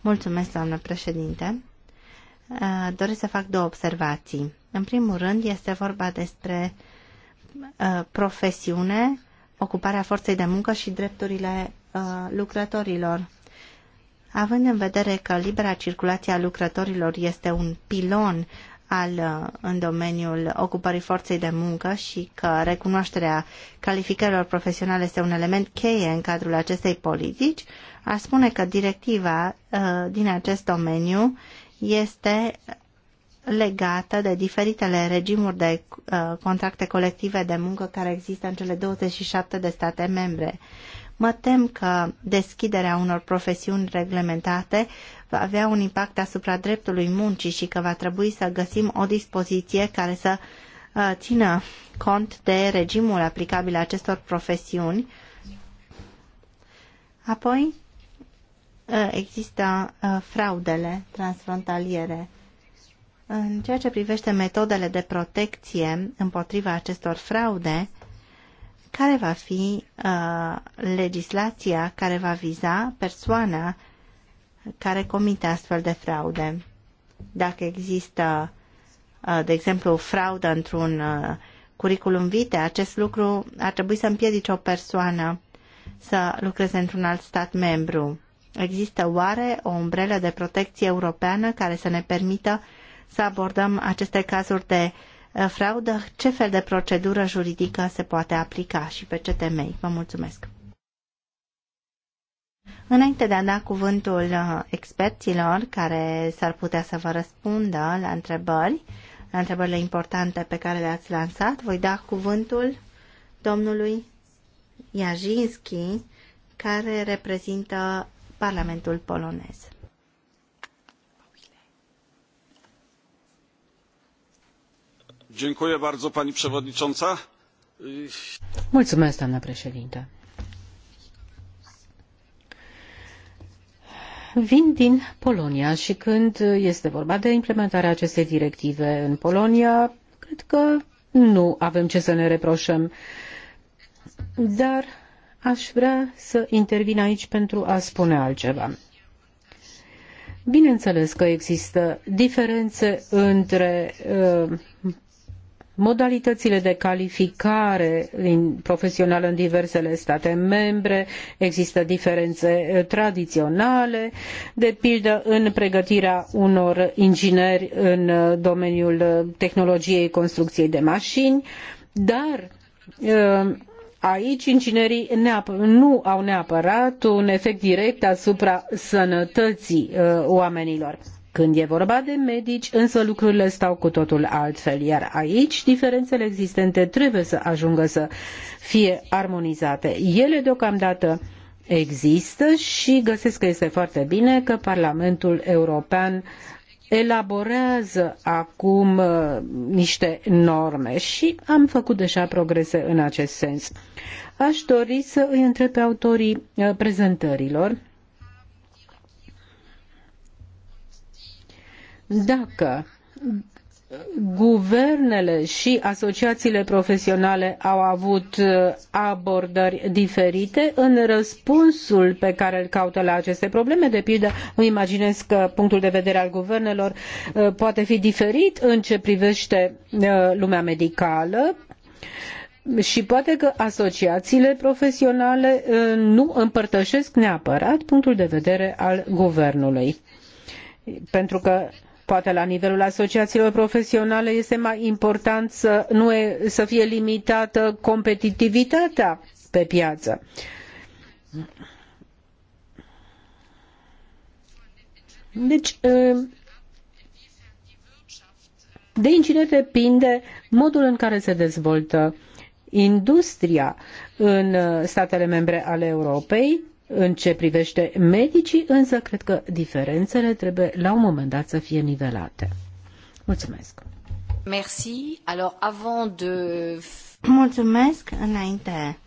Mulțumesc, doamnă președinte. Doresc să fac două observații. În primul rând, este vorba despre profesiune, ocuparea forței de muncă și drepturile Uh, lucrătorilor. Având în vedere că libera circulație a lucrătorilor este un pilon al, uh, în domeniul ocupării forței de muncă și că recunoașterea calificărilor profesionale este un element cheie în cadrul acestei politici, aș spune că directiva uh, din acest domeniu este legată de diferitele regimuri de contracte colective de muncă care există în cele 27 de state membre. Mă tem că deschiderea unor profesiuni reglementate va avea un impact asupra dreptului muncii și că va trebui să găsim o dispoziție care să uh, țină cont de regimul aplicabil acestor profesiuni. Apoi uh, există uh, fraudele transfrontaliere. În ceea ce privește metodele de protecție împotriva acestor fraude, care va fi uh, legislația care va viza persoana care comite astfel de fraude. Dacă există, uh, de exemplu, fraudă într-un uh, curriculum vitae, acest lucru ar trebui să împiedice o persoană să lucreze într-un alt stat membru. Există oare o umbrelă de protecție europeană care să ne permită să abordăm aceste cazuri de uh, Uh, fraudă, ce fel de procedură juridică se poate aplica și pe ce temei. Vă mulțumesc! Înainte de a da cuvântul uh, experților care s-ar putea să vă răspundă la întrebări, la întrebările importante pe care le-ați lansat, voi da cuvântul domnului Iajinski, care reprezintă Parlamentul polonez. pani przewodnicząca. Mulțumesc, Vin din Polonia și când este vorba de implementarea acestei directive în Polonia, cred că nu avem ce să ne reproșăm. Dar aș vrea să intervin aici pentru a spune altceva. Bineînțeles că există diferențe între uh, modalitățile de calificare profesională în diversele state membre, există diferențe eh, tradiționale, de pildă în pregătirea unor ingineri în eh, domeniul eh, tehnologiei construcției de mașini, dar Aici inginerii nu au neapărat un efect direct asupra sănătății oamenilor. Când e vorba de medici, însă lucrurile stau cu totul altfel, iar aici diferențele existente trebuie să ajungă să fie armonizate. Ele deocamdată există și găsesc că este foarte bine că Parlamentul European elaborează acum uh, niște norme și am făcut deja progrese în acest sens. Aș dori să îi întreb pe autorii uh, prezentărilor Dacă guvernele și asociațiile profesionale au avut uh, abordări diferite în răspunsul pe care îl caută la aceste probleme. De pildă, îmi imaginez că punctul de vedere al guvernelor uh, poate fi diferit în ce privește uh, lumea medicală și poate că asociațiile profesionale nu împărtășesc neapărat punctul de vedere al guvernului. Pentru că poate la nivelul asociațiilor profesionale este mai important să, nu e, să fie limitată competitivitatea pe piață. Deci, de incine depinde modul în care se dezvoltă industria în uh, statele membre ale Europei în ce privește medicii, însă, cred că diferențele trebuie la un moment dat să fie nivelate. Mulțumesc! Merci. Alors, avant de... Mulțumesc înainte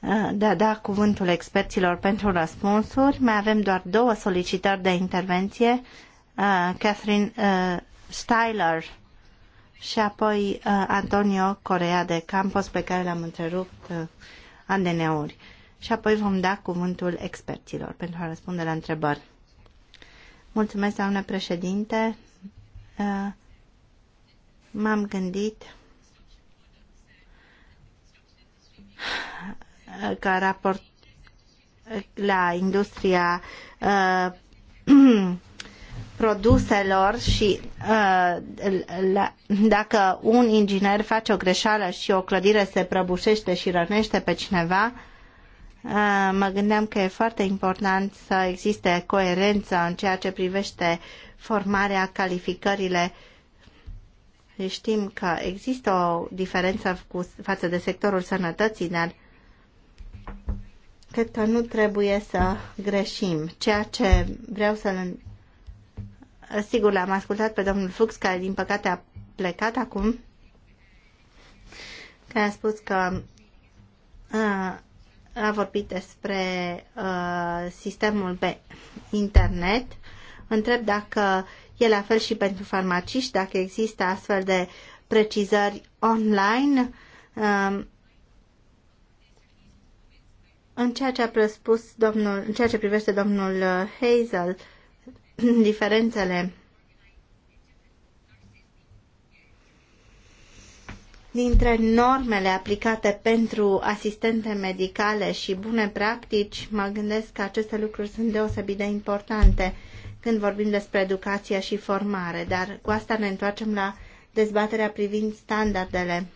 uh, de a da cuvântul experților pentru răspunsuri. Mai avem doar două solicitări de intervenție. Uh, Catherine uh, Styler și apoi Antonio Corea de Campos, pe care l-am întrerupt uh, adn și apoi vom da cuvântul experților pentru a răspunde la întrebări. Mulțumesc, doamne președinte. Uh, m-am gândit ca raport la industria uh, [CLEARS THROAT] produselor și uh, la, dacă un inginer face o greșeală și o clădire se prăbușește și rănește pe cineva, uh, mă gândeam că e foarte important să existe coerență în ceea ce privește formarea, calificările. Știm că există o diferență cu, față de sectorul sănătății, dar cred că nu trebuie să greșim. Ceea ce vreau să-l... Sigur, l-am ascultat pe domnul Fux, care din păcate a plecat acum, care a spus că a vorbit despre uh, sistemul B, internet. Întreb dacă e la fel și pentru farmaciști, dacă există astfel de precizări online. Uh, în ceea ce a presupus domnul, în ceea ce privește domnul Hazel, [CLEARS THROAT] diferențele dintre normele aplicate pentru asistente medicale și bune practici, mă gândesc că aceste lucruri sunt deosebit de importante când vorbim despre educația și formare, dar cu asta ne întoarcem la dezbaterea privind standardele.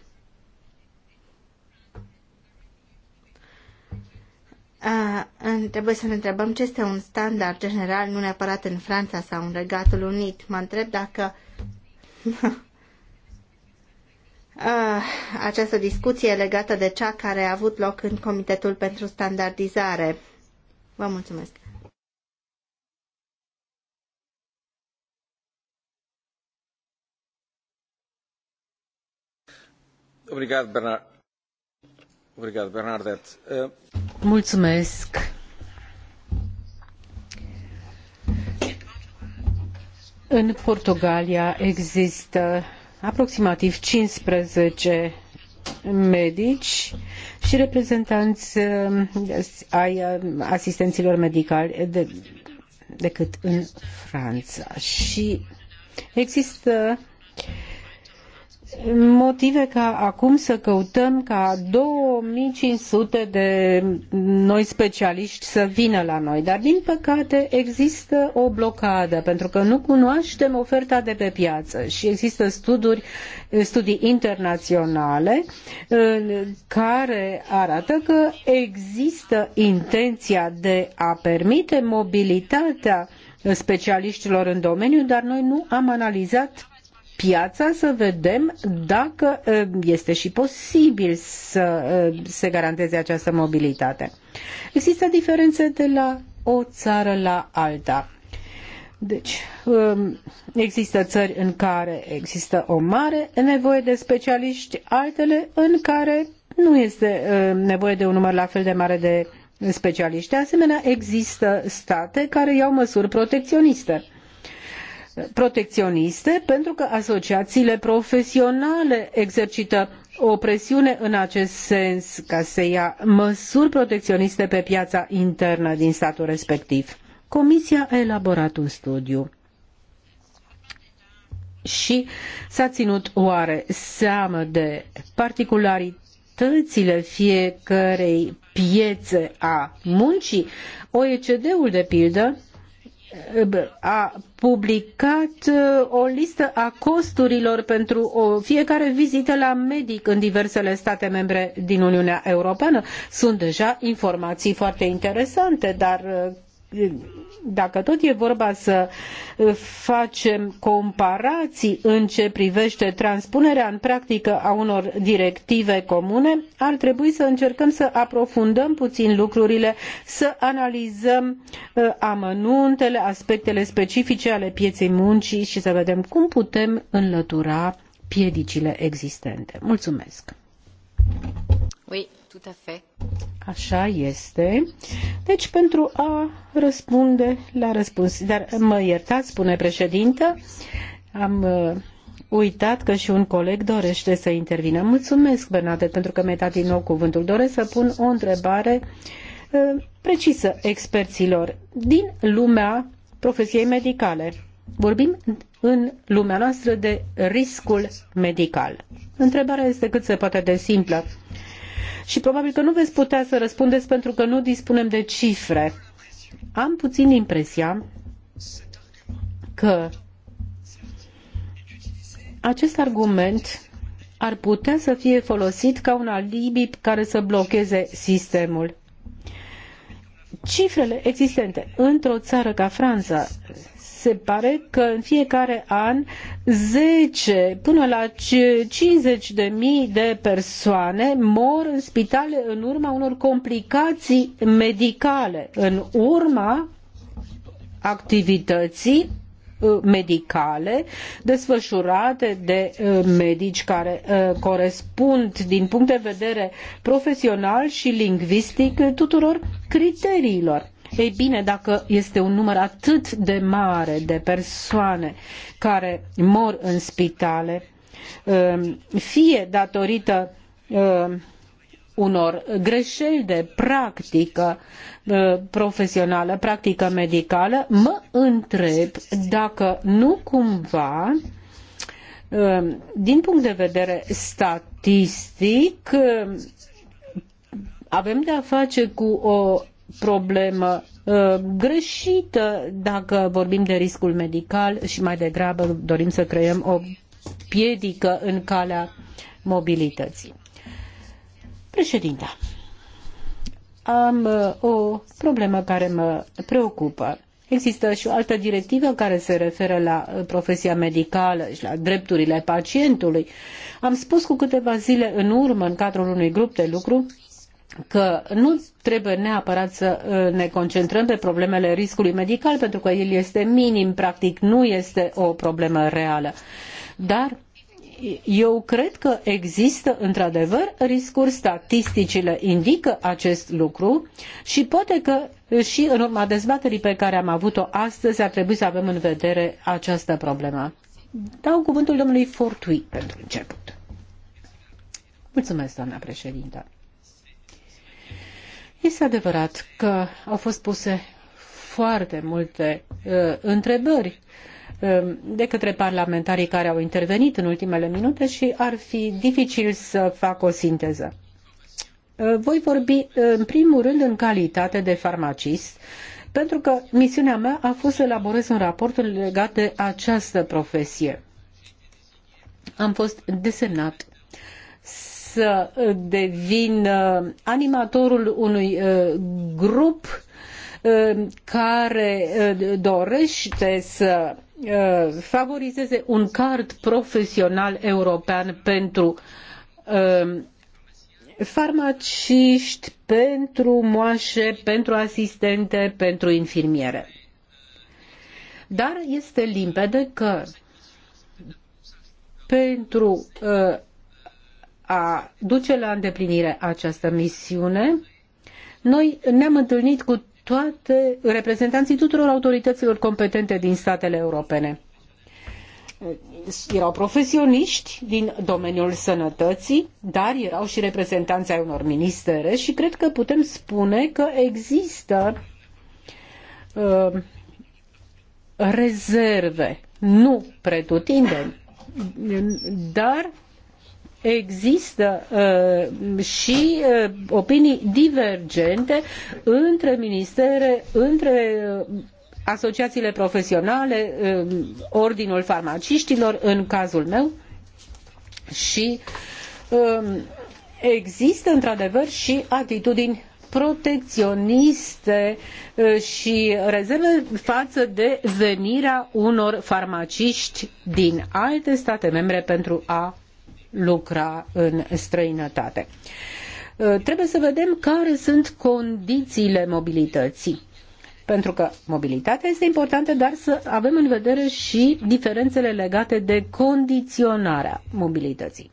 A, trebuie să ne întrebăm ce este un standard general, nu neapărat în Franța sau în Regatul Unit. Mă întreb dacă [LAUGHS] Ah, această discuție legată de cea care a avut loc în Comitetul pentru Standardizare. Vă mulțumesc! Obrigat, Bernard. Obrigat, Bernardet. Eh, mulțumesc! În Portugalia există aproximativ 15 medici și reprezentanți uh, ai uh, asistenților medicali de, decât în Franța. Și există uh, motive ca acum să căutăm ca 2500 de noi specialiști să vină la noi, dar din păcate există o blocadă pentru că nu cunoaștem oferta de pe piață și există studuri, studii internaționale care arată că există intenția de a permite mobilitatea specialiștilor în domeniu, dar noi nu am analizat piața să vedem dacă este și posibil să se garanteze această mobilitate. Există diferențe de la o țară la alta. Deci, există țări în care există o mare nevoie de specialiști, altele în care nu este nevoie de un număr la fel de mare de specialiști. De asemenea, există state care iau măsuri protecționiste protecționiste pentru că asociațiile profesionale exercită o presiune în acest sens ca să ia măsuri protecționiste pe piața internă din statul respectiv. Comisia a elaborat un studiu și s-a ținut oare seamă de particularitățile fiecărei piețe a muncii. OECD-ul, de pildă, a publicat uh, o listă a costurilor pentru uh, fiecare vizită la medic în diversele state membre din Uniunea Europeană. Sunt deja informații foarte interesante, dar uh, dacă tot e vorba să facem comparații în ce privește transpunerea în practică a unor directive comune, ar trebui să încercăm să aprofundăm puțin lucrurile, să analizăm amănuntele, aspectele specifice ale pieței muncii și să vedem cum putem înlătura piedicile existente. Mulțumesc! Oui, tout à fait. Așa este. Deci, pentru a răspunde la răspuns. Dar mă iertați, spune președintă, am uh, uitat că și un coleg dorește să intervină. Mulțumesc, Bernadette, pentru că mi-ai dat din nou cuvântul. Doresc să pun o întrebare uh, precisă experților din lumea profesiei medicale. Vorbim în lumea noastră de riscul medical. Întrebarea este cât se poate de simplă și probabil că nu veți putea să răspundeți pentru că nu dispunem de cifre. Am puțin impresia că acest argument ar putea să fie folosit ca un alibi care să blocheze sistemul. Cifrele existente într-o țară ca Franța se pare că în fiecare an 10 până la 50 de mii de persoane mor în spitale în urma unor complicații medicale, în urma activității uh, medicale desfășurate de uh, medici care uh, corespund din punct de vedere profesional și lingvistic tuturor criteriilor. Ei bine, dacă este un număr atât de mare de persoane care mor în spitale, um, fie datorită um, unor greșeli de practică uh, profesională, practică medicală, mă întreb dacă nu cumva um, din punct de vedere statistic avem de a face cu o problemă uh, greșită dacă vorbim de riscul medical și mai degrabă dorim să creăm o piedică în calea mobilității. Președinte, am uh, o problemă care mă preocupă. Există și o altă directivă care se referă la uh, profesia medicală și la drepturile pacientului. Am spus cu câteva zile în urmă, în cadrul unui grup de lucru, că nu trebuie neapărat să uh, ne concentrăm pe problemele riscului medical, pentru că el este minim, practic nu este o problemă reală. Dar eu cred că există într-adevăr riscuri, statisticile indică acest lucru și poate că și în urma dezbaterii pe care am avut-o astăzi ar trebui să avem în vedere această problemă. Dau cuvântul domnului Fortui pentru început. Mulțumesc, doamna președintă. Este adevărat că au fost puse foarte multe uh, întrebări uh, de către parlamentarii care au intervenit în ultimele minute și ar fi dificil să fac o sinteză. Uh, voi vorbi uh, în primul rând în calitate de farmacist, pentru că misiunea mea a fost să elaborez un raport legat de această profesie. Am fost desemnat să uh, devin uh, animatorul unui uh, grup care dorește să favorizeze un card profesional european pentru farmaciști, pentru moașe, pentru asistente, pentru infirmiere. Dar este limpede că pentru a duce la îndeplinire această misiune, noi ne-am întâlnit cu toate reprezentanții tuturor autorităților competente din statele europene. Erau profesioniști din domeniul sănătății, dar erau și reprezentanții ai unor ministere și cred că putem spune că există uh, rezerve, nu pretutindeni, dar există uh, și uh, opinii divergente între ministere, între uh, asociațiile profesionale, uh, Ordinul Farmaciștilor, în cazul meu, și uh, există într-adevăr și atitudini protecționiste uh, și rezerve față de venirea unor farmaciști din alte state membre pentru a lucra în străinătate. Uh, trebuie să vedem care sunt condițiile mobilității. Pentru că mobilitatea este importantă, dar să avem în vedere și diferențele legate de condiționarea mobilității.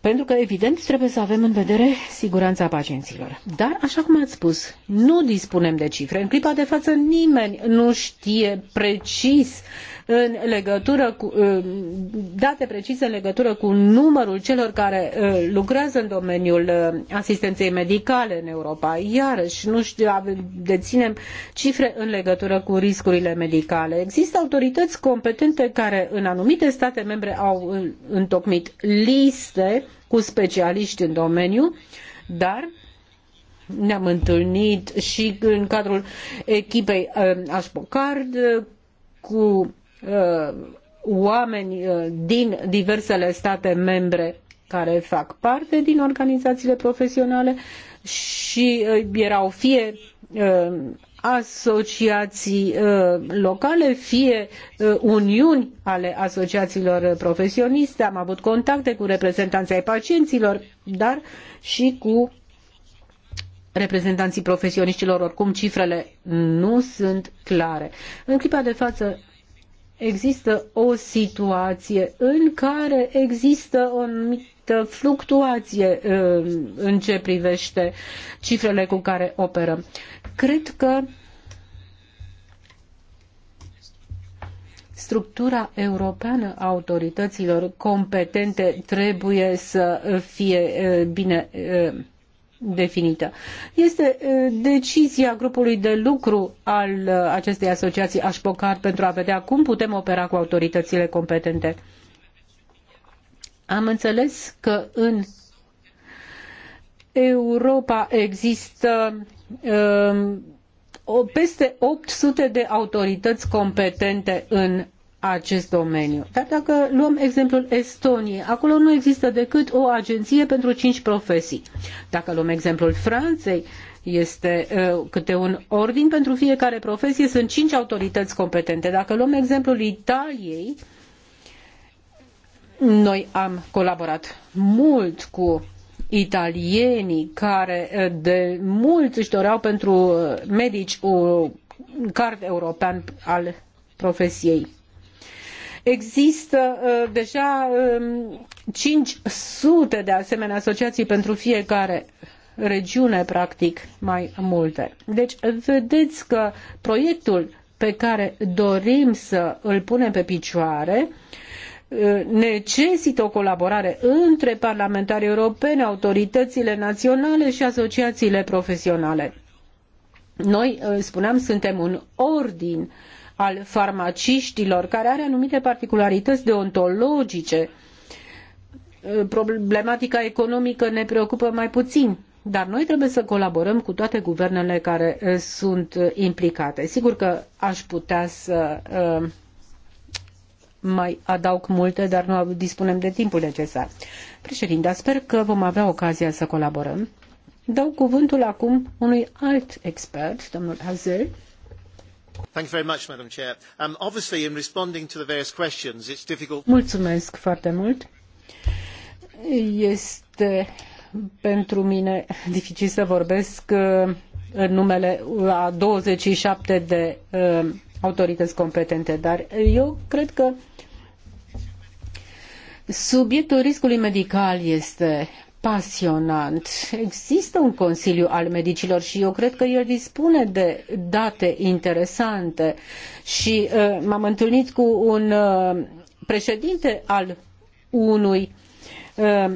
Pentru că, evident, trebuie să avem în vedere siguranța pacienților. Dar, așa cum ați spus, nu dispunem de cifre. În clipa de față nimeni nu știe precis uh, în legătură cu date precise în legătură cu numărul celor care uh, lucrează în domeniul uh, asistenței medicale în Europa. Iarăși, nu știu, deținem cifre în legătură cu riscurile medicale. Există autorități competente care în anumite state membre au uh, întocmit liste cu specialiști în domeniu, dar ne-am întâlnit și în cadrul echipei Ashbocard cu Uh, oameni uh, din diversele state membre care fac parte din organizațiile profesionale și uh, erau fie asociații locale, fie uniuni ale asociațiilor profesioniste. Am avut contacte cu reprezentanții ai pacienților, dar și cu reprezentanții profesioniștilor. Oricum, cifrele nu sunt clare. În clipa de față, există o situație în care există o anumită fluctuație uh, în ce privește cifrele cu care operăm. Cred că structura europeană a autorităților competente trebuie să fie uh, bine uh, definită. Este decizia grupului de lucru al acestei asociații Așpocar pentru a vedea cum putem opera cu autoritățile competente. Am înțeles că în Europa există um, peste 800 de autorități competente în acest domeniu. Dar dacă luăm exemplul Estoniei, acolo nu există decât o agenție pentru cinci profesii. Dacă luăm exemplul Franței, este uh, câte un ordin pentru fiecare profesie, sunt cinci autorități competente. Dacă luăm exemplul Italiei, noi am colaborat mult cu italienii care uh, de mult își doreau pentru uh, medici un uh, card european al profesiei. Există uh, deja 500 um, de asemenea asociații pentru fiecare regiune, practic, mai multe. Deci, vedeți că proiectul pe care dorim să îl punem pe picioare uh, necesită o colaborare între parlamentarii europeni, autoritățile naționale și asociațiile profesionale. Noi, uh, spuneam, suntem un ordin uh, al farmaciștilor, care are anumite particularități deontologice. Problematica economică ne preocupă mai puțin, dar noi trebuie să colaborăm cu toate guvernele care uh, sunt implicate. Sigur că aș putea să uh, mai adaug multe, dar nu dispunem de timpul necesar. Președinte, sper că vom avea ocazia să colaborăm. Dau cuvântul acum unui alt expert, domnul Hazel, Thank you very much, Madam Chair. Um, obviously, in responding to the various questions, it's difficult... Mulțumesc foarte mult. Este pentru mine dificil să vorbesc uh, în numele uh, a 27 de uh, autorități competente, dar eu cred că subiectul riscului medical este pasionant. Există un Consiliu al Medicilor și eu cred că el dispune de date interesante și uh, m-am întâlnit cu un uh, președinte al unui uh,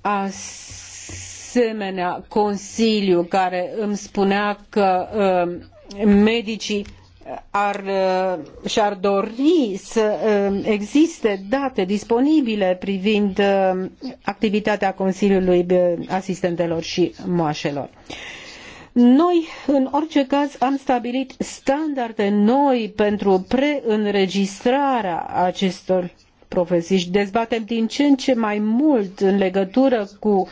asemenea Consiliu care îmi spunea că uh, medicii ar, uh, și-ar dori să uh, existe date disponibile privind uh, activitatea Consiliului Asistentelor și Moașelor. Noi, în orice caz, am stabilit standarde noi pentru preînregistrarea acestor profesii și dezbatem din ce în ce mai mult în legătură cu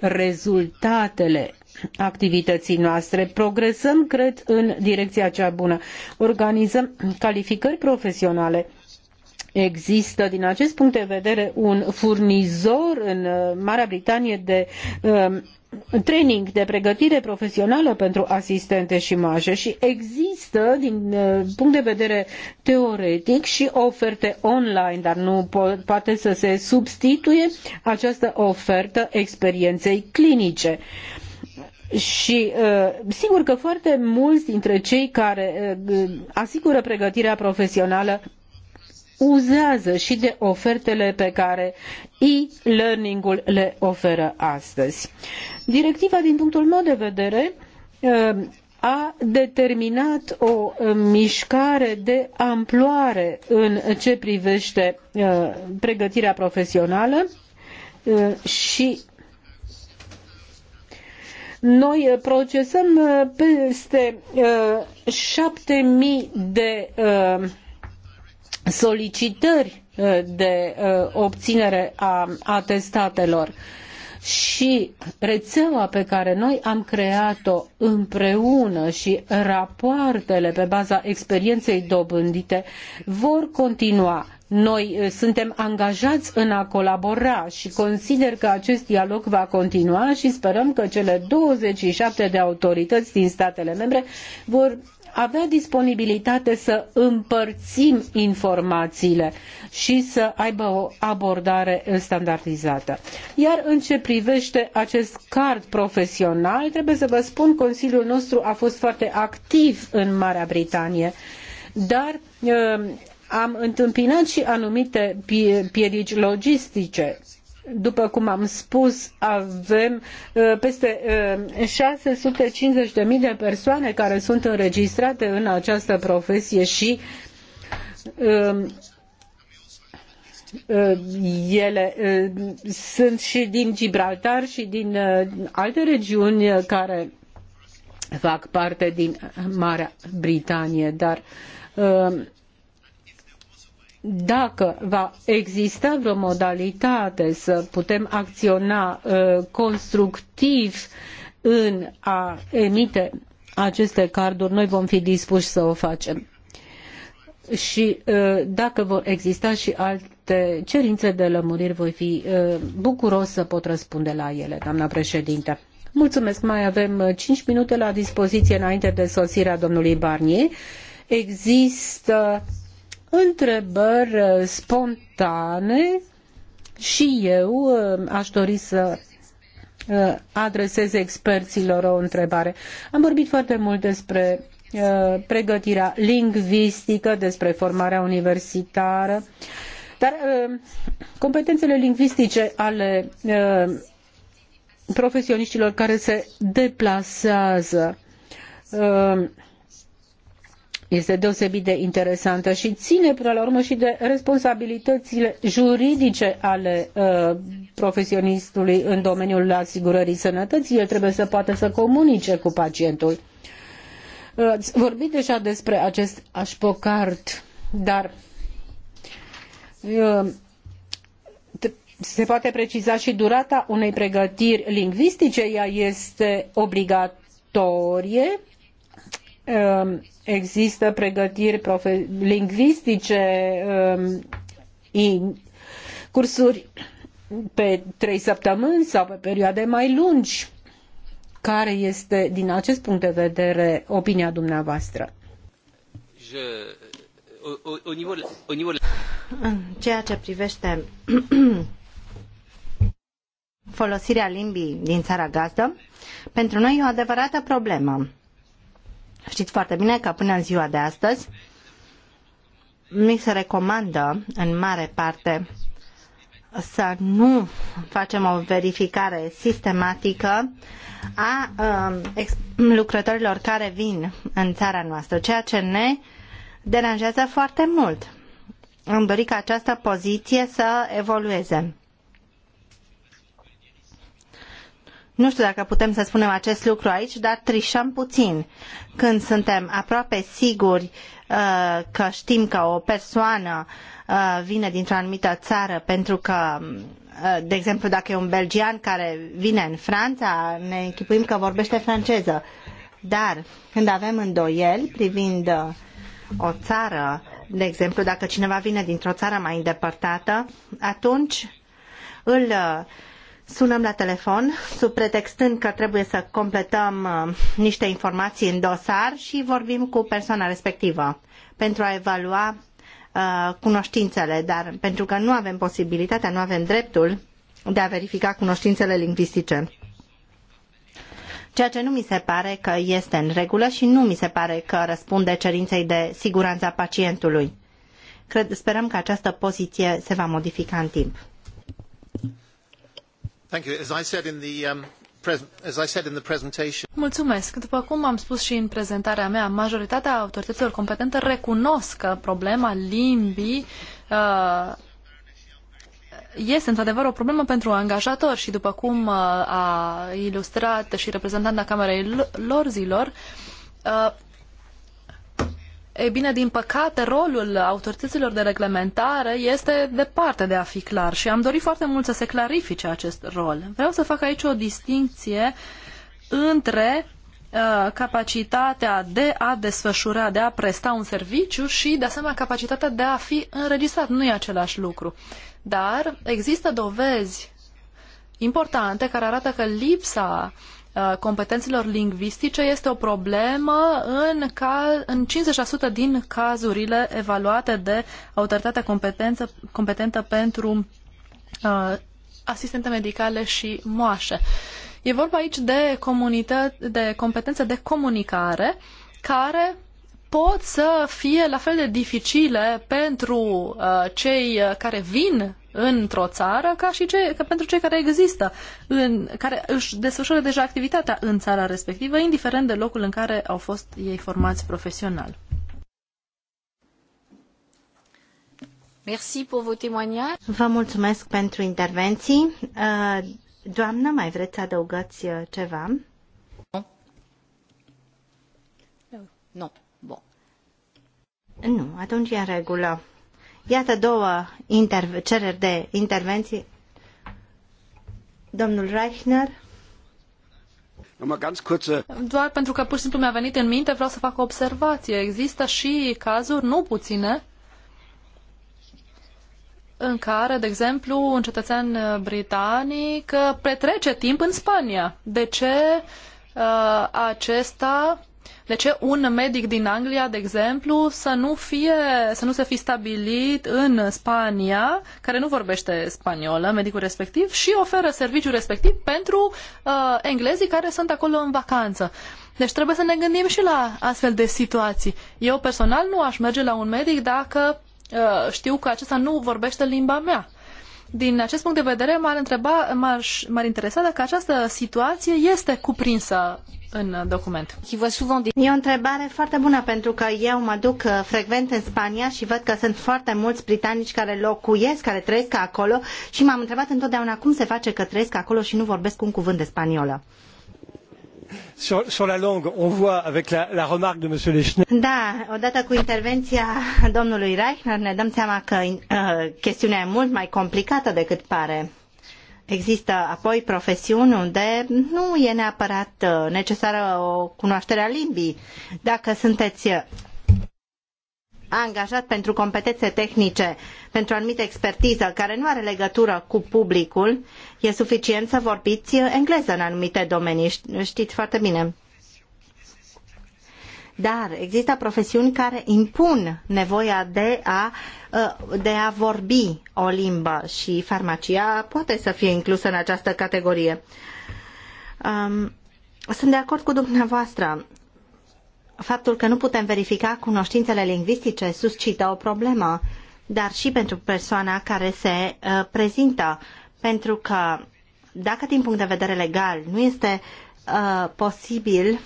rezultatele activității noastre. Progresăm, cred, în direcția cea bună. Organizăm calificări profesionale există din acest punct de vedere un furnizor în uh, Marea Britanie de um, training, de pregătire profesională pentru asistente și maje și există din uh, punct de vedere teoretic și oferte online, dar nu po- poate să se substituie această ofertă experienței clinice. Uh, și uh, sigur că foarte mulți dintre cei care uh, asigură pregătirea profesională uzează și de ofertele pe care e-learning-ul le oferă astăzi. Directiva, din punctul meu de vedere, uh, a determinat o mișcare de amploare în ce privește pregătirea profesională și noi uh, procesăm uh, peste 7000 uh, de solicitări de obținere a atestatelor și rețeaua pe care noi am creat-o împreună și rapoartele pe baza experienței dobândite vor continua. Noi uh, suntem angajați în a colabora și consider că acest dialog va continua și sperăm că cele 27 de autorități din statele membre vor avea disponibilitate să împărțim informațiile și să aibă o abordare standardizată. Iar în ce privește acest card profesional, trebuie să vă spun, Consiliul nostru a fost foarte activ în Marea Britanie, dar uh, am întâmpinat și anumite piedici logistice. După cum am spus, avem uh, peste 650.000 uh, de persoane care sunt înregistrate în această profesie și um, uh, ele sunt și din Gibraltar și din alte regiuni care fac parte din Marea Britanie, dar dacă va exista vreo modalitate să putem acționa uh, constructiv în a emite aceste carduri, noi vom fi dispuși să o facem. Și uh, dacă vor exista și alte cerințe de lămuriri, voi fi uh, bucuros să pot răspunde la ele, doamna președinte. Mulțumesc, mai avem 5 minute la dispoziție înainte de sosirea domnului Barnier. Există întrebări uh, spontane și eu uh, aș dori să uh, adresez experților o întrebare. Am vorbit foarte mult despre pregătirea lingvistică, despre formarea universitară, dar competențele lingvistice ale profesioniștilor care se deplasează este deosebit de interesantă și ține până la urmă și de responsabilitățile juridice ale uh, profesionistului în domeniul asigurării sănătății. El trebuie să poată să comunice cu pacientul. Uh, ați vorbit deja despre acest așpocart, dar uh, se poate preciza și durata unei pregătiri lingvistice, ea este obligatorie uh, există pregătiri lingvistice, um, cursuri pe trei săptămâni sau pe perioade mai lungi. Care este, din acest punct de vedere, opinia dumneavoastră? Je, o, o, o nivel, o nivel... În ceea ce privește [CLEARS THROAT] folosirea limbii din țara gazdă, pentru noi e o adevărată problemă Știți foarte bine că până în ziua de astăzi mi se recomandă în mare parte să nu facem o verificare sistematică a um, lucrătorilor care vin în țara noastră, ceea ce ne deranjează foarte mult. Am dori ca această poziție să evolueze. Nu știu dacă putem să spunem acest lucru aici, dar trișăm puțin. Când suntem aproape siguri uh, că știm că o persoană uh, vine dintr-o anumită țară pentru că uh, de exemplu, dacă e un belgian care vine în Franța, ne închipuim că vorbește franceză. Dar când avem îndoieli privind o țară, de exemplu, dacă cineva vine dintr-o țară mai îndepărtată, atunci îl sunăm la telefon, sub pretextând că trebuie să completăm uh, niște informații în dosar și vorbim cu persoana respectivă pentru a evalua uh, cunoștințele, dar pentru că nu avem posibilitatea, nu avem dreptul de a verifica cunoștințele lingvistice. Ceea ce nu mi se pare că este în regulă și nu mi se pare că răspunde cerinței de siguranță a pacientului. Cred, sperăm că această poziție se va modifica în timp. Mulțumesc. După cum am spus și în prezentarea mea, majoritatea autorităților competente recunosc că problema limbii uh, este într-adevăr o problemă pentru angajatori și după cum uh, a ilustrat și reprezentanta Camerei Lorzilor, uh, ei bine, din păcate, rolul autorităților de reglementare este departe de a fi clar și am dorit foarte mult să se clarifice acest rol. Vreau să fac aici o distinție între uh, capacitatea de a desfășura, de a presta un serviciu și, de asemenea, capacitatea de a fi înregistrat. Nu e același lucru. Dar există dovezi importante care arată că lipsa uh, Uh, competențelor lingvistice este o problemă în, ca, în 50% din cazurile evaluate de autoritatea competență, competentă pentru uh, asistente medicale și moașe. E vorba aici de, de competențe de comunicare care pot să fie la fel de dificile pentru uh, cei care vin într-o țară ca și ce, ca pentru cei care există, în, care își desfășoară deja activitatea în țara respectivă, indiferent de locul în care au fost ei formați profesional. Merci pour vos témoignages. Vă mulțumesc pentru intervenții. Uh, doamnă, mai vreți să adăugați uh, ceva? Nu. Nu. Bon. Nu, atunci e în regulă. Iată două cereri de intervenții. Domnul Reichner. Doar pentru că pur și simplu mi-a venit în minte, vreau să fac o observație. Există și cazuri, nu puține, în care, de exemplu, un cetățean uh, britanic uh, petrece timp în Spania. De ce uh, acesta de ce un medic din Anglia, de exemplu, să nu, fie, să nu se fi stabilit în Spania, care nu vorbește spaniolă, medicul respectiv, și oferă serviciul respectiv pentru uh, englezii care sunt acolo în vacanță? Deci trebuie să ne gândim și la astfel de situații. Eu personal nu aș merge la un medic dacă uh, știu că acesta nu vorbește limba mea. Din acest punct de vedere, m-ar, întreba, m-ar, m-ar interesa dacă această situație este cuprinsă în document. E o întrebare foarte bună pentru că eu mă duc uh, frecvent în Spania și văd că sunt foarte mulți britanici care locuiesc, care trăiesc acolo și m-am întrebat întotdeauna cum se face că trăiesc acolo și nu vorbesc un cuvânt de spaniolă. Sur, sur la langue, on voit avec la, la remarque de M. Lechner. Da, odată cu intervenția domnului Reichner ne dăm seama că uh, chestiunea e mult mai complicată decât pare. Există apoi profesiuni unde nu e neapărat uh, necesară o cunoaștere a limbii. Dacă sunteți uh, angajat pentru competențe tehnice, pentru anumită expertiză care nu are legătură cu publicul, e suficient să vorbiți uh, engleză în anumite domenii. Știți foarte bine dar există profesiuni care impun nevoia de a, ă, de a vorbi o limbă și farmacia poate să fie inclusă în această categorie. Sunt de acord cu dumneavoastră. Faptul că nu putem verifica cunoștințele lingvistice suscită o problemă, dar și pentru persoana care se ă, prezintă, pentru că dacă din punct de vedere legal nu este uh, posibil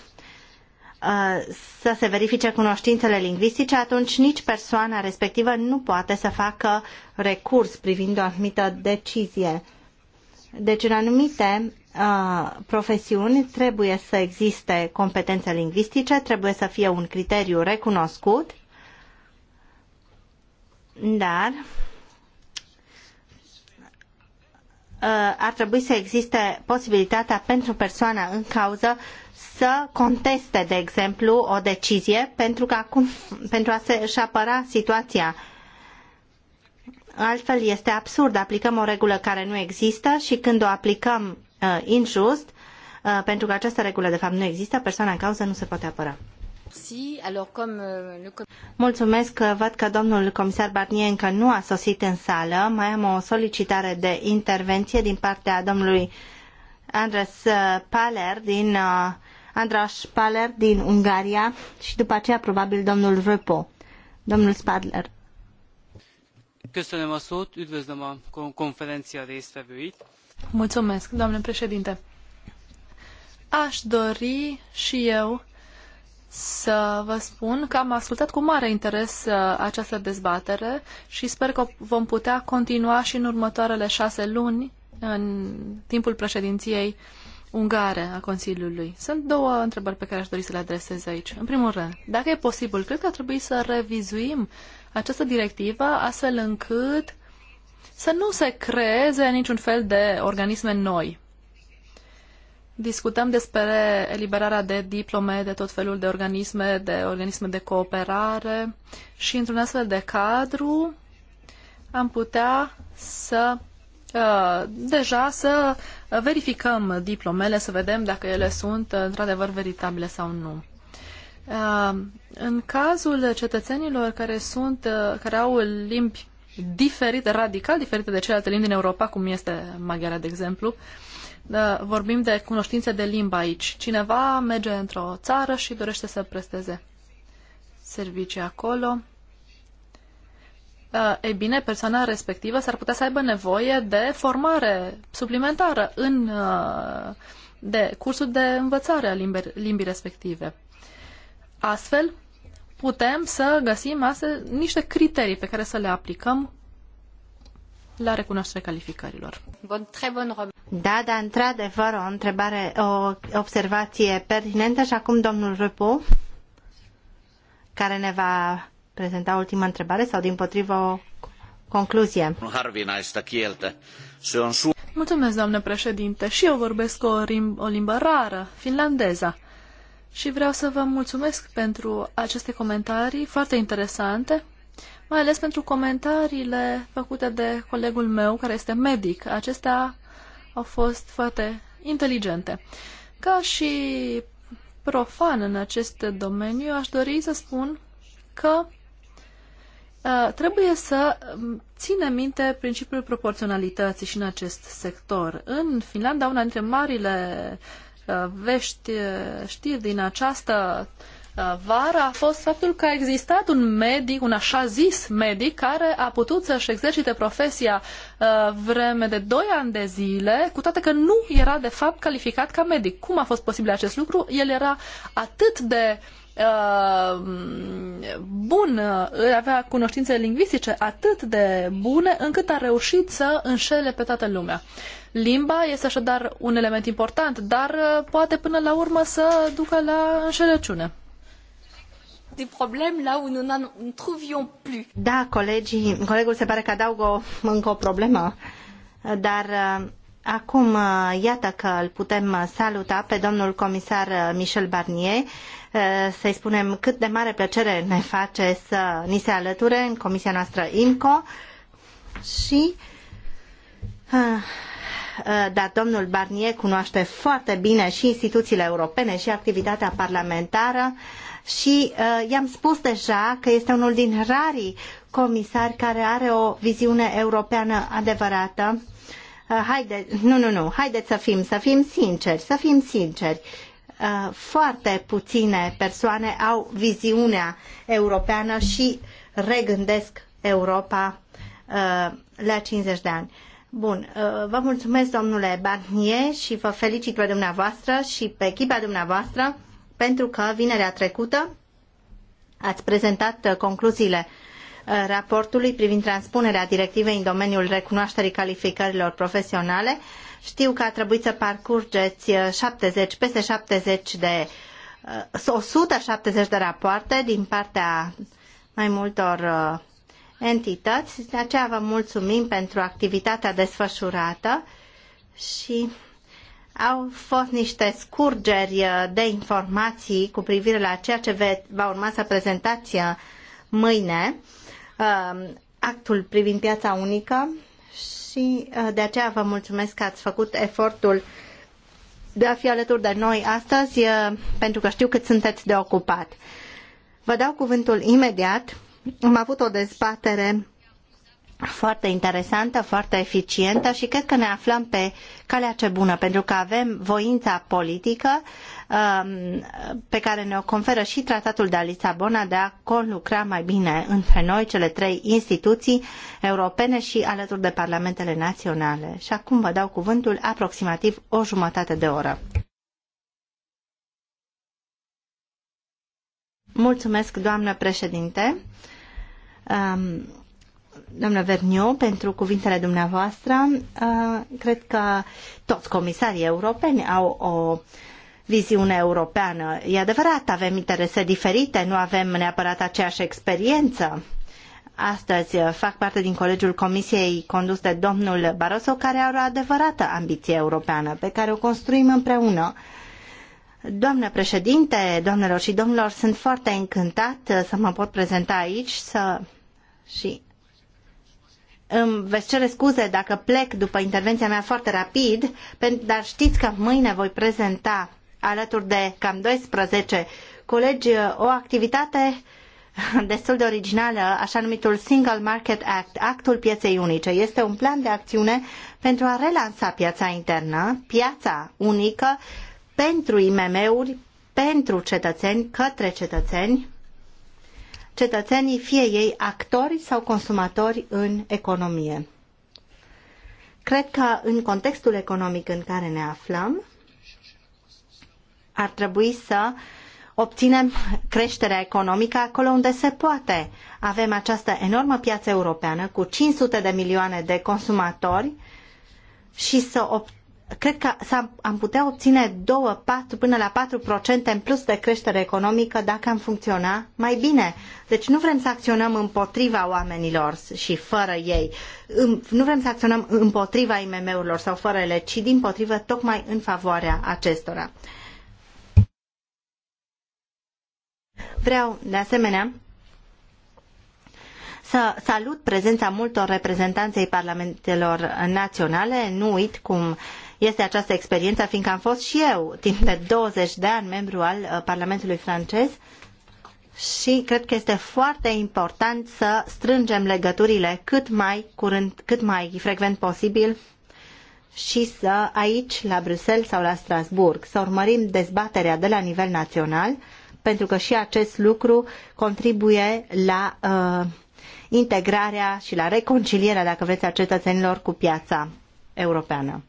să se verifice cunoștințele lingvistice, atunci nici persoana respectivă nu poate să facă recurs privind o anumită decizie. Deci, în anumite uh, profesiuni trebuie să existe competențe lingvistice, trebuie să fie un criteriu recunoscut, dar uh, ar trebui să existe posibilitatea pentru persoana în cauză să conteste, de exemplu, o decizie pentru, că acum, pentru a se-și apăra situația. Altfel este absurd. Aplicăm o regulă care nu există și când o aplicăm uh, injust, uh, pentru că această regulă de fapt nu există, persoana în cauză nu se poate apăra. Uh, Mulțumesc, văd că domnul comisar Barnier încă nu a sosit în sală. Mai am o solicitare de intervenție din partea domnului Andres uh, Paler din uh, Andras Spaler din Ungaria și după aceea probabil domnul Repo. Domnul Spadler. Köszönöm a szót, üdvözlöm a konferencia résztvevőit. Mulțumesc, doamne președinte. Aș dori și eu să vă spun că am ascultat cu mare interes uh, această dezbatere și sper că vom putea continua și în următoarele șase luni, în timpul președinției uh, ungare a Consiliului. Sunt două întrebări pe care aș dori să le adresez aici. În primul rând, dacă e posibil, cred că ar trebui să revizuim această directivă astfel încât să nu se creeze niciun fel de organisme noi. Discutăm despre eliberarea de diplome de tot felul de organisme, de organisme de cooperare și într-un astfel de cadru am putea să Uh, deja să verificăm diplomele, să vedem dacă ele sunt uh, într-adevăr veritabile sau nu. Uh, în cazul cetățenilor care, sunt, care au limbi diferite, radical diferite de celelalte limbi din Europa, cum este maghiara, de exemplu, vorbim de cunoștințe de limbă aici. Cineva merge într-o țară și dorește să presteze servicii acolo, Eh, ei bine, persoana respectivă s-ar putea să aibă nevoie de formare suplimentară în, eh, de cursul de învățare a limbi limbii respective. Astfel, putem să găsim astăzi niște criterii pe care să le aplicăm la recunoașterea calificărilor. Da, da, într-adevăr, o întrebare, o observație pertinentă și acum domnul Rupu, care ne va prezenta ultima întrebare sau din potrivă o concluzie? Mulțumesc, doamnă președinte. Și eu vorbesc o, rim- o limbă rară, finlandeza. Și vreau să vă mulțumesc pentru aceste comentarii foarte interesante, mai ales pentru comentariile făcute de colegul meu, care este medic. Acestea au fost foarte inteligente. Ca și profan în acest domeniu, aș dori să spun că Uh, trebuie să um, ținem minte principiul proporționalității și în acest sector. În Finlanda, una dintre marile uh, vești, uh, știri din această vară a fost faptul că a existat un medic, un așa zis medic, care a putut să-și exercite profesia vreme de 2 ani de zile, cu toate că nu era de fapt calificat ca medic. Cum a fost posibil acest lucru? El era atât de Uh, bun, uh, avea cunoștințe lingvistice atât de bune încât a reușit să înșele pe toată lumea. Limba este așadar un element important, dar uh, poate până la urmă să ducă la înșelăciune des problèmes là où nous n'en trouvions plus. Da, colegii, colegul se pare că adaugă încă o problemă, dar Acum, uh, iată că îl putem uh, saluta pe domnul comisar uh, Michel Barnier, să-i spunem cât de mare plăcere ne face să ni se alăture în comisia noastră IMCO și dar domnul Barnier cunoaște foarte bine și instituțiile europene și activitatea parlamentară și i-am spus deja că este unul din rarii comisari care are o viziune europeană adevărată Uh, haide, nu, nu, nu, haideți să fim, să fim sinceri, să fim sinceri. Uh, foarte puține persoane au viziunea europeană și regândesc Europa uh, la 50 de ani. Bun, vă mulțumesc domnule Barnier și vă felicit pe dumneavoastră și pe echipa dumneavoastră pentru că vinerea trecută ați prezentat concluziile raportului privind transpunerea directivei în domeniul recunoașterii calificărilor profesionale. Știu că a trebuit să parcurgeți 70, uh, peste 70 de 170 uh, de rapoarte din partea mai multor uh, entități. De aceea vă mulțumim pentru activitatea desfășurată și au fost niște scurgeri de informații cu privire la ceea ce va urma să prezentați mâine. Um, actul privind piața unică și uh, de aceea vă mulțumesc că ați făcut efortul de a fi alături de noi astăzi, uh, pentru că știu cât sunteți de ocupat. Vă dau cuvântul imediat. Am avut o dezbatere foarte interesantă, foarte eficientă și cred că ne aflăm pe calea ce bună, pentru că avem voința politică, Um, pe care ne-o conferă și tratatul de la Lisabona de a conlucra mai bine între noi, cele trei instituții europene și alături de parlamentele naționale. Și acum vă dau cuvântul aproximativ o jumătate de oră. Mulțumesc, doamnă președinte, um, doamnă Verniu, pentru cuvintele dumneavoastră. Uh, cred că toți comisarii europeni au o viziune europeană. E adevărat, avem interese diferite, nu avem neapărat aceeași experiență. Astăzi fac parte din colegiul comisiei condus de domnul Barroso, care are o adevărată ambiție europeană, pe care o construim împreună. Doamnă președinte, doamnelor și domnilor, sunt foarte încântat să mă pot prezenta aici să... și îmi veți cere scuze dacă plec după intervenția mea foarte rapid, dar știți că mâine voi prezenta alături de cam 12 colegi o activitate destul de originală, așa numitul Single Market Act, Actul Pieței Unice. Este un plan de acțiune pentru a relansa piața internă, piața unică pentru IMM-uri, pentru cetățeni, către cetățeni, cetățenii fie ei actori sau consumatori în economie. Cred că în contextul economic în care ne aflăm, ar trebui să obținem creșterea economică acolo unde se poate. Avem această enormă piață europeană cu 500 de milioane de consumatori și să cred că am putea obține 2, 4, până la 4% în plus de creștere economică dacă am funcționa mai bine. Deci nu vrem să acționăm împotriva oamenilor și fără ei. Nu vrem să acționăm împotriva IMM-urilor sau fără ele, ci din potrivă tocmai în favoarea acestora. Vreau, de asemenea, să salut prezența multor reprezentanței parlamentelor naționale. Nu uit cum este această experiență, fiindcă am fost și eu timp de 20 de ani membru al uh, Parlamentului francez și cred că este foarte important să strângem legăturile cât mai curând, cât mai frecvent posibil și să aici, la Bruxelles sau la Strasbourg să urmărim dezbaterea de la nivel național pentru că și acest lucru contribuie la uh, integrarea și la reconcilierea, dacă vreți, a cetățenilor cu piața europeană.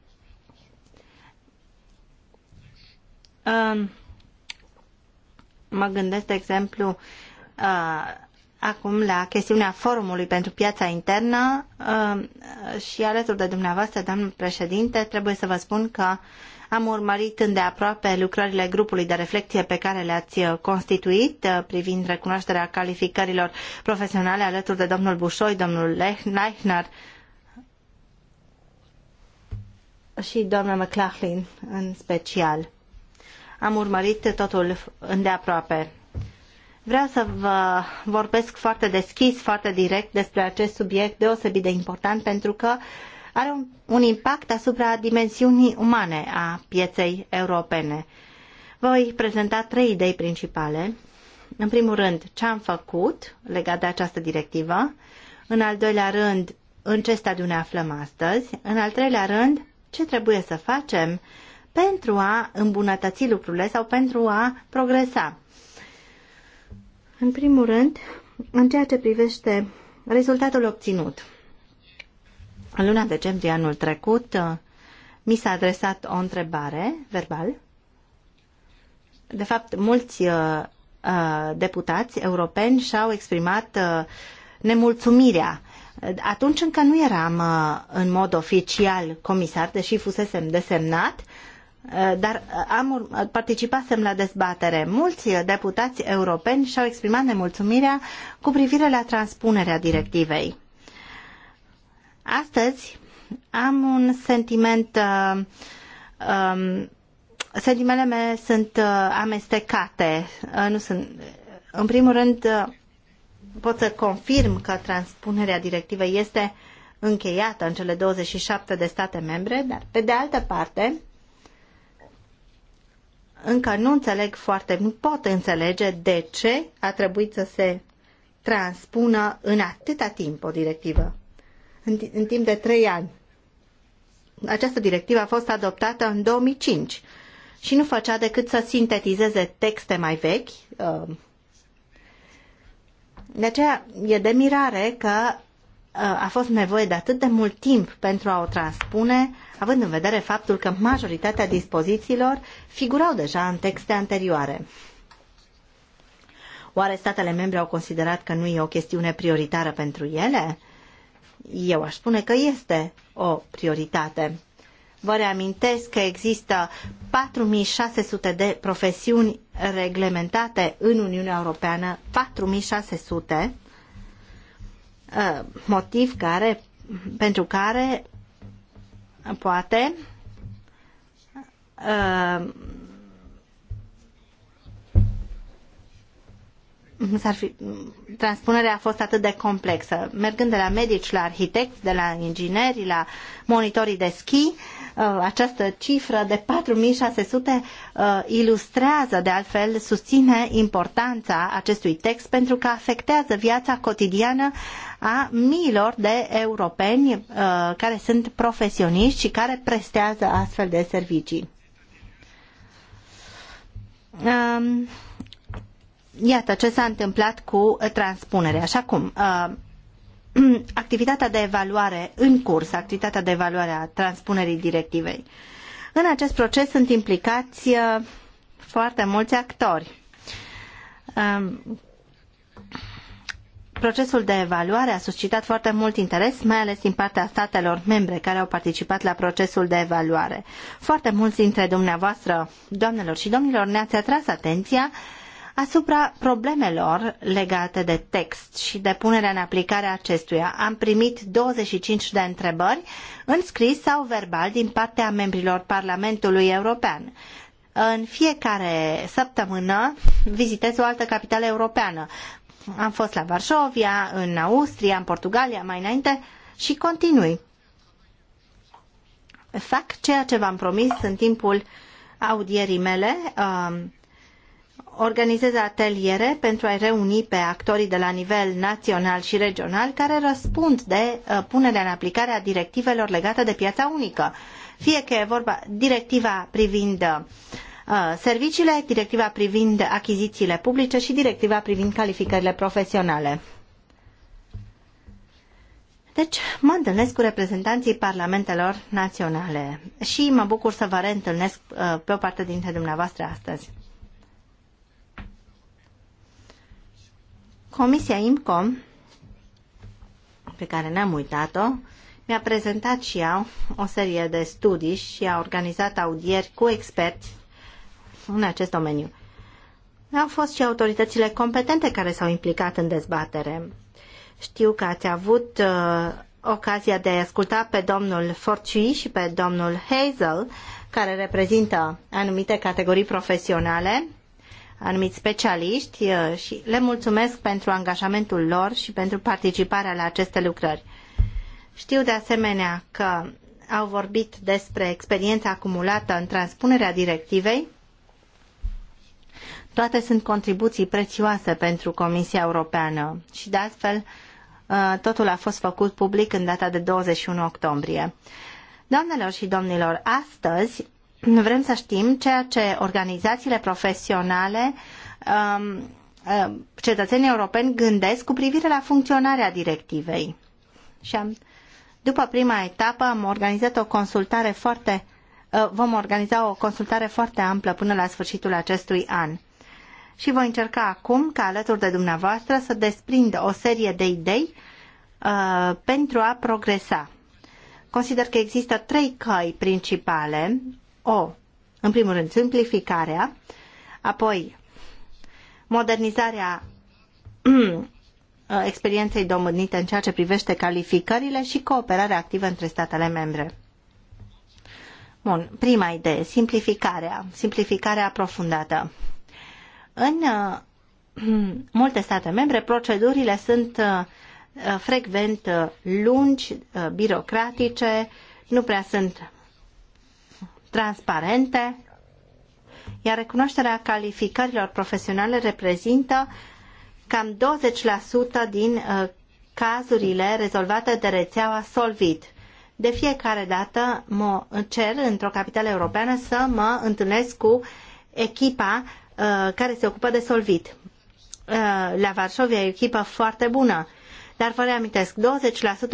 Uh, mă gândesc, de exemplu, uh, acum la chestiunea forumului pentru piața internă uh, și alături de dumneavoastră, domnul președinte, trebuie să vă spun că uh, am urmărit îndeaproape lucrările grupului de reflecție pe care le-ați uh, constituit uh, privind recunoașterea calificărilor profesionale alături de domnul Bușoi, domnul Lechner și doamna McLaughlin în special. Am urmărit totul îndeaproape. Vreau să vă vorbesc foarte deschis, foarte direct despre acest subiect deosebit de important pentru că uh, are un, un impact asupra dimensiunii umane a pieței europene. Voi prezenta trei idei principale. În primul rând, ce am făcut legat de această directivă. În al doilea rând, în ce stadiu ne aflăm astăzi. În al treilea rând, ce trebuie să facem pentru a îmbunătăți lucrurile sau pentru a progresa. În primul rând, în ceea ce privește rezultatul obținut. În luna decembrie anul trecut uh, mi s-a adresat o întrebare verbal. De fapt, mulți uh, uh, deputați europeni și-au exprimat uh, nemulțumirea. Atunci încă nu eram uh, în mod oficial comisar, deși fusesem desemnat, uh, dar am participasem la dezbatere. Mulți deputați europeni și-au exprimat nemulțumirea cu privire la transpunerea directivei. Astăzi am un sentiment uh, um, sentimentele mele sunt uh, amestecate. Uh, nu sunt în primul rând uh, pot să confirm că transpunerea directivei este încheiată în cele 27 de state membre, dar pe de altă parte încă nu înțeleg foarte, nu pot înțelege de ce a trebuit să se transpună în atâta timp o directivă în, în timp de trei ani. Această directivă a fost adoptată în 2005 și nu făcea decât să sintetizeze texte mai vechi. Uh, de aceea e de mirare că uh, a fost nevoie de atât de mult timp pentru a o transpune, având în vedere faptul că majoritatea dispozițiilor figurau deja în texte anterioare. Oare statele membre au considerat că nu e o chestiune prioritară pentru ele? Eu aș spune că este o prioritate. Vă reamintesc că există 4600 de profesiuni reglementate în Uniunea Europeană, 4600, uh, motiv care, pentru care poate uh, s-ar fi, transpunerea a fost atât de complexă. Mergând de la medici, la arhitecți, de la ingineri, la monitorii de schi, uh, această cifră de 4600 uh, ilustrează, de altfel, susține importanța acestui text pentru că afectează viața cotidiană a miilor de europeni uh, care sunt profesioniști și care prestează astfel de servicii um, iată ce s-a întâmplat cu transpunerea. Așa cum uh, [CLEARS THROAT] activitatea de evaluare în curs, activitatea de evaluare a transpunerii directivei. În acest proces sunt implicați uh, foarte mulți actori. Um, procesul de evaluare a suscitat foarte mult interes, mai ales din partea statelor membre care au participat la procesul de evaluare. Foarte mulți dintre dumneavoastră, doamnelor și domnilor, ne-ați atras atenția uh, asupra problemelor legate de text și de punerea în aplicare a acestuia. Am primit 25 de întrebări în scris sau verbal din partea membrilor Parlamentului European. În fiecare săptămână vizitez o altă capitală europeană. Am fost la Varșovia, în Austria, în Portugalia, mai înainte și continui. Fac ceea ce v-am promis în timpul audierii mele. Um, organizeze ateliere pentru a reuni pe actorii de la nivel național și regional care răspund de uh, punerea în aplicare a directivelor legate de piața unică. Fie că e vorba directiva privind uh, serviciile, directiva privind achizițiile publice și directiva privind calificările profesionale. Deci, mă întâlnesc cu reprezentanții parlamentelor naționale și mă bucur să vă reîntâlnesc uh, pe o parte dintre dumneavoastră astăzi. Comisia IMCOM, pe care ne-am uitat-o, mi-a prezentat și ea o serie de studii și a organizat audieri cu experți în acest domeniu. Au fost și autoritățile competente care s-au implicat în dezbatere. Știu că ați avut uh, ocazia de a asculta pe domnul Forciui și pe domnul Hazel, care reprezintă anumite categorii profesionale anumiți specialiști uh, și le mulțumesc pentru angajamentul lor și pentru participarea la aceste lucrări. Știu de asemenea că au vorbit despre experiența acumulată în transpunerea directivei. Toate sunt contribuții prețioase pentru Comisia Europeană și de astfel uh, totul a fost făcut public în data de 21 octombrie. Doamnelor și domnilor, astăzi Vrem să știm ceea ce organizațiile profesionale, um, um, cetățenii europeni gândesc cu privire la funcționarea directivei. Și am, după prima etapă am organizat o consultare foarte uh, vom organiza o consultare foarte amplă până la sfârșitul acestui an. Și voi încerca acum, ca alături de dumneavoastră, să desprind o serie de idei uh, pentru a progresa. Consider că există trei căi principale o, în primul rând, simplificarea, apoi modernizarea [CLEARS THROAT] experienței domânite în ceea ce privește calificările și cooperarea activă între statele membre. Bun, prima idee, simplificarea, simplificarea aprofundată. În [CLEARS THROAT] multe state membre, procedurile sunt uh, frecvent uh, lungi, uh, birocratice, nu prea sunt transparente, iar recunoașterea calificărilor profesionale reprezintă cam 20% din uh, cazurile rezolvate de rețeaua Solvit. De fiecare dată mă cer într-o capitală europeană să mă întâlnesc cu echipa uh, care se ocupă de Solvit. Uh, la Varșovia e o echipă foarte bună, dar vă reamintesc,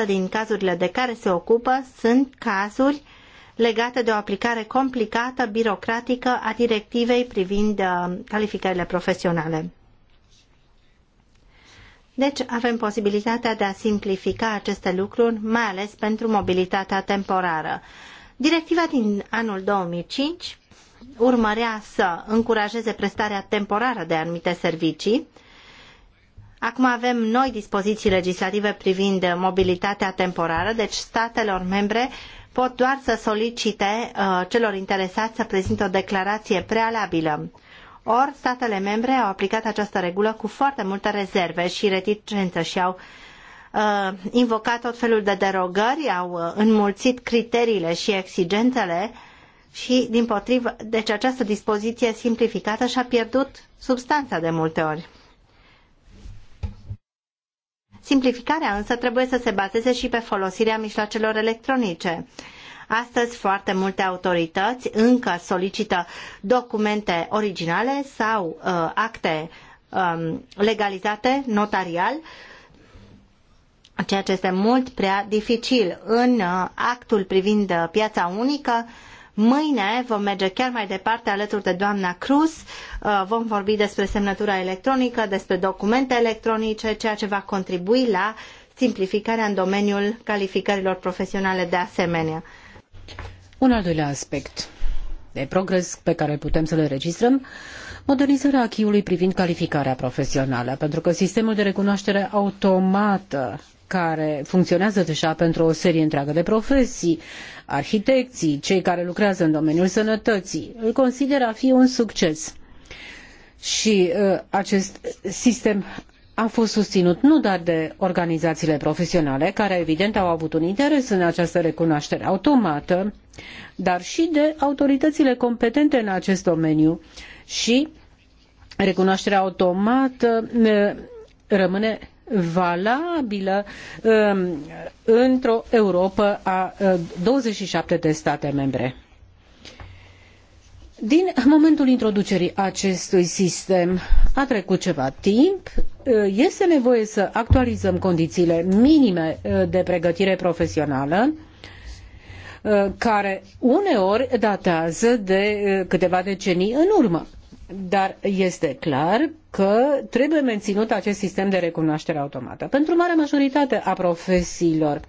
20% din cazurile de care se ocupă sunt cazuri uh, legate de o aplicare complicată, birocratică a directivei privind uh, calificările profesionale. Deci avem posibilitatea de a simplifica aceste lucruri, mai ales pentru mobilitatea temporară. Directiva din anul 2005 urmărea să încurajeze prestarea temporară de anumite servicii. Acum avem noi dispoziții legislative privind mobilitatea temporară, deci statelor membre pot doar să solicite uh, celor interesați să prezinte o declarație prealabilă. Or statele membre au aplicat această regulă cu foarte multe rezerve și reticență și au uh, invocat tot felul de derogări, au uh, înmulțit criteriile și exigențele și, din potrivă, deci această dispoziție simplificată și-a pierdut substanța de multe ori. Simplificarea însă trebuie să se bazeze și pe folosirea mijloacelor electronice. Astăzi foarte multe autorități încă solicită documente originale sau uh, acte um, legalizate notarial ceea ce este mult prea dificil. În uh, actul privind uh, piața unică Mâine vom merge chiar mai departe alături de doamna Cruz, uh, vom vorbi despre semnătura electronică, despre documente electronice, ceea ce va contribui la simplificarea în domeniul calificărilor profesionale de asemenea. Un al doilea aspect de progres pe care putem să le registrăm, modernizarea acquis privind calificarea profesională, pentru că sistemul de recunoaștere automată care funcționează deja pentru o serie întreagă de profesii, arhitecții, cei care lucrează în domeniul sănătății, îl consideră a fi un succes. Și uh, acest sistem a fost susținut nu doar de organizațiile profesionale, care evident au avut un interes în această recunoaștere automată, dar și de autoritățile competente în acest domeniu și recunoașterea automată uh, rămâne valabilă um, într-o Europa a 27 uh, de state membre. Din momentul introducerii acestui sistem a trecut ceva timp. Uh, este nevoie să actualizăm condițiile minime uh, de pregătire profesională care uneori datează de câteva decenii în urmă. Dar este clar că trebuie menținut acest sistem de recunoaștere automată. Pentru marea majoritate a profesiilor,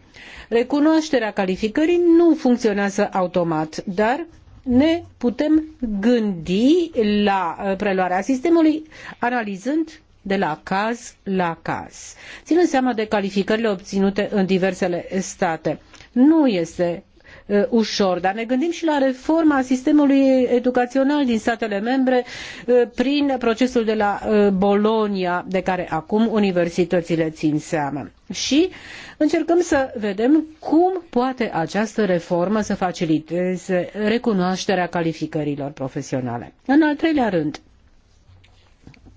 recunoașterea calificării nu funcționează automat, dar ne putem gândi la uh, preluarea sistemului analizând de la caz la caz, ținând seama de calificările obținute în diversele state. Nu este Uh, ușor. Dar ne gândim și la reforma sistemului educațional din statele membre uh, prin procesul de la uh, Bologna, de care acum universitățile țin seama. Și încercăm să vedem cum poate această reformă să faciliteze recunoașterea calificărilor profesionale. În al treilea rând,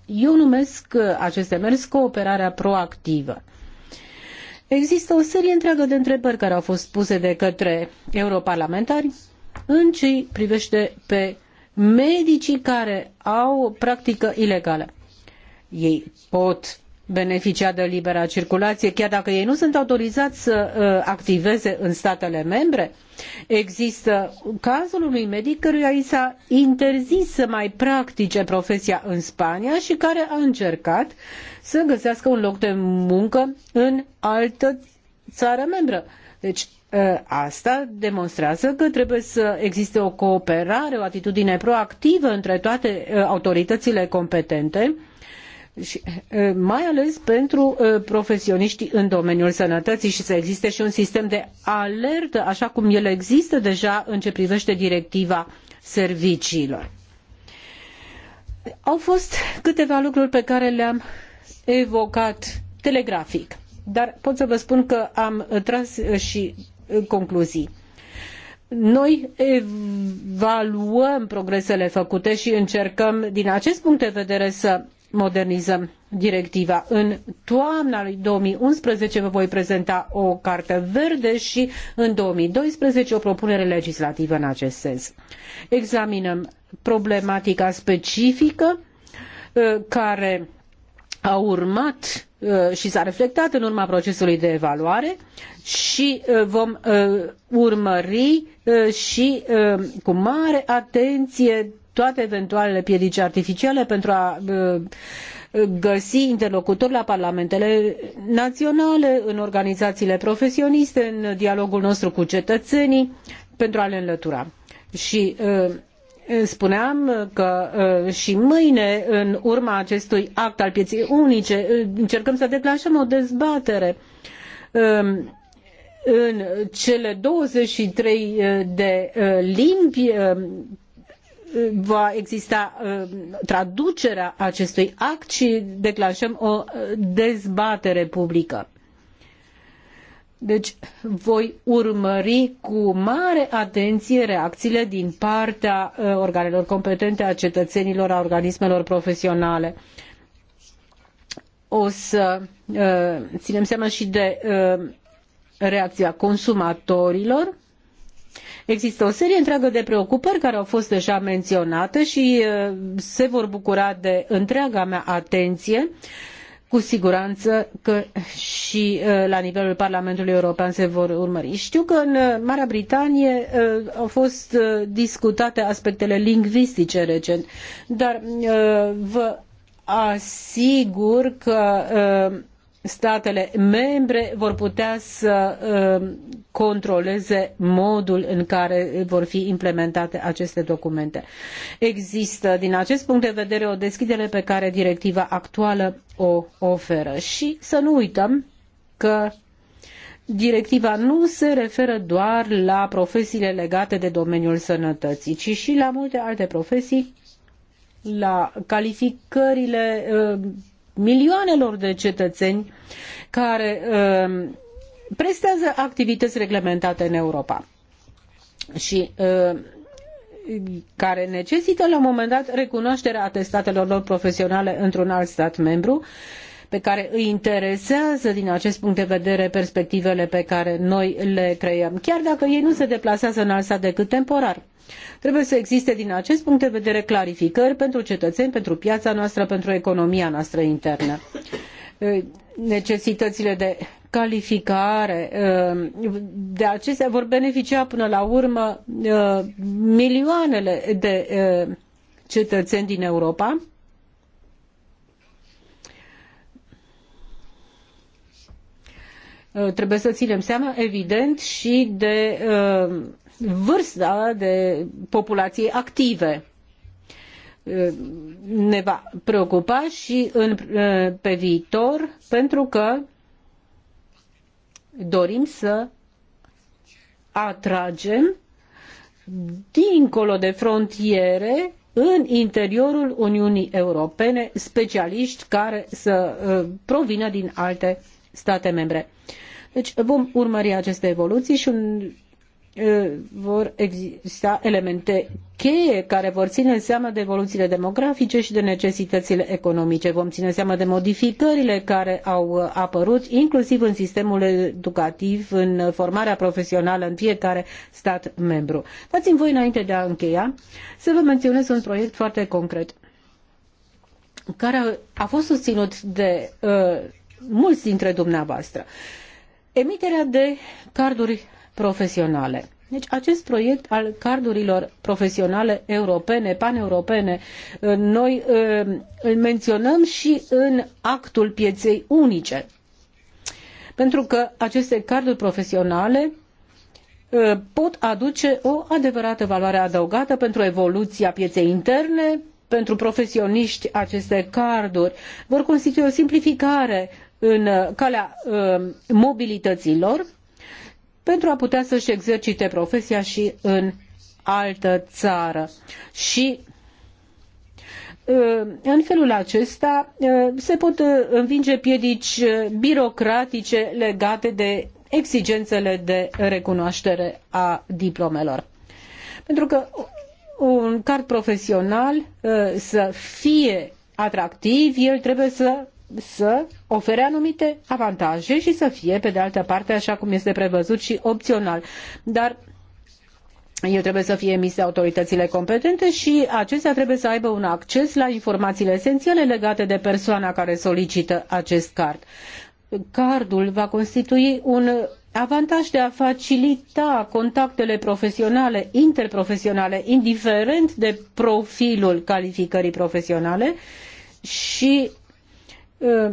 eu numesc acest demers cooperarea proactivă. Există o serie întreagă de întrebări care au fost puse de către europarlamentari în ce privește pe medicii care au practică ilegală. Ei pot beneficia de libera circulație, chiar dacă ei nu sunt autorizați să uh, activeze în statele membre. Există cazul unui medic căruia i s-a interzis să mai practice profesia în Spania și care a încercat să găsească un loc de muncă în altă țară membră. Deci uh, Asta demonstrează că trebuie să existe o cooperare, o atitudine proactivă între toate uh, autoritățile competente și eh, eh, mai ales pentru eh, profesioniștii în domeniul sănătății și să existe și un sistem de alertă, așa cum el există deja în ce privește directiva serviciilor. Au fost câteva lucruri pe care le-am evocat telegrafic, dar pot să vă spun că am tras și concluzii noi evaluăm progresele făcute și încercăm din acest punct de vedere să modernizăm directiva. În toamna lui 2011 vă voi prezenta o carte verde și în 2012 o propunere legislativă în acest sens. Examinăm problematica specifică uh, care a urmat uh, și s-a reflectat în urma procesului de evaluare și uh, vom urmări și cu mare atenție toate eventualele piedici artificiale pentru a uh, găsi interlocutori la parlamentele naționale, în organizațiile profesioniste, în dialogul nostru cu cetățenii, pentru a le înlătura. Și uh, spuneam că uh, și mâine, în urma acestui act al pieței unice, încercăm să declanșăm o dezbatere um, în cele 23 de limbi va exista uh, traducerea acestui act și declanșăm o dezbatere publică. Deci voi urmări cu mare atenție reacțiile din partea uh, organelor competente, a cetățenilor, a organismelor profesionale. O să uh, ținem seama și de reacția consumatorilor Există o serie întreagă de preocupări care au fost deja menționate și uh, se vor bucura de întreaga mea atenție. Cu siguranță că și uh, la nivelul Parlamentului European se vor urmări. Știu că în uh, Marea Britanie au fost discutate aspectele lingvistice recent, dar vă asigur că statele membre vor putea să uh, controleze modul în care vor fi implementate aceste documente. Există, din acest punct de vedere, o deschidere pe care directiva actuală o oferă. Și să nu uităm că directiva nu se referă doar la profesiile legate de domeniul sănătății, ci și la multe alte profesii la calificările uh, milioanelor de cetățeni care uh, prestează activități reglementate în Europa și uh, care necesită la un moment dat recunoașterea atestatelor lor profesionale într-un alt stat membru pe care îi interesează din acest punct de vedere perspectivele pe care noi le creăm, chiar dacă ei nu se deplasează în alt stat decât temporar. Trebuie să existe din acest punct de vedere clarificări pentru cetățeni, pentru piața noastră, pentru economia noastră internă. Necesitățile de calificare, de acestea vor beneficia până la urmă milioanele de cetățeni din Europa Uh, trebuie să ținem seama, evident, și de uh, vârsta de populație active uh, ne va preocupa și în, pe viitor pentru că dorim să atragem dincolo de frontiere în interiorul Uniunii Europene specialiști care să provină din alte state membre. Deci vom urmări aceste evoluții și un, vor exista elemente cheie care vor ține seama de evoluțiile demografice și de necesitățile economice. Vom ține seama de modificările care au apărut, inclusiv în sistemul educativ, în formarea profesională în fiecare stat membru. Dați-mi voi, înainte de a încheia, să vă menționez un proiect foarte concret care a fost susținut de uh, mulți dintre dumneavoastră. Emiterea de carduri profesionale. Deci acest proiect al cardurilor profesionale europene, paneuropene, uh, noi uh, îl menționăm și în actul pieței unice. Pentru că aceste carduri profesionale uh, pot aduce o adevărată valoare adăugată pentru evoluția pieței interne, pentru profesioniști aceste carduri vor constitui o simplificare în uh, calea uh, mobilității lor pentru a putea să-și exercite profesia și în altă țară. Și uh, în felul acesta se pot învinge piedici birocratice legate de exigențele de recunoaștere a diplomelor. Pentru că un card profesional să fie atractiv, el trebuie să să ofere anumite avantaje și să fie, pe de altă parte, așa cum este prevăzut și opțional. Dar el trebuie să fie emise autoritățile competente și acestea trebuie să aibă un acces la informațiile esențiale legate de persoana care solicită acest card. Cardul va constitui un avantaj de a facilita contactele profesionale, interprofesionale, indiferent de profilul calificării profesionale și Ă,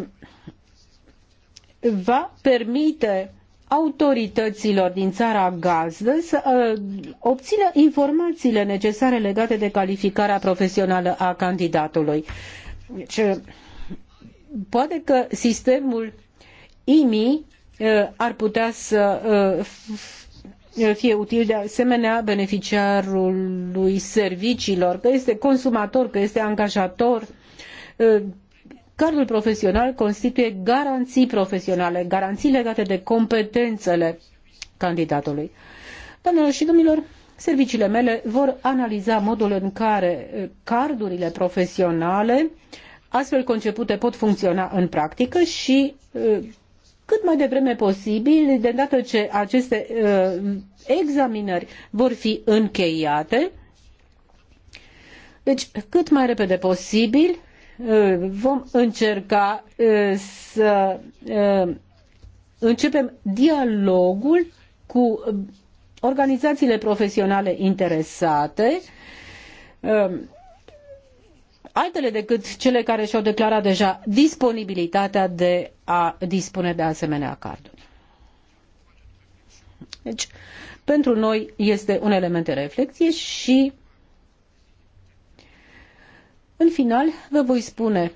va permite autorităților din țara gazdă să ă, obțină informațiile necesare legate de calificarea profesională a candidatului. Deci, ă, poate că sistemul IMI ar putea să fie util de asemenea beneficiarului serviciilor, că este consumator, că este angajator, Cadrul profesional constituie garanții profesionale, garanții legate de competențele candidatului. Doamnelor și domnilor, serviciile mele vor analiza modul în care eh, cardurile profesionale astfel concepute pot funcționa în practică și eh, cât mai devreme posibil, de îndată ce aceste eh, examinări vor fi încheiate, deci cât mai repede posibil Uh, vom încerca uh, să uh, începem dialogul cu organizațiile profesionale interesate, altele decât cele care și-au declarat deja disponibilitatea de a dispune de asemenea carduri. Deci, pentru noi este un element de reflexie și uh, în final, vă voi spune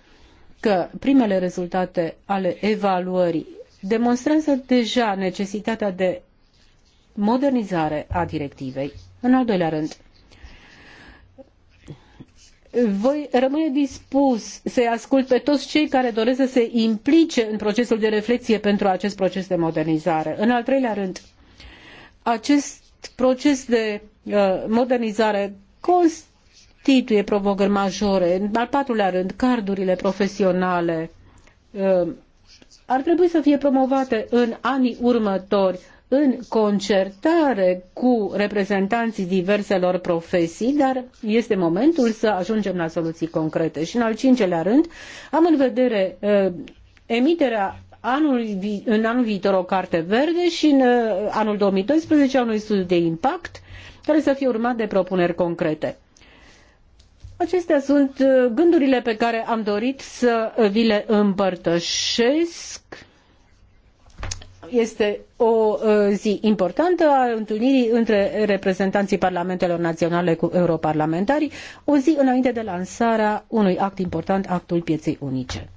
că primele rezultate ale evaluării demonstrează deja necesitatea de modernizare a directivei. În al doilea rând, voi rămâne dispus să-i ascult pe toți cei care doresc să se implice în procesul de reflexie pentru acest proces de modernizare. În al treilea rând, acest proces de uh, modernizare const constituie provocări majore. În al patrulea rând, cardurile profesionale uh, ar trebui să fie promovate în anii următori în concertare cu reprezentanții diverselor profesii, dar este momentul să ajungem la soluții concrete. Și în al cincelea rând, am în vedere uh, emiterea anul, în anul viitor o carte verde și în uh, anul 2012 a unui studiu de impact care să fie urmat de propuneri concrete. Acestea sunt uh, gândurile pe care am dorit să uh, vi le împărtășesc. Este o uh, zi importantă a întâlnirii între reprezentanții parlamentelor naționale cu europarlamentarii, o zi înainte de lansarea unui act important, actul pieței unice.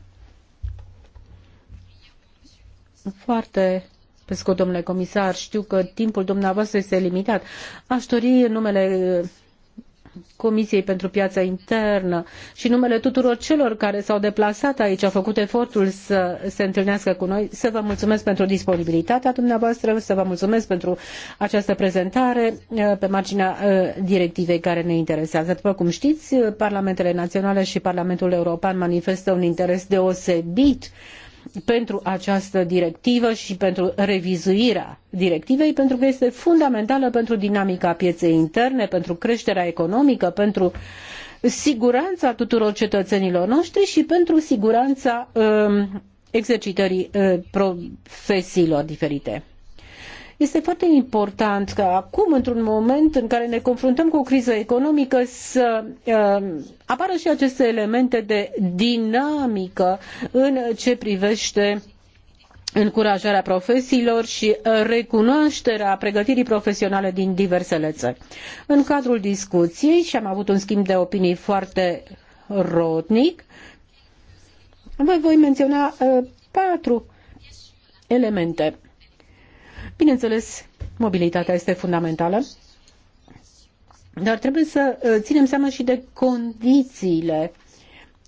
Foarte pe scurt, domnule comisar, știu că timpul dumneavoastră este limitat. Aș dori în numele Comisiei pentru Piața Internă și numele tuturor celor care s-au deplasat aici, au făcut efortul să se întâlnească cu noi, să vă mulțumesc pentru disponibilitatea dumneavoastră, să vă mulțumesc pentru această prezentare eh, pe marginea eh, directivei care ne interesează. După cum știți, eh, Parlamentele Naționale și Parlamentul European manifestă un interes deosebit pentru această directivă și pentru revizuirea directivei, pentru că este fundamentală pentru dinamica pieței interne, pentru creșterea economică, pentru siguranța tuturor cetățenilor noștri și pentru siguranța um, exercitării uh, profesiilor diferite. Este foarte important ca acum, într-un moment în care ne confruntăm cu o criză economică, să uh, apară și aceste elemente de dinamică în ce privește încurajarea profesiilor și recunoașterea pregătirii profesionale din diversele țări. În cadrul discuției, și am avut un schimb de opinii foarte rodnic, vă voi menționa uh, patru elemente. Bineînțeles, mobilitatea este fundamentală, dar trebuie să uh, ținem seama și de condițiile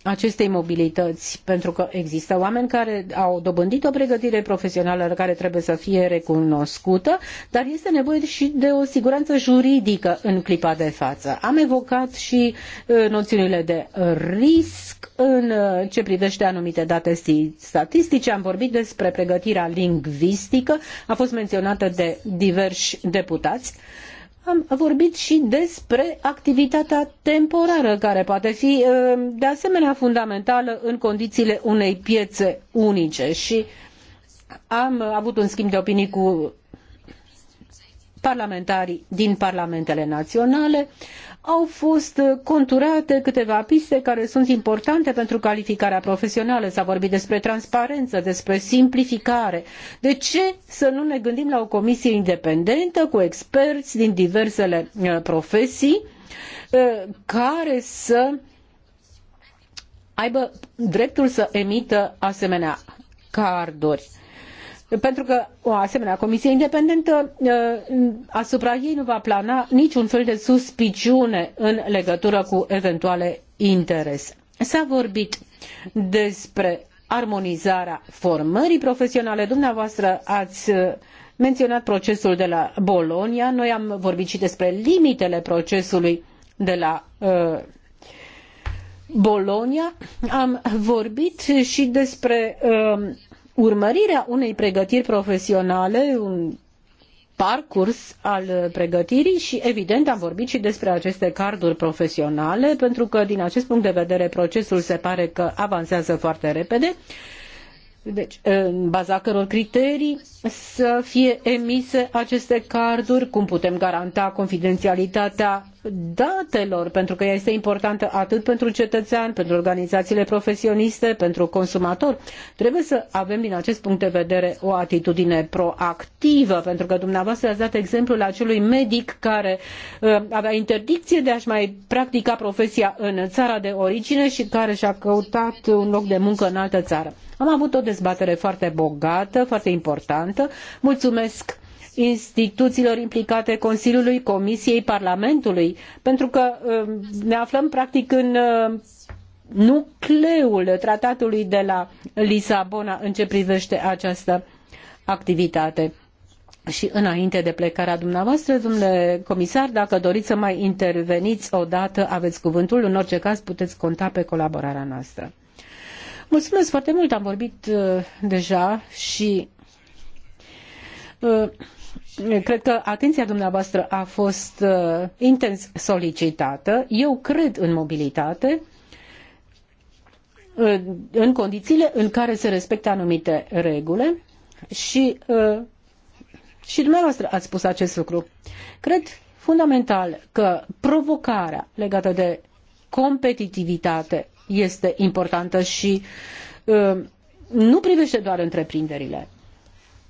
acestei mobilități, pentru că există oameni care au dobândit o pregătire profesională care trebuie să fie recunoscută, dar este nevoie și de o siguranță juridică în clipa de față. Am evocat și uh, noțiunile de risc în uh, ce privește anumite date statistice, am vorbit despre pregătirea lingvistică, a fost menționată de diversi deputați. Am vorbit și despre activitatea temporară, care poate fi eh, de asemenea fundamentală în condițiile unei piețe unice și am avut un schimb de opinii cu parlamentarii din parlamentele naționale au fost conturate câteva piste care sunt importante pentru calificarea profesională. S-a vorbit despre transparență, despre simplificare. De ce să nu ne gândim la o comisie independentă cu experți din diversele uh, profesii uh, care să aibă dreptul să emită asemenea carduri? pentru că o asemenea comisie independentă ă, asupra ei nu va plana niciun fel de suspiciune în legătură cu eventuale interese. S-a vorbit despre armonizarea formării profesionale. Dumneavoastră ați ă, menționat procesul de la Bologna. Noi am vorbit și despre limitele procesului de la uh, Bologna. Am vorbit și despre uh, urmărirea unei pregătiri profesionale, un parcurs al pregătirii și evident am vorbit și despre aceste carduri profesionale pentru că din acest punct de vedere procesul se pare că avansează foarte repede deci, în baza căror criterii să fie emise aceste carduri, cum putem garanta confidențialitatea datelor, pentru că ea este importantă atât pentru cetățean, pentru organizațiile profesioniste, pentru consumator. Trebuie să avem din acest punct de vedere o atitudine proactivă, pentru că dumneavoastră ați dat exemplul acelui medic care uh, avea interdicție de a-și mai practica profesia în țara de origine și care și-a căutat un loc de muncă în altă țară. Am avut o dezbatere foarte bogată, foarte importantă. Mulțumesc instituțiilor implicate, Consiliului, Comisiei, Parlamentului, pentru că um, ne aflăm practic în um, nucleul tratatului de la Lisabona în ce privește această activitate. Și înainte de plecarea dumneavoastră, domnule comisar, dacă doriți să mai interveniți dată, aveți cuvântul. În orice caz, puteți conta pe colaborarea noastră. Mulțumesc foarte mult, am vorbit uh, deja și uh, cred că atenția dumneavoastră a fost uh, intens solicitată. Eu cred în mobilitate uh, în condițiile în care se respectă anumite reguli și, uh, și dumneavoastră ați spus acest lucru. Cred fundamental că provocarea legată de competitivitate este importantă și nu privește doar întreprinderile.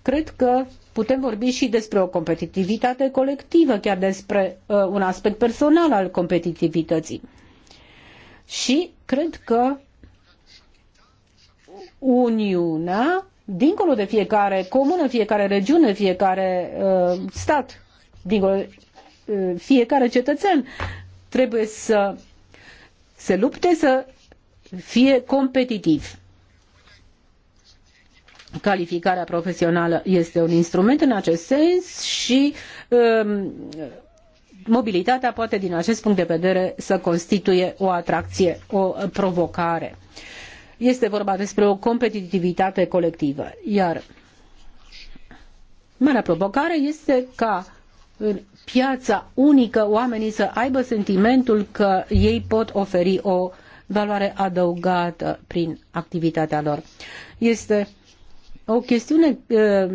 Cred că Putem vorbi și despre o competitivitate colectivă, chiar despre uh, un aspect personal al competitivității. Și cred că Uniunea, dincolo de fiecare comună, fiecare regiune, fiecare uh, stat, dincolo de, uh, fiecare cetățean, trebuie să se lupte să fie competitiv calificarea profesională este un instrument în acest sens și um, mobilitatea poate din acest punct de vedere să constituie o atracție, o provocare. Este vorba despre o competitivitate colectivă, iar marea provocare este ca în piața unică oamenii să aibă sentimentul că ei pot oferi o valoare adăugată prin activitatea lor. Este o chestiune uh,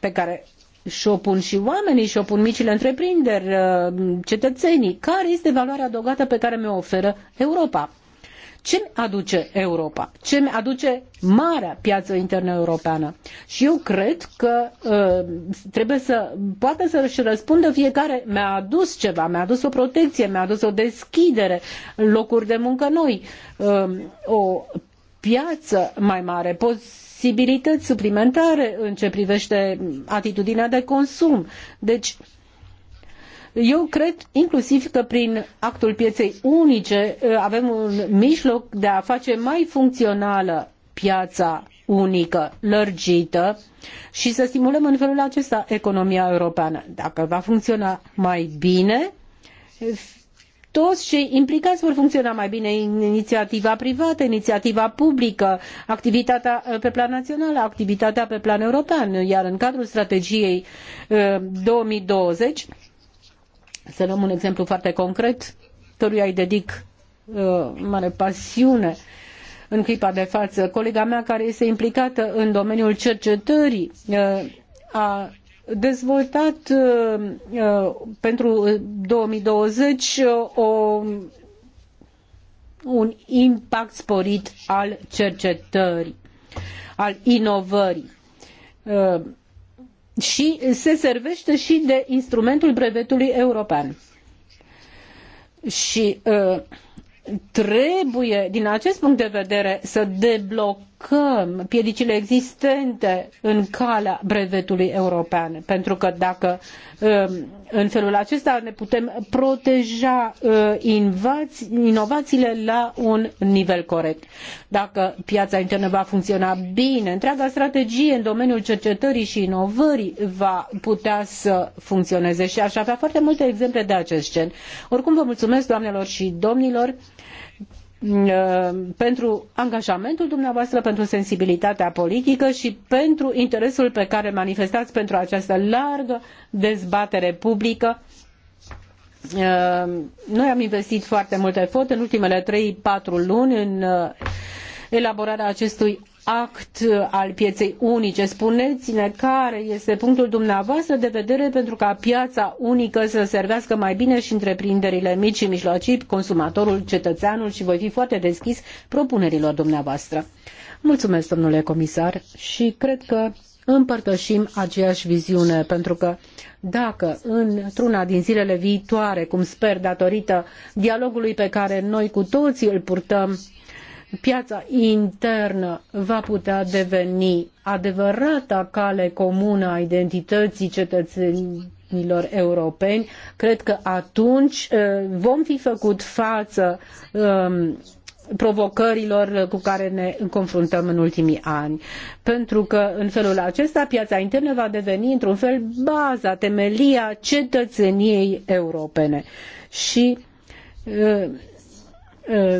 pe care și-o pun și oamenii, și-o pun micile întreprinderi, uh, cetățenii. Care este valoarea adăugată pe care mi-o oferă Europa? Ce mi aduce Europa? Ce mi aduce marea piață internă europeană? Și eu cred că uh, trebuie să poată să-și răspundă fiecare. Mi-a adus ceva, mi-a adus o protecție, mi-a adus o deschidere, locuri de muncă noi, uh, o piață mai mare, poți flexibilități suplimentare în ce privește atitudinea de consum. Deci, eu cred inclusiv că prin actul pieței unice ă, avem un mijloc de a face mai funcțională piața unică, lărgită și să stimulăm în felul acesta economia europeană. Dacă va funcționa mai bine, toți cei implicați vor funcționa mai bine inițiativa privată, inițiativa publică, activitatea uh, pe plan național, activitatea pe plan european, iar în cadrul strategiei 2020, uh, să luăm un exemplu foarte concret, căruia îi dedic uh, mare pasiune în clipa de față. Colega mea care este implicată în domeniul cercetării a dezvoltat uh, uh, pentru 2020 uh, o, un impact sporit al cercetării, al inovării și se servește și de instrumentul brevetului european. Și trebuie, din acest punct de vedere, să deblocăm că piedicile existente în calea brevetului european. Pentru că dacă um, în felul acesta ne putem proteja uh, inovațiile la un nivel corect. Dacă piața internă va funcționa bine, întreaga strategie în domeniul cercetării și inovării va putea să funcționeze și aș avea foarte multe exemple de acest gen. Oricum vă mulțumesc doamnelor și domnilor Uh, pentru angajamentul dumneavoastră, pentru sensibilitatea politică și pentru interesul pe care manifestați pentru această largă dezbatere publică. Uh, noi am investit foarte mult efort în ultimele trei patru luni în uh, elaborarea acestui act al pieței unice. Spuneți-ne care este punctul dumneavoastră de vedere pentru ca piața unică să servească mai bine și întreprinderile mici și mijlocii, consumatorul, cetățeanul și voi fi foarte deschis propunerilor dumneavoastră. Mulțumesc, domnule comisar, și cred că împărtășim aceeași viziune, pentru că dacă într-una din zilele viitoare, cum sper, datorită dialogului pe care noi cu toții îl purtăm piața internă va putea deveni adevărata cale comună a identității cetățenilor europeni, cred că atunci uh, vom fi făcut față um, provocărilor cu care ne confruntăm în ultimii ani. Pentru că în felul acesta piața internă va deveni într-un fel baza, temelia cetățeniei europene. Și uh, uh,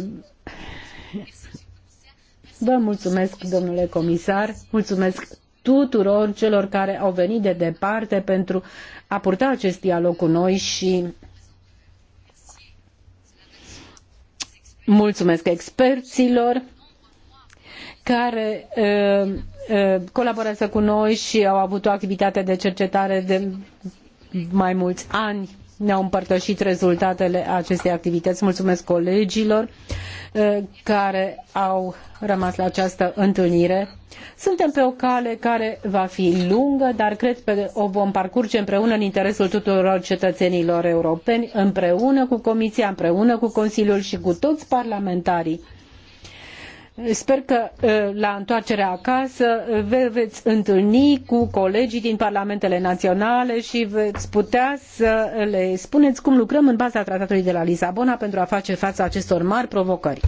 Vă mulțumesc, domnule comisar, mulțumesc tuturor celor care au venit de departe pentru a purta acest dialog cu noi și mulțumesc experților care uh, uh, colaborează cu noi și au avut o activitate de cercetare de mai mulți ani ne-au împărtășit rezultatele acestei activități. Mulțumesc colegilor eh, care au rămas la această întâlnire. Suntem pe o cale care va fi lungă, dar cred că o vom parcurge împreună în interesul tuturor cetățenilor europeni, împreună cu Comisia, împreună cu Consiliul și cu toți parlamentarii Sper că la întoarcerea acasă vă veți întâlni cu colegii din parlamentele naționale și veți putea să le spuneți cum lucrăm în baza tratatului de la Lisabona pentru a face față acestor mari provocări.